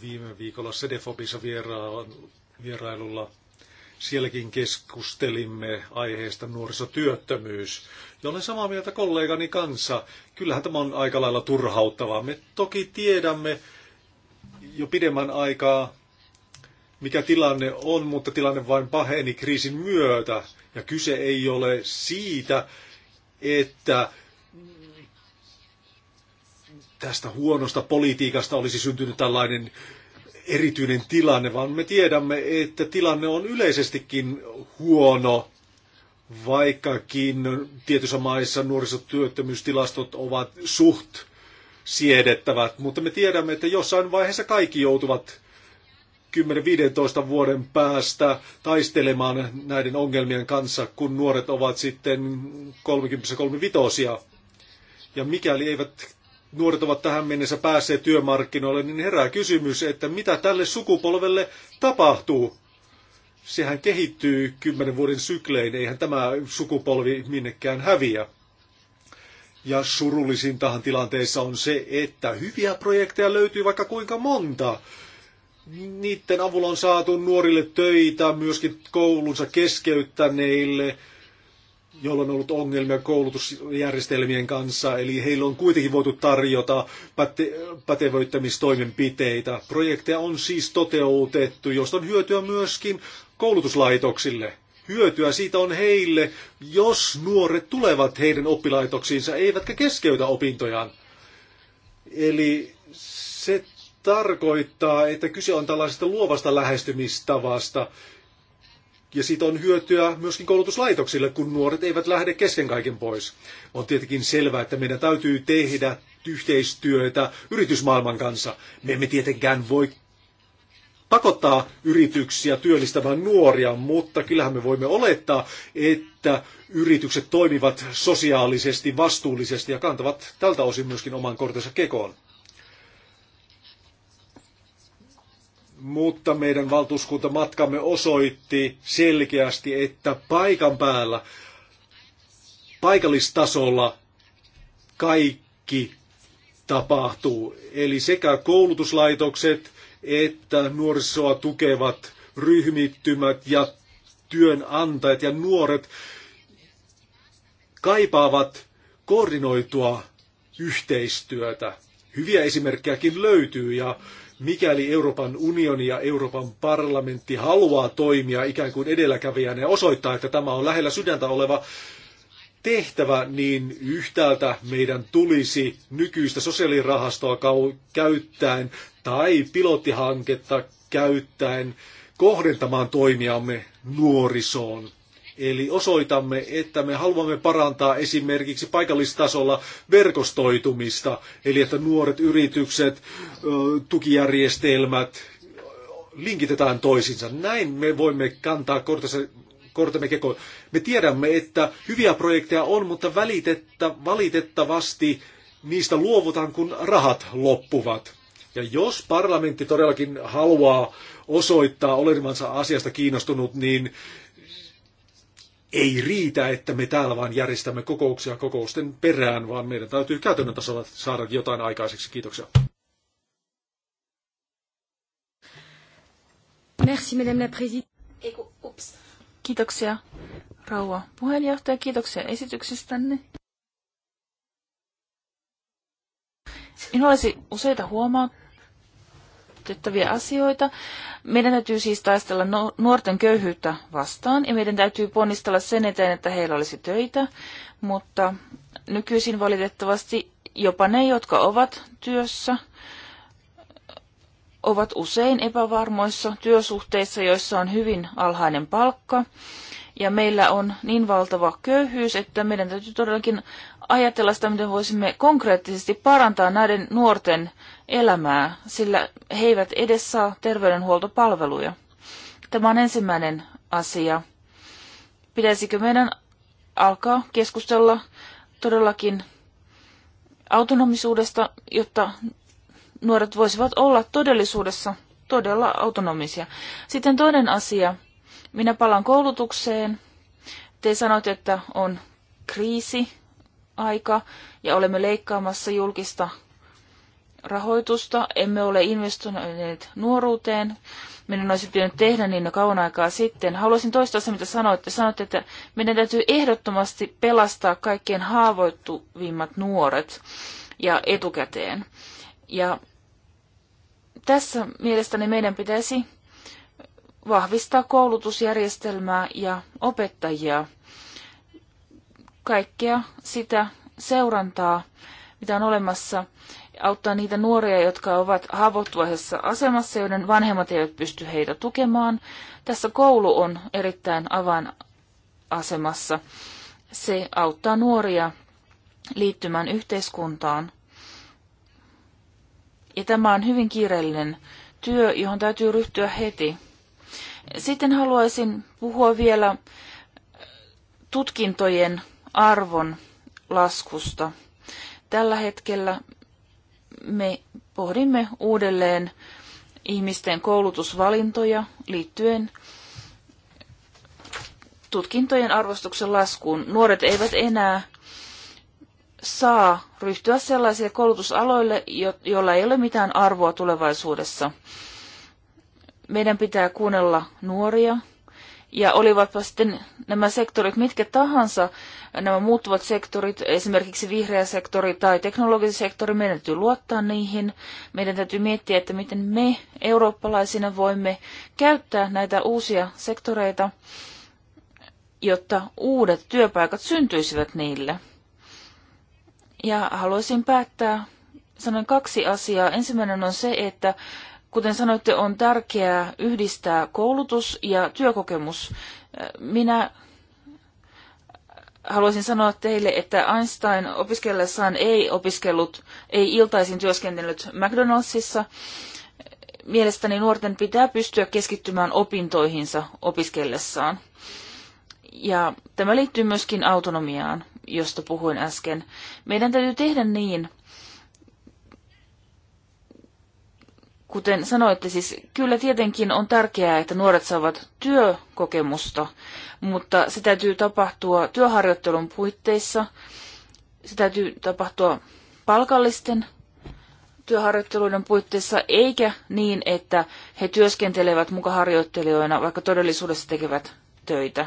D: viime viikolla Sedefobissa vierailulla. Sielläkin keskustelimme aiheesta nuorisotyöttömyys. Ja olen samaa mieltä kollegani kanssa. Kyllähän tämä on aika lailla turhauttavaa. Me toki tiedämme jo pidemmän aikaa, mikä tilanne on, mutta tilanne vain paheni kriisin myötä. Ja kyse ei ole siitä, että tästä huonosta politiikasta olisi syntynyt tällainen erityinen tilanne, vaan me tiedämme, että tilanne on yleisestikin huono, vaikkakin tietyissä maissa nuorisotyöttömyystilastot ovat suht siedettävät, mutta me tiedämme, että jossain vaiheessa kaikki joutuvat 10-15 vuoden päästä taistelemaan näiden ongelmien kanssa, kun nuoret ovat sitten 33 35 Ja mikäli eivät nuoret ovat tähän mennessä päässeet työmarkkinoille, niin herää kysymys, että mitä tälle sukupolvelle tapahtuu? Sehän kehittyy kymmenen vuoden syklein, eihän tämä sukupolvi minnekään häviä. Ja surullisintahan tilanteessa on se, että hyviä projekteja löytyy vaikka kuinka monta niiden avulla on saatu nuorille töitä, myöskin koulunsa keskeyttäneille, joilla on ollut ongelmia koulutusjärjestelmien kanssa, eli heillä on kuitenkin voitu tarjota päte- pätevöittämistoimenpiteitä. Projekteja on siis toteutettu, josta on hyötyä myöskin koulutuslaitoksille. Hyötyä siitä on heille, jos nuoret tulevat heidän oppilaitoksiinsa, eivätkä keskeytä opintojaan. Eli se tarkoittaa, että kyse on tällaisesta luovasta lähestymistavasta. Ja siitä on hyötyä myöskin koulutuslaitoksille, kun nuoret eivät lähde kesken kaiken pois. On tietenkin selvää, että meidän täytyy tehdä yhteistyötä yritysmaailman kanssa. Me emme tietenkään voi pakottaa yrityksiä työllistämään nuoria, mutta kyllähän me voimme olettaa, että yritykset toimivat sosiaalisesti, vastuullisesti ja kantavat tältä osin myöskin oman kortensa kekoon. mutta meidän valtuuskuntamatkamme osoitti selkeästi, että paikan päällä, paikallistasolla kaikki tapahtuu. Eli sekä koulutuslaitokset että nuorisoa tukevat ryhmittymät ja työnantajat ja nuoret kaipaavat koordinoitua yhteistyötä. Hyviä esimerkkejäkin löytyy ja mikäli Euroopan unioni ja Euroopan parlamentti haluaa toimia ikään kuin edelläkävijänä ja osoittaa, että tämä on lähellä sydäntä oleva tehtävä, niin yhtäältä meidän tulisi nykyistä sosiaalirahastoa käyttäen tai pilottihanketta käyttäen kohdentamaan toimiamme nuorisoon. Eli osoitamme, että me haluamme parantaa esimerkiksi paikallistasolla verkostoitumista, eli että nuoret yritykset, tukijärjestelmät linkitetään toisiinsa. Näin me voimme kantaa kortensa kortemme kekoon. Me tiedämme, että hyviä projekteja on, mutta välitettä, valitettavasti niistä luovutaan, kun rahat loppuvat. Ja jos parlamentti todellakin haluaa osoittaa olevansa asiasta kiinnostunut, niin ei riitä, että me täällä vain järjestämme kokouksia kokousten perään, vaan meidän täytyy käytännön tasolla saada jotain aikaiseksi. Kiitoksia.
A: Merci, Madame la Présidente. Kiitoksia, rouva puheenjohtaja. Kiitoksia esityksestänne. Minulla olisi useita huomautuksia huolestuttavia asioita. Meidän täytyy siis taistella no, nuorten köyhyyttä vastaan ja meidän täytyy ponnistella sen eteen, että heillä olisi töitä, mutta nykyisin valitettavasti jopa ne, jotka ovat työssä, ovat usein epävarmoissa työsuhteissa, joissa on hyvin alhainen palkka ja meillä on niin valtava köyhyys, että meidän täytyy todellakin ajatella sitä, miten voisimme konkreettisesti parantaa näiden nuorten elämää, sillä he eivät edes saa terveydenhuoltopalveluja. Tämä on ensimmäinen asia. Pitäisikö meidän alkaa keskustella todellakin autonomisuudesta, jotta nuoret voisivat olla todellisuudessa todella autonomisia. Sitten toinen asia, minä palaan koulutukseen. Te sanoit, että on kriisi aika ja olemme leikkaamassa julkista rahoitusta. Emme ole investoineet nuoruuteen. Minun olisi pitänyt tehdä niin jo kauan aikaa sitten. Haluaisin toistaa se, mitä sanoitte. Sanoitte, että meidän täytyy ehdottomasti pelastaa kaikkien haavoittuvimmat nuoret ja etukäteen. Ja tässä mielestäni meidän pitäisi vahvistaa koulutusjärjestelmää ja opettajia, kaikkea sitä seurantaa, mitä on olemassa, auttaa niitä nuoria, jotka ovat haavoittuvaisessa asemassa, joiden vanhemmat eivät pysty heitä tukemaan. Tässä koulu on erittäin avainasemassa. Se auttaa nuoria liittymään yhteiskuntaan. Ja tämä on hyvin kiireellinen työ, johon täytyy ryhtyä heti. Sitten haluaisin puhua vielä tutkintojen arvon laskusta. Tällä hetkellä me pohdimme uudelleen ihmisten koulutusvalintoja liittyen tutkintojen arvostuksen laskuun. Nuoret eivät enää saa ryhtyä sellaisille koulutusaloille, joilla ei ole mitään arvoa tulevaisuudessa meidän pitää kuunnella nuoria. Ja olivatpa sitten nämä sektorit mitkä tahansa, nämä muuttuvat sektorit, esimerkiksi vihreä sektori tai teknologinen sektori, meidän täytyy luottaa niihin. Meidän täytyy miettiä, että miten me eurooppalaisina voimme käyttää näitä uusia sektoreita, jotta uudet työpaikat syntyisivät niille. Ja haluaisin päättää sanon kaksi asiaa. Ensimmäinen on se, että kuten sanoitte, on tärkeää yhdistää koulutus ja työkokemus. Minä haluaisin sanoa teille, että Einstein opiskellessaan ei opiskellut, ei iltaisin työskennellyt McDonaldsissa. Mielestäni nuorten pitää pystyä keskittymään opintoihinsa opiskellessaan. Ja tämä liittyy myöskin autonomiaan, josta puhuin äsken. Meidän täytyy tehdä niin, kuten sanoitte, siis kyllä tietenkin on tärkeää, että nuoret saavat työkokemusta, mutta se täytyy tapahtua työharjoittelun puitteissa. Se täytyy tapahtua palkallisten työharjoitteluiden puitteissa, eikä niin, että he työskentelevät muka harjoittelijoina, vaikka todellisuudessa tekevät töitä.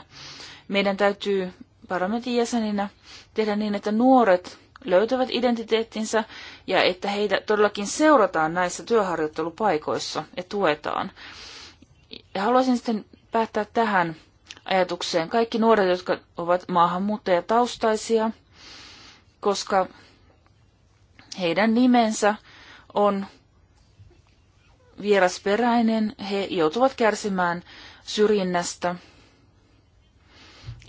A: Meidän täytyy parlamentin jäseninä tehdä niin, että nuoret löytävät identiteettinsä ja että heitä todellakin seurataan näissä työharjoittelupaikoissa ja tuetaan. Ja haluaisin sitten päättää tähän ajatukseen. Kaikki nuoret, jotka ovat maahanmuuttajataustaisia, koska heidän nimensä on vierasperäinen, he joutuvat kärsimään syrjinnästä.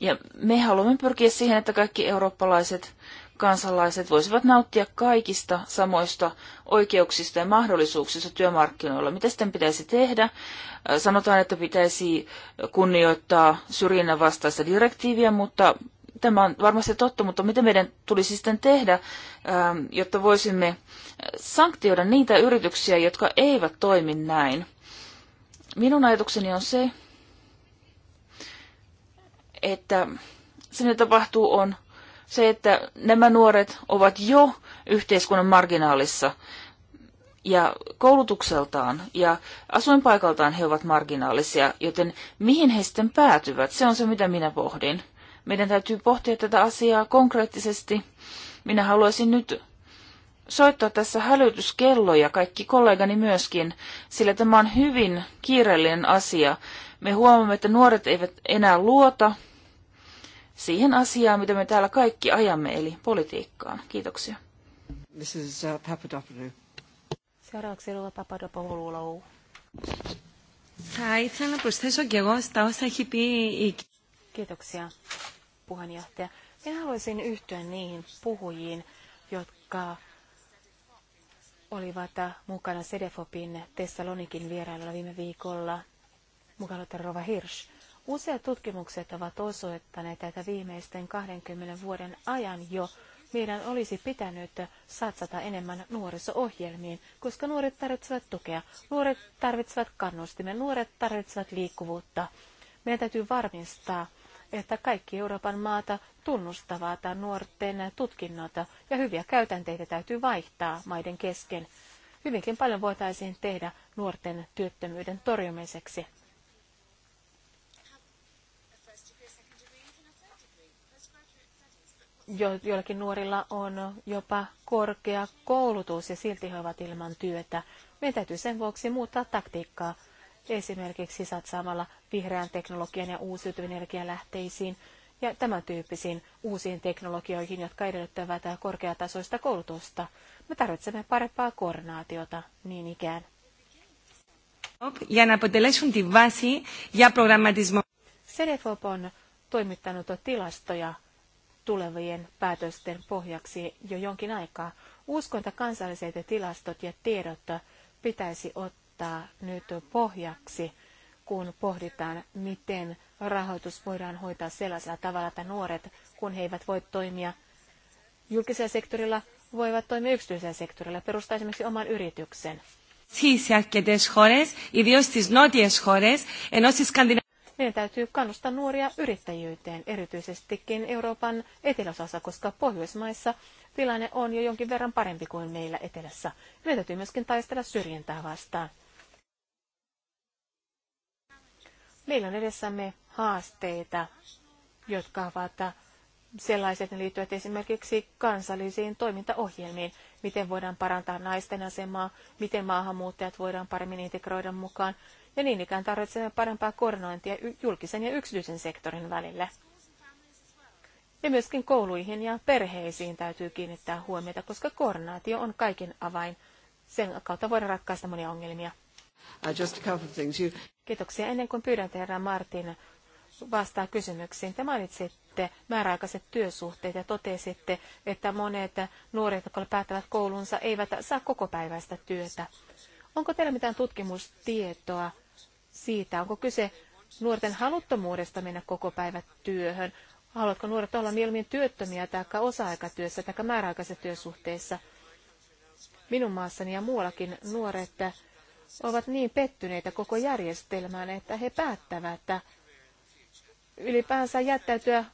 A: Ja me haluamme pyrkiä siihen, että kaikki eurooppalaiset kansalaiset voisivat nauttia kaikista samoista oikeuksista ja mahdollisuuksista työmarkkinoilla. Mitä sitten pitäisi tehdä? Sanotaan, että pitäisi kunnioittaa syrjinnän vastaista direktiiviä, mutta tämä on varmasti totta, mutta mitä meidän tulisi sitten tehdä, ähm, jotta voisimme sanktioida niitä yrityksiä, jotka eivät toimi näin? Minun ajatukseni on se, että se mitä tapahtuu on se, että nämä nuoret ovat jo yhteiskunnan marginaalissa ja koulutukseltaan ja asuinpaikaltaan he ovat marginaalisia, joten mihin he sitten päätyvät, se on se, mitä minä pohdin. Meidän täytyy pohtia tätä asiaa konkreettisesti. Minä haluaisin nyt soittaa tässä hälytyskelloja, kaikki kollegani myöskin, sillä tämä on hyvin kiireellinen asia. Me huomaamme, että nuoret eivät enää luota siihen asiaan, mitä me täällä kaikki ajamme, eli politiikkaan. Kiitoksia.
B: This is uh, Papadopoulou.
C: Seuraavaksi Rua Papadopoulou. Kiitoksia, puheenjohtaja. Minä haluaisin yhtyä niihin puhujiin, jotka olivat mukana Sedefopin Tessalonikin vierailulla viime viikolla, mukana Rova Hirsch. Useat tutkimukset ovat osoittaneet, että viimeisten 20 vuoden ajan jo meidän olisi pitänyt satsata enemmän nuoriso-ohjelmiin, koska nuoret tarvitsevat tukea, nuoret tarvitsevat kannustimia, nuoret tarvitsevat liikkuvuutta. Meidän täytyy varmistaa, että kaikki Euroopan maata tunnustavat nuorten tutkinnot ja hyviä käytänteitä täytyy vaihtaa maiden kesken. Hyvinkin paljon voitaisiin tehdä nuorten työttömyyden torjumiseksi. jo, joillakin nuorilla on jopa korkea koulutus ja silti he ovat ilman työtä. Meidän täytyy sen vuoksi muuttaa taktiikkaa, esimerkiksi satsaamalla vihreän teknologian ja uusiutuvien energialähteisiin ja tämän tyyppisiin uusiin teknologioihin, jotka edellyttävät korkeatasoista koulutusta. Me tarvitsemme parempaa koordinaatiota niin ikään. CDFOP on toimittanut tilastoja tulevien päätösten pohjaksi jo jonkin aikaa. Uskon, että kansalliset tilastot ja tiedot pitäisi ottaa nyt pohjaksi, kun pohditaan, miten rahoitus voidaan hoitaa sellaisella tavalla, että nuoret, kun he eivät voi toimia julkisella sektorilla, voivat toimia yksityisellä sektorilla, perustaa esimerkiksi oman yrityksen.
A: Siis σε αρκετέ χώρε, ιδίω στι νότιε χώρε,
C: ενώ meidän täytyy kannustaa nuoria yrittäjyyteen, erityisestikin Euroopan eteläosassa, koska Pohjoismaissa tilanne on jo jonkin verran parempi kuin meillä etelässä. Meidän täytyy myöskin taistella syrjintää vastaan. Meillä on edessämme haasteita, jotka ovat sellaiset, ne liittyvät esimerkiksi kansallisiin toimintaohjelmiin, miten voidaan parantaa naisten asemaa, miten maahanmuuttajat voidaan paremmin integroida mukaan, ja niin ikään tarvitsemme parempaa koordinointia julkisen ja yksityisen sektorin välillä. Ja myöskin kouluihin ja perheisiin täytyy kiinnittää huomiota, koska koordinaatio on kaiken avain. Sen kautta voidaan ratkaista monia ongelmia.
B: Uh,
C: Kiitoksia. Ennen kuin pyydän herra Martin vastaa kysymyksiin. Te mainitsitte määräaikaiset työsuhteet ja totesitte, että monet nuoret, jotka päättävät koulunsa, eivät saa kokopäiväistä työtä. Onko teillä mitään tutkimustietoa siitä, onko kyse nuorten haluttomuudesta mennä koko päivä työhön. Haluatko nuoret olla mieluummin työttömiä tai osa-aikatyössä tai määräaikaisessa työsuhteessa? Minun maassani ja muuallakin nuoret ovat niin pettyneitä koko järjestelmään, että he päättävät, ylipäänsä jättäytyä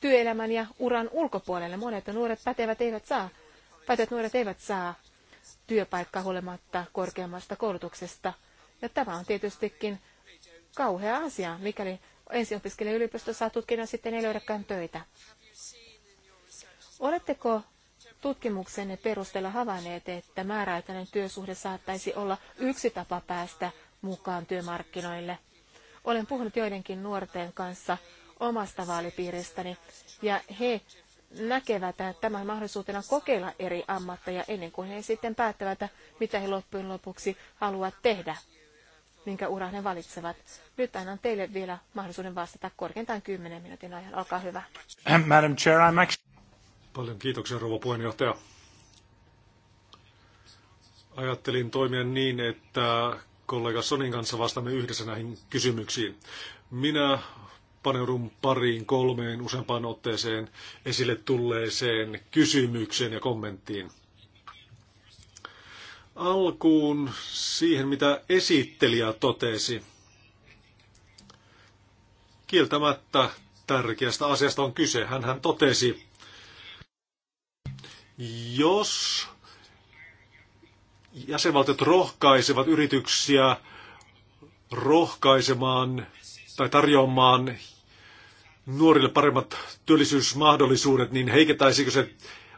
C: työelämän ja uran ulkopuolelle. Monet nuoret pätevät eivät saa, pätevät nuoret eivät saa työpaikkaa huolimatta korkeammasta koulutuksesta – ja tämä on tietystikin kauhea asia, mikäli ensin opiskelee yliopistossa tutkinnon sitten ei löydäkään töitä. Oletteko tutkimuksenne perusteella havainneet, että määräaikainen työsuhde saattaisi olla yksi tapa päästä mukaan työmarkkinoille? Olen puhunut joidenkin nuorten kanssa omasta vaalipiiristäni, ja he näkevät tämän mahdollisuutena kokeilla eri ammatteja ennen kuin he sitten päättävät, mitä he loppujen lopuksi haluavat tehdä minkä uran he valitsevat. Nyt annan teille vielä mahdollisuuden vastata korkeintaan 10 minuutin ajan. Olkaa hyvä.
D: [CLEARS THROAT] Madam Chair, I'm actually... Paljon kiitoksia, rouva puheenjohtaja. Ajattelin toimia niin, että kollega Sonin kanssa vastaamme yhdessä näihin kysymyksiin. Minä paneudun pariin, kolmeen, useampaan otteeseen esille tulleeseen kysymykseen ja kommenttiin alkuun siihen, mitä esittelijä totesi. Kieltämättä tärkeästä asiasta on kyse. hän hän totesi, jos jäsenvaltiot rohkaisevat yrityksiä rohkaisemaan tai tarjoamaan nuorille paremmat työllisyysmahdollisuudet, niin heikentäisikö se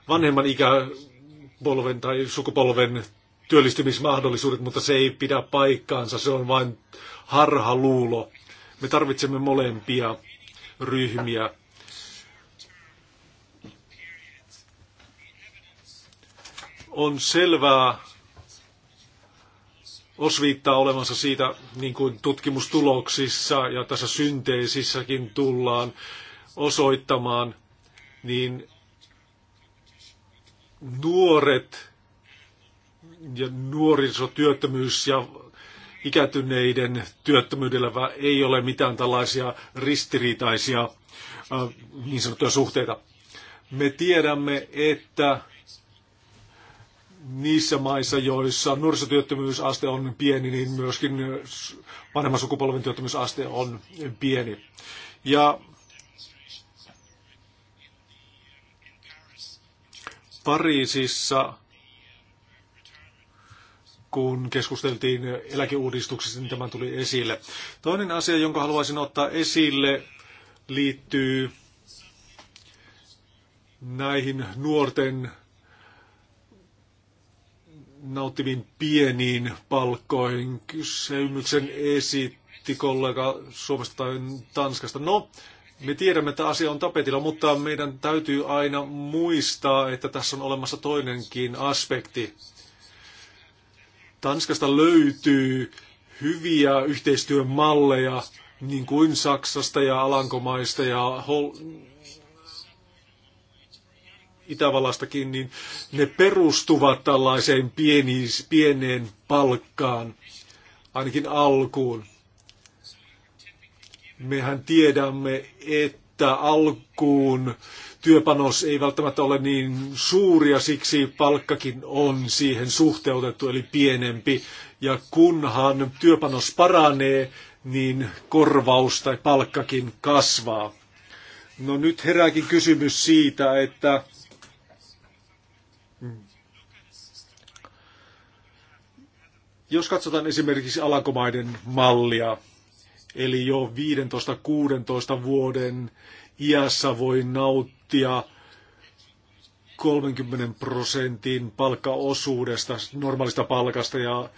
D: vanhemman ikäpolven tai sukupolven työllistymismahdollisuudet, mutta se ei pidä paikkaansa, se on vain harhaluulo. Me tarvitsemme molempia ryhmiä. On selvää osviittaa olemassa siitä, niin kuin tutkimustuloksissa ja tässä synteesissäkin tullaan osoittamaan, niin nuoret ja nuorisotyöttömyys ja ikätyneiden työttömyydellä ei ole mitään tällaisia ristiriitaisia äh, niin sanottuja suhteita. Me tiedämme, että niissä maissa, joissa nuorisotyöttömyysaste on pieni, niin myöskin vanhemman sukupolven työttömyysaste on pieni. Ja Pariisissa kun keskusteltiin eläkeuudistuksesta, niin tämä tuli esille. Toinen asia, jonka haluaisin ottaa esille, liittyy näihin nuorten nauttiviin pieniin palkkoihin. Kysymyksen esitti kollega Suomesta tai Tanskasta. No, me tiedämme, että asia on tapetilla, mutta meidän täytyy aina muistaa, että tässä on olemassa toinenkin aspekti. Tanskasta löytyy hyviä yhteistyömalleja, niin kuin Saksasta ja Alankomaista ja Hol- Itävallastakin, niin ne perustuvat tällaiseen pieni, pieneen palkkaan, ainakin alkuun. Mehän tiedämme, että alkuun työpanos ei välttämättä ole niin suuri ja siksi palkkakin on siihen suhteutettu, eli pienempi. Ja kunhan työpanos paranee, niin korvaus tai palkkakin kasvaa. No nyt herääkin kysymys siitä, että jos katsotaan esimerkiksi Alankomaiden mallia, eli jo 15-16 vuoden iässä voi nauttia prosenttia 30 prosentin palkkaosuudesta, normaalista palkasta ja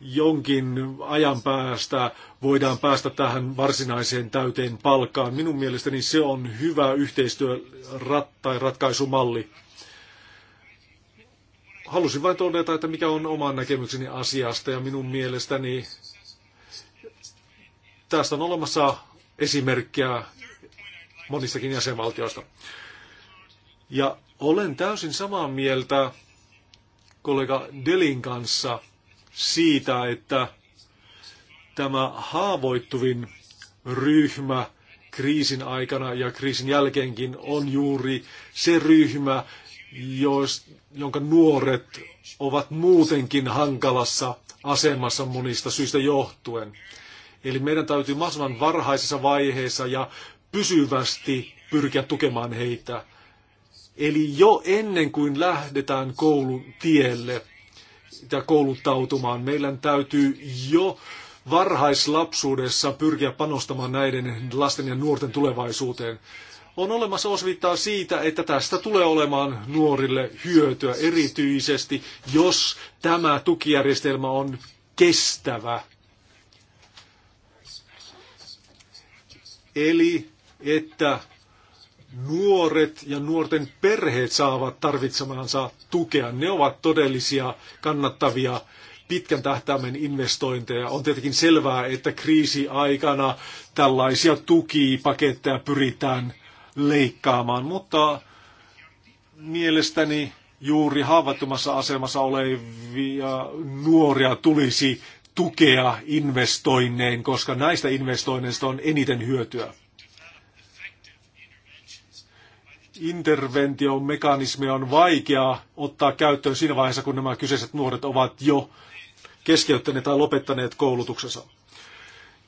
D: jonkin ajan päästä voidaan päästä tähän varsinaiseen täyteen palkkaan. Minun mielestäni se on hyvä yhteistyö rat, tai ratkaisumalli. Halusin vain todeta, että mikä on oman näkemykseni asiasta ja minun mielestäni tästä on olemassa esimerkkiä monistakin jäsenvaltioista. Ja olen täysin samaa mieltä kollega Delin kanssa siitä, että tämä haavoittuvin ryhmä kriisin aikana ja kriisin jälkeenkin on juuri se ryhmä, jos, jonka nuoret ovat muutenkin hankalassa asemassa monista syistä johtuen. Eli meidän täytyy mahdollisimman varhaisessa vaiheessa ja pysyvästi pyrkiä tukemaan heitä. Eli jo ennen kuin lähdetään koulun tielle ja kouluttautumaan, meidän täytyy jo varhaislapsuudessa pyrkiä panostamaan näiden lasten ja nuorten tulevaisuuteen. On olemassa osvittaa siitä, että tästä tulee olemaan nuorille hyötyä erityisesti, jos tämä tukijärjestelmä on kestävä. Eli että nuoret ja nuorten perheet saavat tarvitsemansa tukea. Ne ovat todellisia kannattavia pitkän tähtäimen investointeja. On tietenkin selvää, että kriisiaikana tällaisia tukipaketteja pyritään leikkaamaan, mutta mielestäni juuri haavoittumassa asemassa olevia nuoria tulisi tukea investoinnein, koska näistä investoinneista on eniten hyötyä. interventiomekanismeja on vaikea ottaa käyttöön siinä vaiheessa, kun nämä kyseiset nuoret ovat jo keskeyttäneet tai lopettaneet koulutuksensa.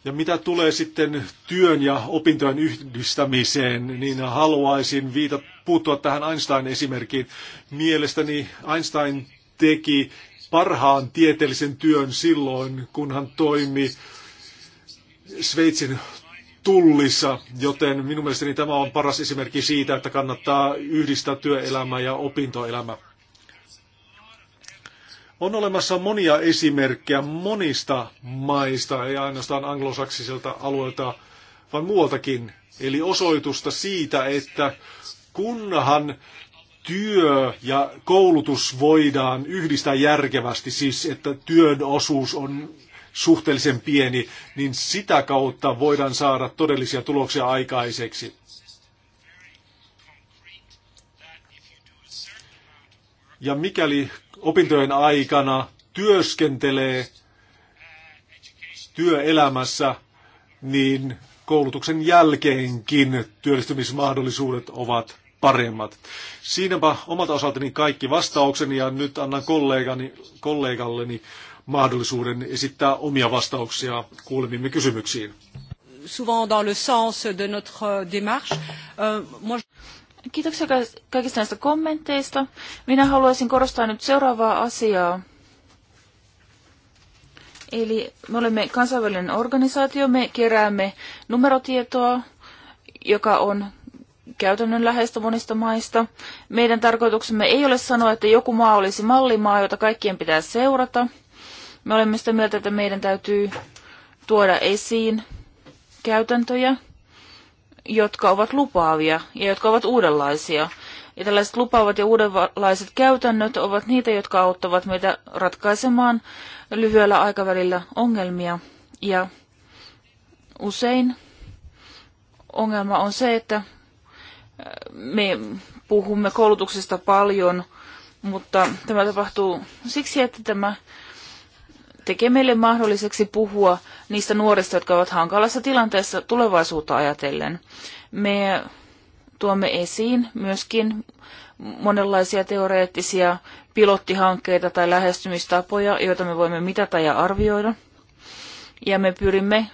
D: Ja mitä tulee sitten työn ja opintojen yhdistämiseen, niin haluaisin viita, puuttua tähän Einstein-esimerkkiin. Mielestäni Einstein teki parhaan tieteellisen työn silloin, kun hän toimi Sveitsin tullissa, joten minun mielestäni tämä on paras esimerkki siitä, että kannattaa yhdistää työelämä ja opintoelämä. On olemassa monia esimerkkejä monista maista, ei ainoastaan anglosaksiselta alueelta, vaan muualtakin. Eli osoitusta siitä, että kunhan työ ja koulutus voidaan yhdistää järkevästi, siis että työn osuus on suhteellisen pieni, niin sitä kautta voidaan saada todellisia tuloksia aikaiseksi. Ja mikäli opintojen aikana työskentelee työelämässä, niin koulutuksen jälkeenkin työllistymismahdollisuudet ovat paremmat. Siinäpä omalta osaltani kaikki vastaukseni ja nyt annan kollegani, kollegalleni mahdollisuuden esittää omia vastauksia kuulemimme kysymyksiin.
A: dans le sens de notre euh, démarche. Euh, Kiitoksia kaikista näistä kommenteista. Minä haluaisin korostaa nyt seuraavaa asiaa. Eli me olemme kansainvälinen organisaatio, me keräämme numerotietoa, joka on käytännönläheistä monista maista. Meidän tarkoituksemme ei ole sanoa, että joku maa olisi mallimaa, jota kaikkien pitää seurata. Me olemme sitä mieltä, että meidän täytyy tuoda esiin käytäntöjä, jotka ovat lupaavia ja jotka ovat uudenlaisia. Ja tällaiset lupaavat ja uudenlaiset käytännöt ovat niitä, jotka auttavat meitä ratkaisemaan lyhyellä aikavälillä ongelmia. Ja usein ongelma on se, että me puhumme koulutuksesta paljon, mutta tämä tapahtuu siksi, että tämä tekee meille mahdolliseksi puhua niistä nuorista, jotka ovat hankalassa tilanteessa tulevaisuutta ajatellen. Me tuomme esiin myöskin monenlaisia teoreettisia pilottihankkeita tai lähestymistapoja, joita me voimme mitata ja arvioida. Ja me pyrimme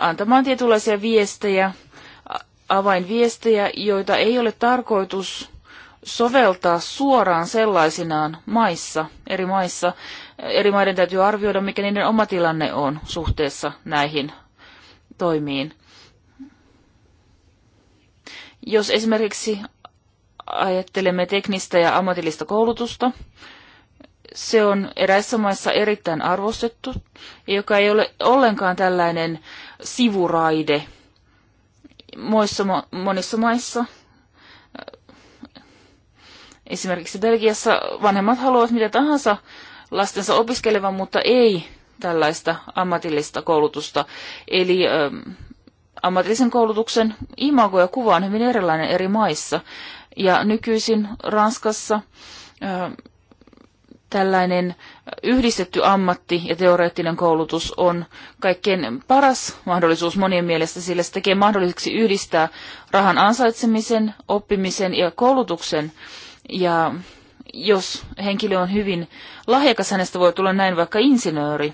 A: antamaan tietynlaisia viestejä avainviestejä, joita ei ole tarkoitus soveltaa suoraan sellaisinaan maissa, eri maissa. Eri maiden täytyy arvioida, mikä niiden oma tilanne on suhteessa näihin toimiin. Jos esimerkiksi ajattelemme teknistä ja ammatillista koulutusta, se on eräissä maissa erittäin arvostettu, joka ei ole ollenkaan tällainen sivuraide – Moissa, monissa maissa, esimerkiksi Belgiassa, vanhemmat haluavat mitä tahansa lastensa opiskelevan, mutta ei tällaista ammatillista koulutusta. Eli ä, ähm, ammatillisen koulutuksen imago ja kuva on hyvin erilainen eri maissa. Ja nykyisin Ranskassa ä, ähm, tällainen yhdistetty ammatti ja teoreettinen koulutus on kaikkein paras mahdollisuus monien mielestä, sillä se tekee mahdolliseksi yhdistää rahan ansaitsemisen, oppimisen ja koulutuksen. Ja jos henkilö on hyvin lahjakas, hänestä voi tulla näin vaikka insinööri.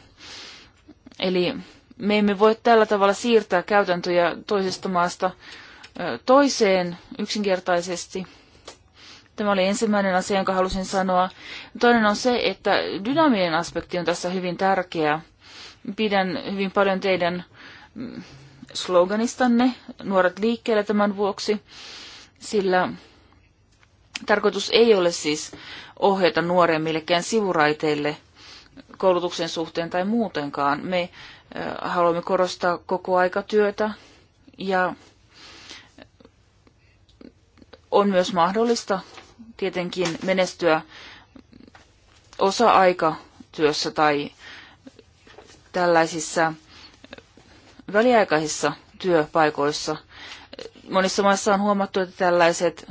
A: Eli me emme voi tällä tavalla siirtää käytäntöjä toisesta maasta toiseen yksinkertaisesti. Tämä oli ensimmäinen asia, jonka halusin sanoa. Toinen on se, että dynaaminen aspekti on tässä hyvin tärkeä. Pidän hyvin paljon teidän mm, sloganistanne, nuoret liikkeellä tämän vuoksi, sillä tarkoitus ei ole siis ohjata nuoria millekään sivuraiteille koulutuksen suhteen tai muutenkaan. Me haluamme korostaa koko aika työtä ja on myös mahdollista tietenkin menestyä osa-aikatyössä tai tällaisissa väliaikaisissa työpaikoissa. Monissa maissa on huomattu, että tällaiset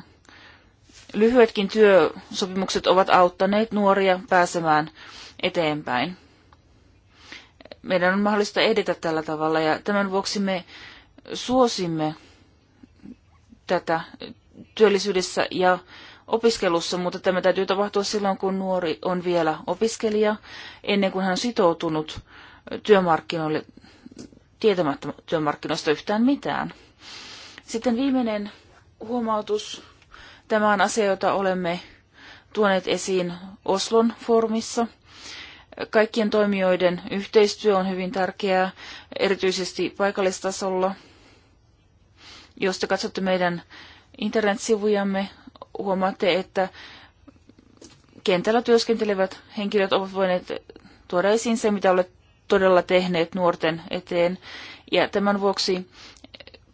A: lyhyetkin työsopimukset ovat auttaneet nuoria pääsemään eteenpäin. Meidän on mahdollista edetä tällä tavalla ja tämän vuoksi me suosimme tätä työllisyydessä ja opiskelussa, mutta tämä täytyy tapahtua silloin, kun nuori on vielä opiskelija, ennen kuin hän on sitoutunut työmarkkinoille tietämättä työmarkkinoista yhtään mitään. Sitten viimeinen huomautus. Tämä on asia, jota olemme tuoneet esiin Oslon formissa. Kaikkien toimijoiden yhteistyö on hyvin tärkeää, erityisesti paikallistasolla. Jos te katsotte meidän internetsivujamme, huomaatte, että kentällä työskentelevät henkilöt ovat voineet tuoda esiin se, mitä olet todella tehneet nuorten eteen. Ja tämän vuoksi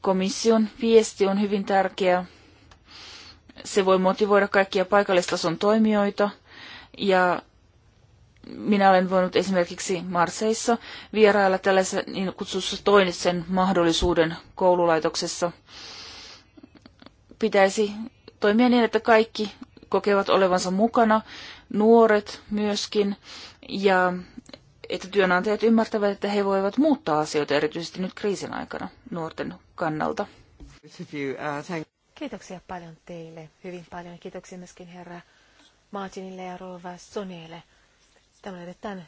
A: komission viesti on hyvin tärkeä. Se voi motivoida kaikkia paikallistason toimijoita. Ja minä olen voinut esimerkiksi Marseissa vierailla tällaisessa niin kutsussa toisen mahdollisuuden koululaitoksessa. Pitäisi toimia niin, että kaikki kokevat olevansa mukana, nuoret myöskin, ja että työnantajat ymmärtävät, että he voivat muuttaa asioita erityisesti nyt kriisin aikana nuorten kannalta.
C: Kiitoksia paljon teille, hyvin paljon. Kiitoksia myöskin herra Martinille ja Rova Sonille. Tämä on erittäin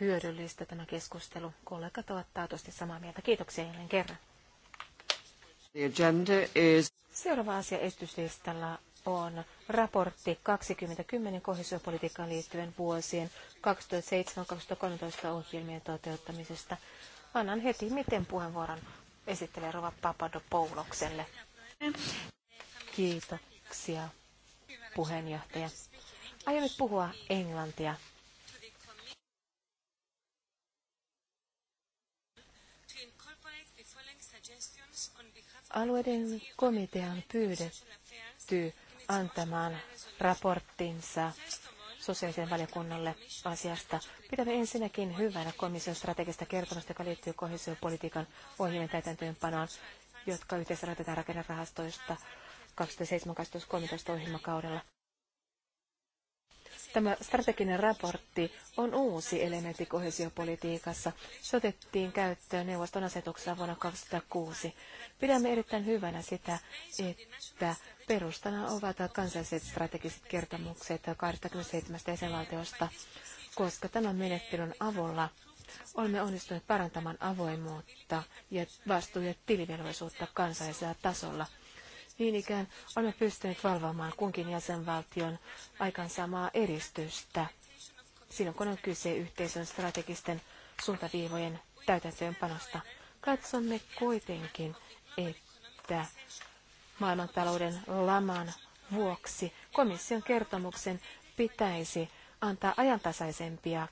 C: hyödyllistä tämä keskustelu. Kollegat ovat taatusti samaa mieltä. Kiitoksia jälleen kerran.
B: The agenda is...
C: Seuraava asia esityslistalla on raportti 2010 kohesiopolitiikkaan liittyen vuosien 2007-2013 ohjelmien toteuttamisesta. Annan heti miten puheenvuoron esittelee Rova Papadopoulokselle. Kiitoksia, puheenjohtaja. Aion nyt puhua englantia. Alueiden komitea on pyydetty antamaan raporttinsa sosiaalisen valiokunnalle asiasta. Pidämme ensinnäkin hyvänä komission strategista kertomusta, joka liittyy kohesiopolitiikan ohjelmien täytäntöönpanoon, jotka yhteensä rakennerahastoista 2007-2013 ohjelmakaudella. Tämä strateginen raportti on uusi elementti kohesiopolitiikassa. Se otettiin käyttöön neuvoston asetuksella vuonna 2006. Pidämme erittäin hyvänä sitä, että perustana ovat kansalliset strategiset kertomukset 27 jäsenvaltiosta, koska tämän menettelyn avulla olemme onnistuneet parantamaan avoimuutta ja vastuu- ja tilivelvollisuutta kansallisella tasolla – niin ikään olemme pystyneet valvomaan kunkin jäsenvaltion aikansaamaa eristystä silloin, kun on kyse yhteisön strategisten suuntaviivojen täytäntöönpanosta. Katsomme kuitenkin, että maailmantalouden laman vuoksi komission kertomuksen pitäisi antaa ajantasaisempia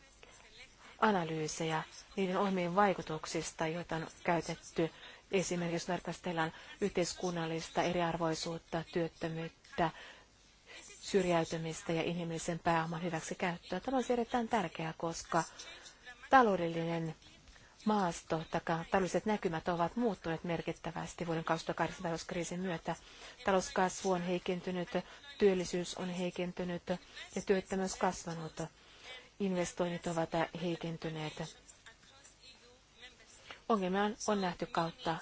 C: analyysejä niiden ohjelmien vaikutuksista, joita on käytetty Esimerkiksi jos tarkastellaan yhteiskunnallista eriarvoisuutta, työttömyyttä, syrjäytymistä ja inhimillisen pääoman hyväksi käyttöä. Tämä on erittäin tärkeää, koska taloudellinen maasto tai taloudelliset näkymät ovat muuttuneet merkittävästi vuoden 2008 talouskriisin myötä. Talouskasvu on heikentynyt, työllisyys on heikentynyt ja työttömyys kasvanut. Investoinnit ovat heikentyneet Ongelmia on, on nähty kautta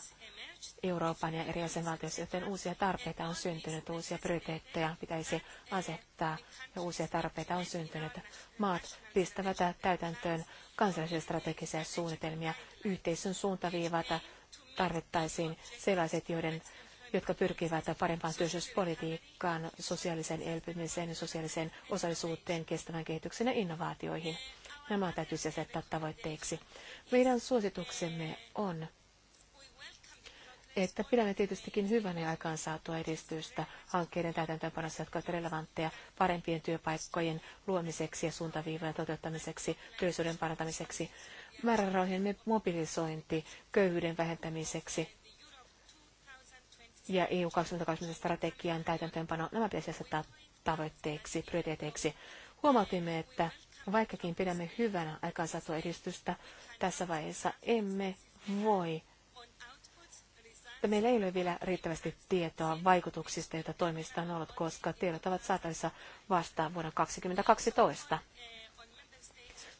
C: Euroopan ja eri jäsenvaltioissa, joten uusia tarpeita on syntynyt, uusia prioriteetteja pitäisi asettaa ja uusia tarpeita on syntynyt. Maat pistävät täytäntöön kansallisia strategisia suunnitelmia. Yhteisön suuntaviivata tarvittaisiin sellaiset, joiden jotka pyrkivät parempaan työllisyyspolitiikkaan, sosiaaliseen elpymiseen, sosiaaliseen osallisuuteen, kestävän kehityksen ja innovaatioihin. Nämä täytyisi siis asettaa tavoitteiksi. Meidän suosituksemme on, että pidämme tietystikin hyvänä aikaan saatua edistystä hankkeiden täytäntöönpanossa, jotka ovat relevantteja parempien työpaikkojen luomiseksi ja suuntaviivojen toteuttamiseksi, työllisyyden parantamiseksi, määrärahojen mobilisointi köyhyyden vähentämiseksi ja EU 2020 strategian täytäntöönpano. Nämä pitäisi asettaa tavoitteeksi, prioriteeteiksi. Huomautimme, että Vaikkakin pidämme hyvänä aikaansaatua edistystä tässä vaiheessa, emme voi. Meillä ei ole vielä riittävästi tietoa vaikutuksista, joita toimista on ollut, koska tiedot ovat saatavissa vasta vuonna 2012.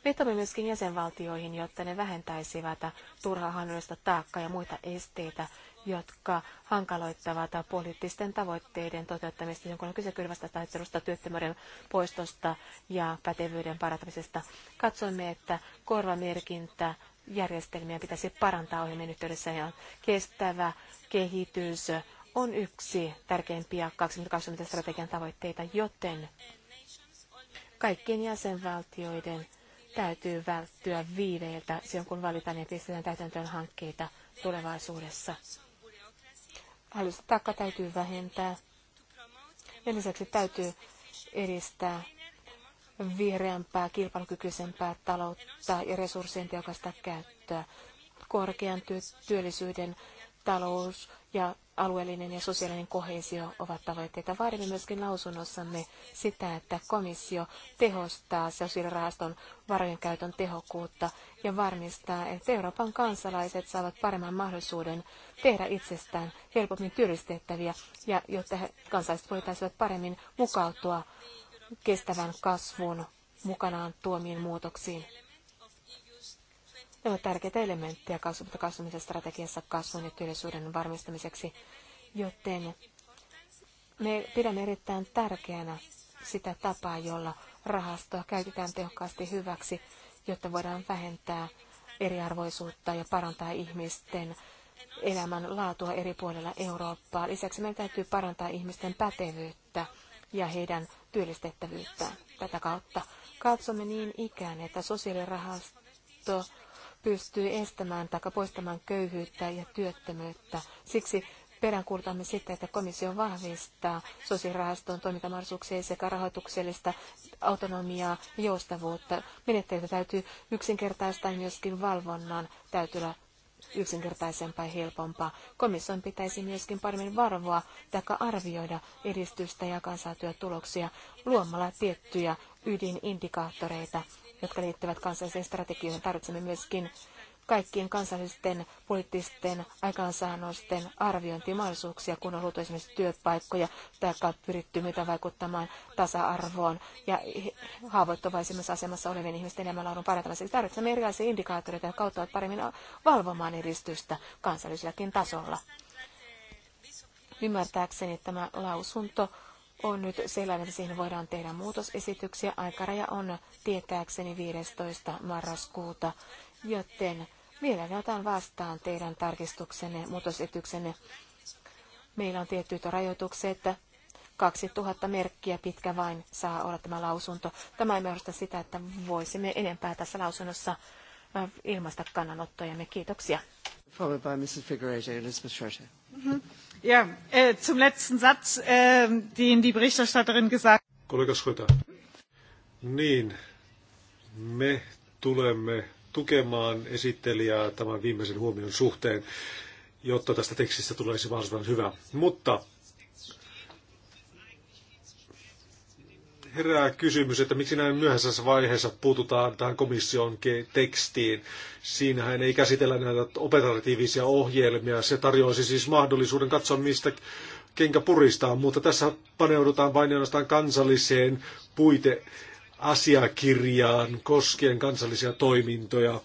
C: Vetomme myöskin jäsenvaltioihin, jotta ne vähentäisivät turhaa hallinnollista taakkaa ja muita esteitä, jotka hankaloittavat poliittisten tavoitteiden toteuttamista, jonkun on kyse kylmästä taistelusta, työttömyyden poistosta ja pätevyyden parantamisesta. Katsoimme, että korvamerkintä järjestelmiä pitäisi parantaa ohjelmien yhteydessä ja kestävä kehitys on yksi tärkeimpiä 2020 strategian tavoitteita, joten kaikkien jäsenvaltioiden täytyy välttyä viiveiltä silloin, kun valitaan ja pistetään täytäntöön hankkeita tulevaisuudessa. Hallinnollista täytyy vähentää ja lisäksi täytyy edistää vihreämpää, kilpailukykyisempää taloutta ja resurssien tehokasta käyttöä. Korkean työllisyyden talous ja alueellinen ja sosiaalinen kohesio ovat tavoitteita. Vaadimme myöskin lausunnossamme sitä, että komissio tehostaa sosiaalirahaston varojen käytön tehokkuutta ja varmistaa, että Euroopan kansalaiset saavat paremman mahdollisuuden tehdä itsestään helpommin työllistettäviä, ja jotta kansalaiset voitaisivat paremmin mukautua kestävän kasvun mukanaan tuomiin muutoksiin. Ne ovat tärkeitä elementtejä kasvamisen strategiassa kasvun ja työllisyyden varmistamiseksi, joten me pidämme erittäin tärkeänä sitä tapaa, jolla rahastoa käytetään tehokkaasti hyväksi, jotta voidaan vähentää eriarvoisuutta ja parantaa ihmisten elämän laatua eri puolilla Eurooppaa. Lisäksi meidän täytyy parantaa ihmisten pätevyyttä ja heidän työllistettävyyttään tätä kautta. Katsomme niin ikään, että sosiaalirahasto pystyy estämään tai poistamaan köyhyyttä ja työttömyyttä. Siksi peräänkuulutamme sitä, että komissio vahvistaa sosiaalirahaston toimintamahdollisuuksia sekä rahoituksellista autonomiaa ja joustavuutta. Menettelyitä täytyy yksinkertaistaa ja myöskin valvonnan täytyy olla yksinkertaisempaa ja helpompaa. Komission pitäisi myöskin paremmin varvoa tai arvioida edistystä ja kansaatyötuloksia luomalla tiettyjä ydinindikaattoreita jotka liittyvät kansalliseen strategioihin. Tarvitsemme myöskin kaikkien kansallisten poliittisten aikaansaannosten arviointimahdollisuuksia, kun on ollut esimerkiksi työpaikkoja tai pyritty myötä vaikuttamaan tasa-arvoon ja haavoittuvaisemmassa asemassa olevien ihmisten elämänlaadun parantamiseksi. Tarvitsemme erilaisia indikaattoreita, jotka auttavat paremmin valvomaan edistystä kansallisellakin tasolla. Ymmärtääkseni tämä lausunto on nyt sellainen, että siihen voidaan tehdä muutosesityksiä. Aikaraja on tietääkseni 15. marraskuuta, joten mielelläni otan vastaan teidän tarkistuksenne, muutosesityksenne. Meillä on tietyt rajoitukset, että 2000 merkkiä pitkä vain saa olla tämä lausunto. Tämä ei mahdollista sitä, että voisimme enempää tässä lausunnossa äh, ilmaista kannanottojamme. Kiitoksia.
B: Followed by Mrs.
D: Elizabeth Mm-hmm. Ja, äh, zum letzten Satz, äh, den die Berichterstatterin gesagt Kollega Schröter. Niin, me tulemme tukemaan esittelijää tämän viimeisen huomion suhteen, jotta tästä tekstistä tulisi mahdollisimman hyvä. Mutta herää kysymys, että miksi näin myöhäisessä vaiheessa puututaan tähän komission tekstiin. Siinähän ei käsitellä näitä operatiivisia ohjelmia. Se tarjoaisi siis mahdollisuuden katsoa, mistä kenkä puristaa, mutta tässä paneudutaan vain ainoastaan kansalliseen puiteasiakirjaan koskien kansallisia toimintoja.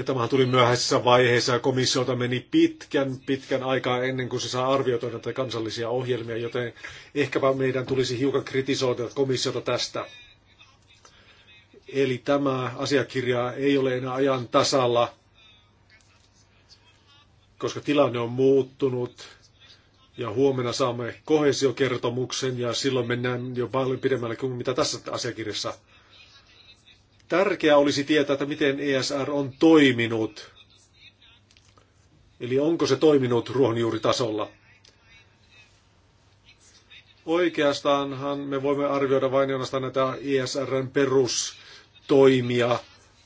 D: Ja tämähän tuli myöhäisessä vaiheessa ja komissiolta meni pitkän, pitkän aikaa ennen kuin se saa arvioida näitä kansallisia ohjelmia, joten ehkäpä meidän tulisi hiukan kritisoida komissiota tästä. Eli tämä asiakirja ei ole enää ajan tasalla, koska tilanne on muuttunut ja huomenna saamme kohesiokertomuksen ja silloin mennään jo paljon pidemmälle kuin mitä tässä asiakirjassa Tärkeää olisi tietää, että miten ESR on toiminut. Eli onko se toiminut ruohonjuuritasolla. Oikeastaanhan me voimme arvioida vain ainoastaan näitä ESRn perustoimia,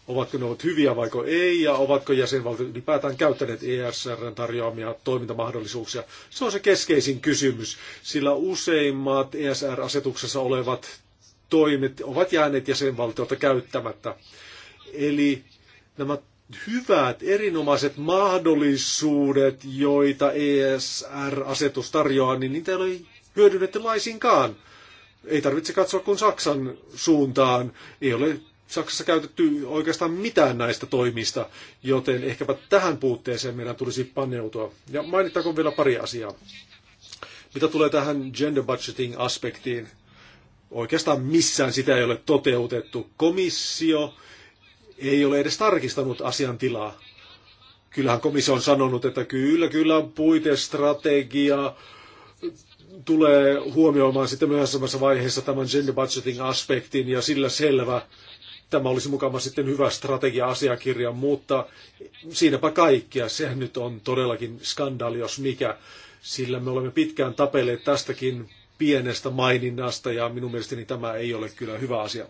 D: ovatko ne olleet hyviä vai ei, ja ovatko jäsenvaltiot ylipäätään käyttäneet ESRn tarjoamia toimintamahdollisuuksia. Se on se keskeisin kysymys, sillä useimmat ESR-asetuksessa olevat toimet ovat jääneet jäsenvaltiolta käyttämättä. Eli nämä hyvät, erinomaiset mahdollisuudet, joita ESR-asetus tarjoaa, niin niitä ei ole hyödynnetty laisinkaan. Ei tarvitse katsoa kuin Saksan suuntaan. Ei ole Saksassa käytetty oikeastaan mitään näistä toimista, joten ehkäpä tähän puutteeseen meidän tulisi paneutua. Ja mainittakoon vielä pari asiaa. Mitä tulee tähän gender budgeting-aspektiin, Oikeastaan missään sitä ei ole toteutettu. Komissio ei ole edes tarkistanut asiantilaa. Kyllähän komissio on sanonut, että kyllä, kyllä puitestrategia tulee huomioimaan sitten myöhemmässä vaiheessa tämän gender budgeting aspektin ja sillä selvä. Tämä olisi mukana sitten hyvä strategia-asiakirja, mutta siinäpä kaikkia. Sehän nyt on todellakin skandaali, jos mikä, sillä me olemme pitkään tapelleet tästäkin pienestä maininnasta ja minun mielestäni tämä ei ole kyllä hyvä asia.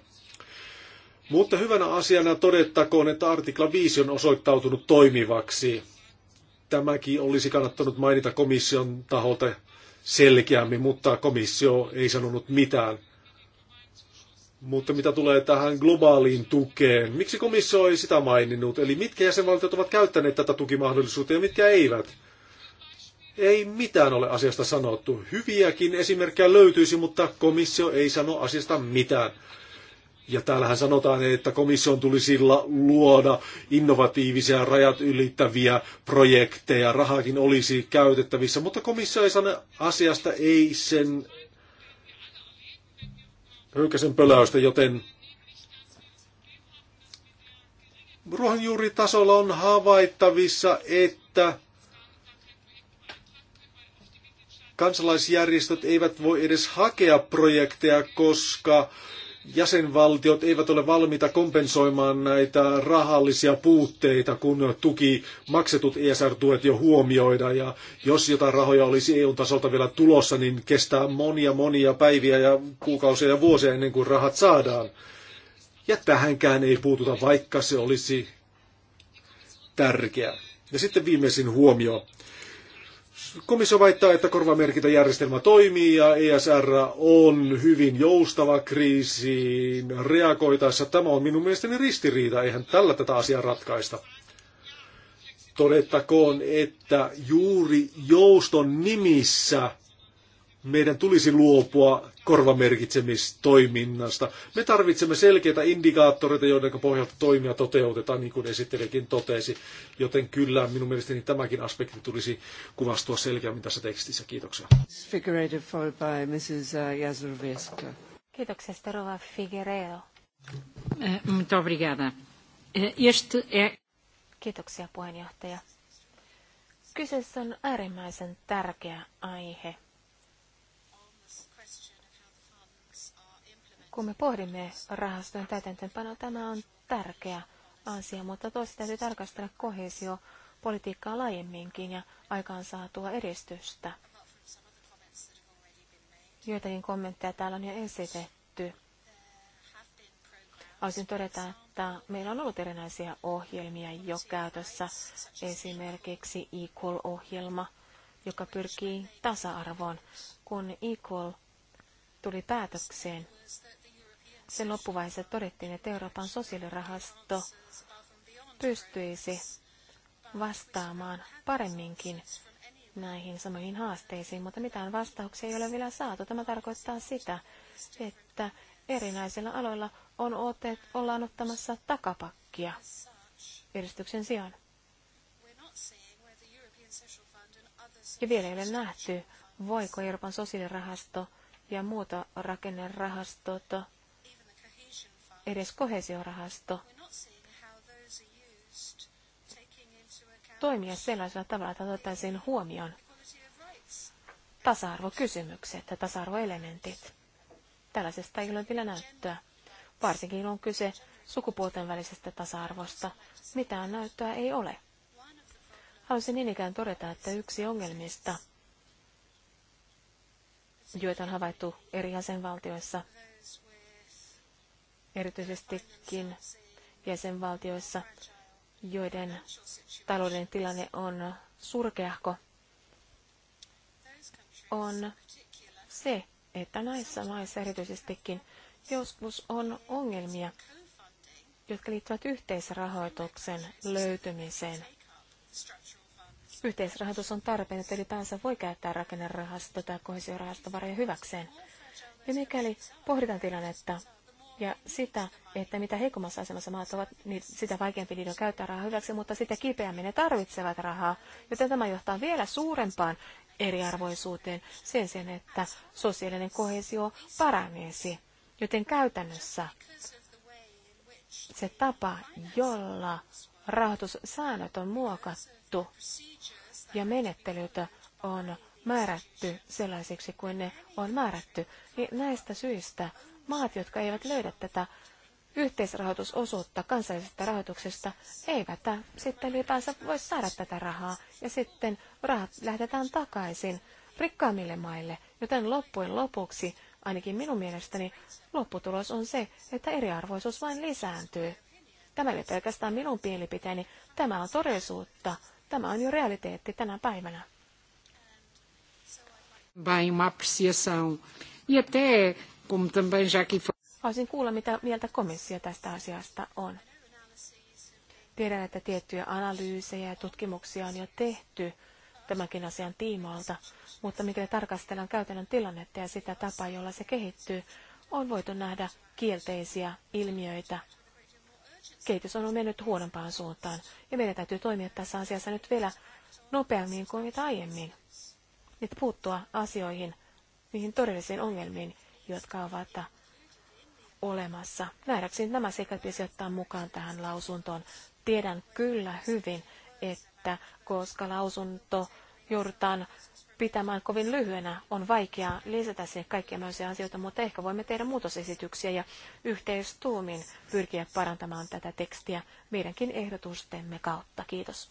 D: Mutta hyvänä asiana todettakoon, että artikla 5 on osoittautunut toimivaksi. Tämäkin olisi kannattanut mainita komission taholta selkeämmin, mutta komissio ei sanonut mitään. Mutta mitä tulee tähän globaaliin tukeen, miksi komissio ei sitä maininnut? Eli mitkä jäsenvaltiot ovat käyttäneet tätä tukimahdollisuutta ja mitkä eivät? Ei mitään ole asiasta sanottu. Hyviäkin esimerkkejä löytyisi, mutta komissio ei sano asiasta mitään. Ja täällähän sanotaan, että komission tulisi luoda innovatiivisia rajat ylittäviä projekteja. Rahakin olisi käytettävissä, mutta komissio ei sano asiasta, ei sen höykäsen pöläystä, joten ruohonjuuritasolla on havaittavissa, että Kansalaisjärjestöt eivät voi edes hakea projekteja, koska jäsenvaltiot eivät ole valmiita kompensoimaan näitä rahallisia puutteita, kun tuki, maksetut ESR-tuet jo huomioidaan. Ja jos jotain rahoja olisi EU-tasolta vielä tulossa, niin kestää monia monia päiviä ja kuukausia ja vuosia ennen kuin rahat saadaan. Ja tähänkään ei puututa, vaikka se olisi tärkeää. Ja sitten viimeisin huomio. Komissio väittää, että korvamerkintäjärjestelmä toimii ja ESR on hyvin joustava kriisiin reagoitaessa. Tämä on minun mielestäni ristiriita, eihän tällä tätä asiaa ratkaista. Todettakoon, että juuri jouston nimissä meidän tulisi luopua korvamerkitsemistoiminnasta. Me tarvitsemme selkeitä indikaattoreita, joiden pohjalta toimia toteutetaan, niin kuin esittelijäkin totesi. Joten kyllä minun mielestäni tämäkin aspekti tulisi kuvastua selkeämmin tässä tekstissä. Kiitoksia.
B: by Mrs. Uh,
C: Kiitoksia, Sterova Figueredo. Eh, eh, Kiitoksia, puheenjohtaja. Kyseessä on äärimmäisen tärkeä aihe – Kun me pohdimme rahastojen täytäntöönpanoa, tämä on tärkeä asia, mutta toisaalta täytyy tarkastella kohesiopolitiikkaa laajemminkin ja aikaansaatua edistystä. Joitakin kommentteja täällä on jo esitetty. Haluaisin todeta, että meillä on ollut erinäisiä ohjelmia jo käytössä, esimerkiksi Equal-ohjelma, joka pyrkii tasa-arvoon. Kun Equal tuli päätökseen, sen loppuvaiheessa todettiin, että Euroopan sosiaalirahasto pystyisi vastaamaan paremminkin näihin samoihin haasteisiin, mutta mitään vastauksia ei ole vielä saatu. Tämä tarkoittaa sitä, että erinäisillä aloilla on otet, ollaan ottamassa takapakkia edistyksen sijaan. Ja vielä ei ole nähty, voiko Euroopan sosiaalirahasto ja muuta rakennerahastot edes kohesiorahasto
B: toimia sellaisella
C: tavalla, että otettaisiin huomioon tasa-arvokysymykset ja tasa-arvoelementit. Tällaisesta ei ole vielä näyttöä. Varsinkin on kyse sukupuolten välisestä tasa-arvosta. Mitään näyttöä ei ole. Haluaisin niin ikään todeta, että yksi ongelmista, joita on havaittu eri jäsenvaltioissa, erityisestikin jäsenvaltioissa, joiden talouden tilanne on surkeahko, on se, että näissä maissa erityisestikin joskus on ongelmia, jotka liittyvät yhteisrahoituksen löytymiseen. Yhteisrahoitus on tarpeen, että ylipäänsä voi käyttää rakennerahasto tai kohesiorahastovaroja hyväkseen. Ja mikäli pohditaan tilannetta ja sitä, että mitä heikommassa asemassa maat ovat, niin sitä vaikeampi niiden on käyttää rahaa hyväksi, mutta sitä kipeämmin ne tarvitsevat rahaa, joten tämä johtaa vielä suurempaan eriarvoisuuteen sen sen, että sosiaalinen kohesio paraneesi. Joten käytännössä se tapa, jolla rahoitussäännöt on muokattu ja menettelyt on määrätty sellaisiksi kuin ne on määrätty, niin näistä syistä maat, jotka eivät löydä tätä yhteisrahoitusosuutta kansallisesta rahoituksesta, eivät sitten ylipäänsä voi saada tätä rahaa, ja sitten rahat lähetetään takaisin rikkaammille maille, joten loppujen lopuksi, ainakin minun mielestäni, lopputulos on se, että eriarvoisuus vain lisääntyy. Tämä ei ole pelkästään minun mielipiteeni, tämä on todellisuutta, tämä on jo realiteetti tänä päivänä.
B: Bem, uma apreciação. E até
C: Haluaisin kuulla, mitä mieltä komissio tästä asiasta on. Tiedän, että tiettyjä analyysejä ja tutkimuksia on jo tehty tämänkin asian tiimoilta, mutta mikäli tarkastellaan käytännön tilannetta ja sitä tapaa, jolla se kehittyy, on voitu nähdä kielteisiä ilmiöitä. Kehitys on mennyt huonompaan suuntaan, ja meidän täytyy toimia tässä asiassa nyt vielä nopeammin kuin mitä aiemmin. Nyt puuttua asioihin, niihin todellisiin ongelmiin, jotka ovat olemassa. Nähdäkseni nämä seikat pitäisi ottaa mukaan tähän lausuntoon. Tiedän kyllä hyvin, että koska lausunto joudutaan pitämään kovin lyhyenä, on vaikea lisätä siihen kaikkia mahdollisia asioita, mutta ehkä voimme tehdä muutosesityksiä ja yhteistuumin pyrkiä parantamaan tätä tekstiä meidänkin ehdotustemme kautta. Kiitos.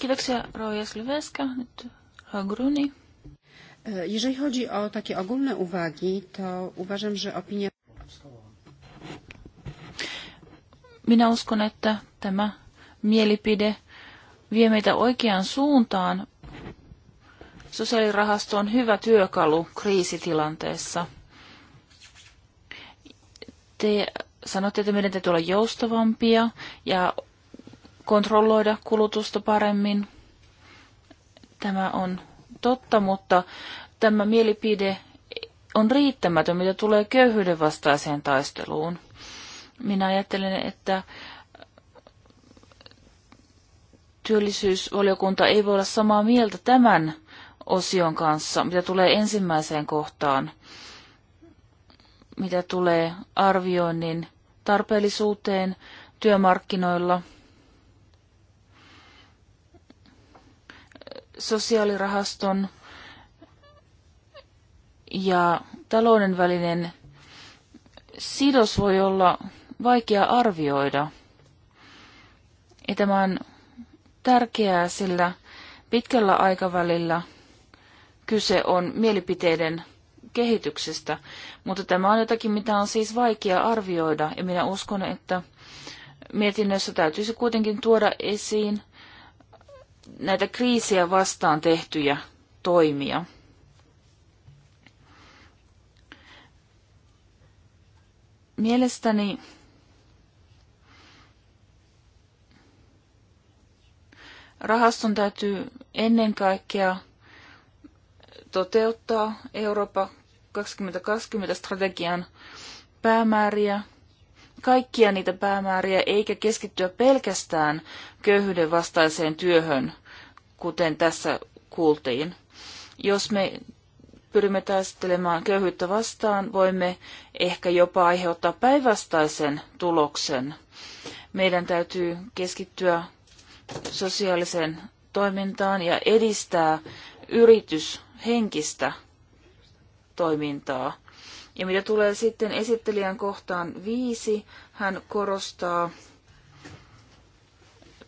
A: Kiitoksia, Rouja Slyveska. Nyt Gruni. E, jeżeli chodzi o takie ogólne uwagi, to uważam, że opinia. Minä uskon, että tämä mielipide vie meitä oikeaan suuntaan. Sosiaalirahasto on hyvä työkalu kriisitilanteessa. Te sanotte, että meidän täytyy olla joustavampia ja kontrolloida kulutusta paremmin. Tämä on totta, mutta tämä mielipide on riittämätön, mitä tulee köyhyyden vastaiseen taisteluun. Minä ajattelen, että työllisyysvaliokunta ei voi olla samaa mieltä tämän osion kanssa, mitä tulee ensimmäiseen kohtaan, mitä tulee arvioinnin tarpeellisuuteen työmarkkinoilla – sosiaalirahaston ja talouden välinen sidos voi olla vaikea arvioida. Ja tämä on tärkeää, sillä pitkällä aikavälillä kyse on mielipiteiden kehityksestä, mutta tämä on jotakin, mitä on siis vaikea arvioida, ja minä uskon, että mietinnössä täytyisi kuitenkin tuoda esiin näitä kriisiä vastaan tehtyjä toimia. Mielestäni rahaston täytyy ennen kaikkea toteuttaa Eurooppa 2020 strategian päämääriä kaikkia niitä päämääriä eikä keskittyä pelkästään köyhyyden vastaiseen työhön, kuten tässä kuultiin. Jos me pyrimme taistelemaan köyhyyttä vastaan, voimme ehkä jopa aiheuttaa päinvastaisen tuloksen. Meidän täytyy keskittyä sosiaaliseen toimintaan ja edistää yrityshenkistä toimintaa. Ja mitä tulee sitten esittelijän kohtaan viisi, hän korostaa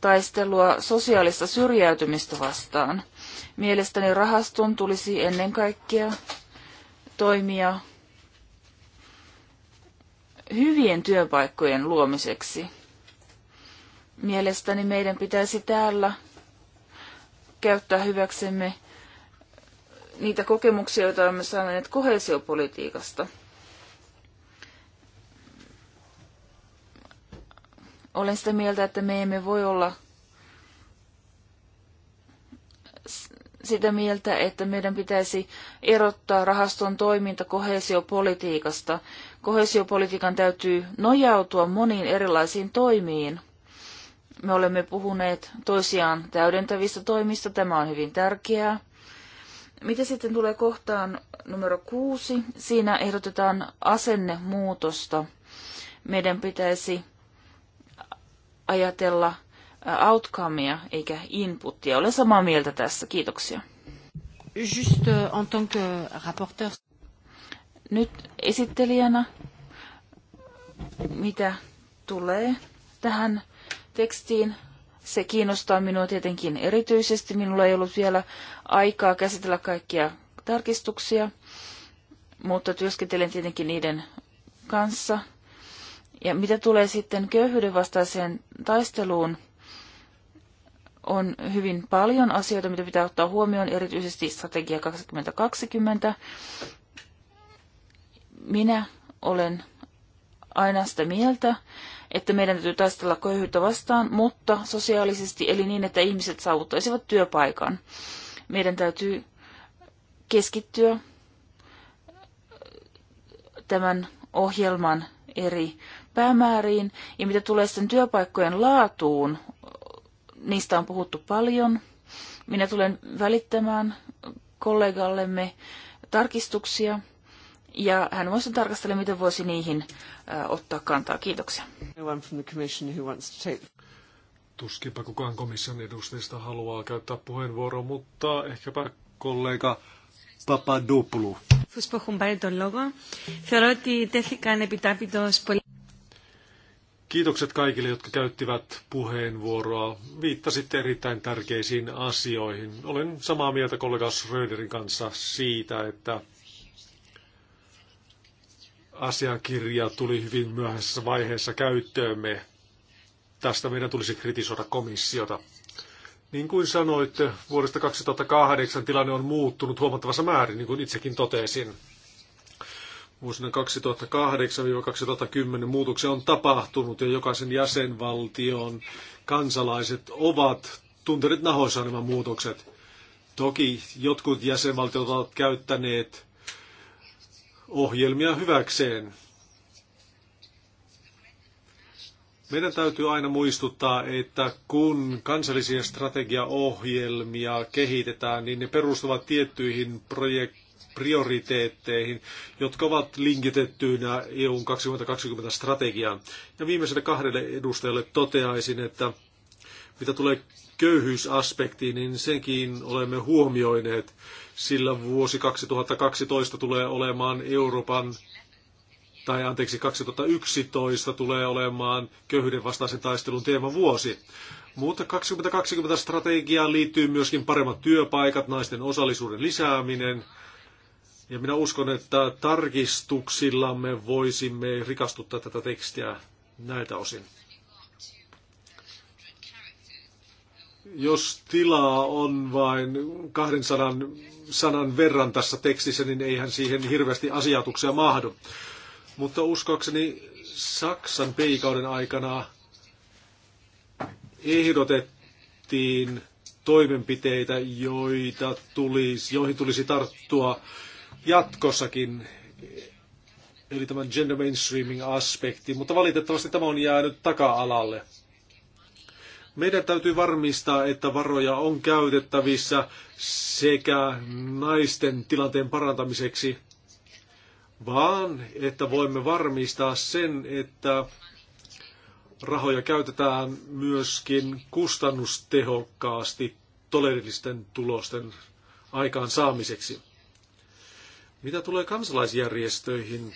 A: taistelua sosiaalista syrjäytymistä vastaan. Mielestäni rahaston tulisi ennen kaikkea toimia hyvien työpaikkojen luomiseksi. Mielestäni meidän pitäisi täällä käyttää hyväksemme niitä kokemuksia, joita olemme saaneet kohesiopolitiikasta – Olen sitä mieltä, että me emme voi olla sitä mieltä, että meidän pitäisi erottaa rahaston toiminta kohesiopolitiikasta. Kohesiopolitiikan täytyy nojautua moniin erilaisiin toimiin. Me olemme puhuneet toisiaan täydentävistä toimista, tämä on hyvin tärkeää. Mitä sitten tulee kohtaan numero kuusi? Siinä ehdotetaan asennemuutosta. Meidän pitäisi ajatella outcomea eikä inputtia. Olen samaa mieltä tässä. Kiitoksia. Just en tant que rapporteur. Nyt esittelijänä, mitä tulee tähän tekstiin, se kiinnostaa minua tietenkin erityisesti. Minulla ei ollut vielä aikaa käsitellä kaikkia tarkistuksia, mutta työskentelen tietenkin niiden kanssa – ja mitä tulee sitten köyhyyden vastaiseen taisteluun, on hyvin paljon asioita, mitä pitää ottaa huomioon, erityisesti strategia 2020. Minä olen aina sitä mieltä, että meidän täytyy taistella köyhyyttä vastaan, mutta sosiaalisesti, eli niin, että ihmiset saavuttaisivat työpaikan. Meidän täytyy keskittyä tämän ohjelman eri päämääriin ja mitä tulee sitten työpaikkojen laatuun, niistä on puhuttu paljon. Minä tulen välittämään kollegallemme tarkistuksia ja hän voisi tarkastella, miten voisi niihin ottaa kantaa. Kiitoksia.
D: Tuskinpa kukaan komission edustajista haluaa käyttää puheenvuoroa, mutta ehkäpä kollega Papadopoulou.
A: Φούς που Θεωρώ ότι τέθηκαν επιτάπητος
D: Kiitokset kaikille, jotka käyttivät puheenvuoroa. Viittasitte erittäin tärkeisiin asioihin. Olen samaa mieltä kollega Schröderin kanssa siitä, että asiakirja tuli hyvin myöhäisessä vaiheessa käyttöömme. Tästä meidän tulisi kritisoida komissiota. Niin kuin sanoitte, vuodesta 2008 tilanne on muuttunut huomattavassa määrin, niin kuin itsekin totesin. Vuosina 2008-2010 muutoksia on tapahtunut ja jokaisen jäsenvaltion kansalaiset ovat tunteneet nahoissaan nämä muutokset. Toki jotkut jäsenvaltiot ovat käyttäneet ohjelmia hyväkseen. Meidän täytyy aina muistuttaa, että kun kansallisia strategiaohjelmia kehitetään, niin ne perustuvat tiettyihin projekteihin prioriteetteihin, jotka ovat linkitettyinä EUn 2020 strategiaan. Ja viimeiselle kahdelle edustajalle toteaisin, että mitä tulee köyhyysaspektiin, niin senkin olemme huomioineet, sillä vuosi 2012 tulee olemaan Euroopan tai anteeksi, 2011 tulee olemaan köyhyyden vastaisen taistelun teemavuosi. Mutta 2020 strategiaan liittyy myöskin paremmat työpaikat, naisten osallisuuden lisääminen, ja minä uskon, että tarkistuksillamme voisimme rikastuttaa tätä tekstiä näitä osin. Jos tilaa on vain 200 sanan verran tässä tekstissä, niin eihän siihen hirveästi asiatuksia mahdu. Mutta uskoakseni Saksan peikauden aikana ehdotettiin toimenpiteitä, joita tulisi, joihin tulisi tarttua jatkossakin, eli tämän gender mainstreaming-aspekti, mutta valitettavasti tämä on jäänyt taka-alalle. Meidän täytyy varmistaa, että varoja on käytettävissä sekä naisten tilanteen parantamiseksi, vaan että voimme varmistaa sen, että rahoja käytetään myöskin kustannustehokkaasti todellisten tulosten aikaansaamiseksi. Mitä tulee kansalaisjärjestöihin,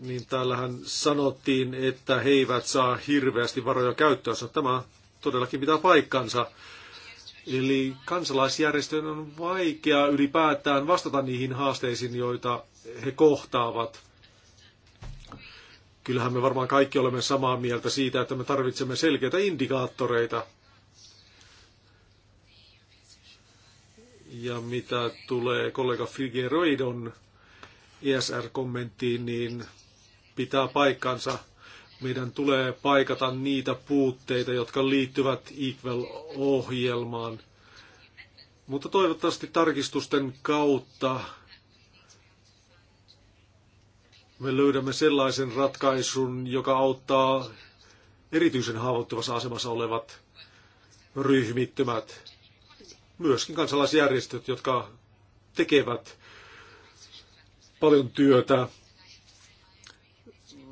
D: niin täällähän sanottiin, että he eivät saa hirveästi varoja käyttöönsä. Tämä todellakin pitää paikkansa. Eli kansalaisjärjestöjen on vaikea ylipäätään vastata niihin haasteisiin, joita he kohtaavat. Kyllähän me varmaan kaikki olemme samaa mieltä siitä, että me tarvitsemme selkeitä indikaattoreita Ja mitä tulee kollega Figueroidon ESR-kommenttiin, niin pitää paikkansa. Meidän tulee paikata niitä puutteita, jotka liittyvät Equal-ohjelmaan. Mutta toivottavasti tarkistusten kautta me löydämme sellaisen ratkaisun, joka auttaa erityisen haavoittuvassa asemassa olevat ryhmittymät myöskin kansalaisjärjestöt, jotka tekevät paljon työtä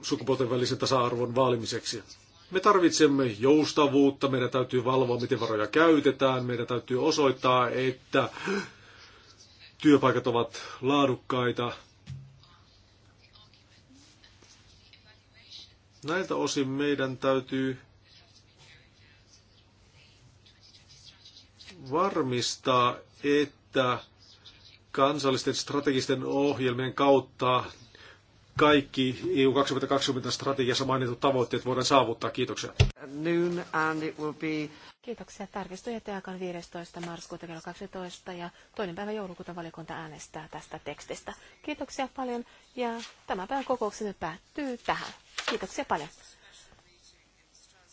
D: sukupuolten välisen tasa-arvon vaalimiseksi. Me tarvitsemme joustavuutta, meidän täytyy valvoa, miten varoja käytetään, meidän täytyy osoittaa, että työpaikat ovat laadukkaita. Näiltä osin meidän täytyy varmistaa, että kansallisten strategisten ohjelmien kautta kaikki EU 2020 strategiassa mainitut tavoitteet voidaan saavuttaa. Kiitoksia.
C: Kiitoksia. Tarkistuja teakan 15. marraskuuta kello 12 ja toinen päivä joulukuuta valiokunta äänestää tästä tekstistä. Kiitoksia paljon ja tämän päivän kokouksemme päättyy tähän. Kiitoksia paljon.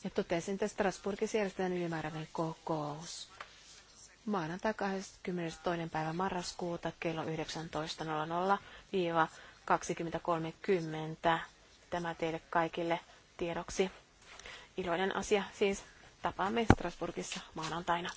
C: Ja totesin, että Strasbourgissa järjestetään ylimääräinen kokous maanantai 22. päivä marraskuuta kello 19.00-20.30. Tämä teille kaikille tiedoksi. Iloinen asia siis. Tapaamme Strasburgissa maanantaina.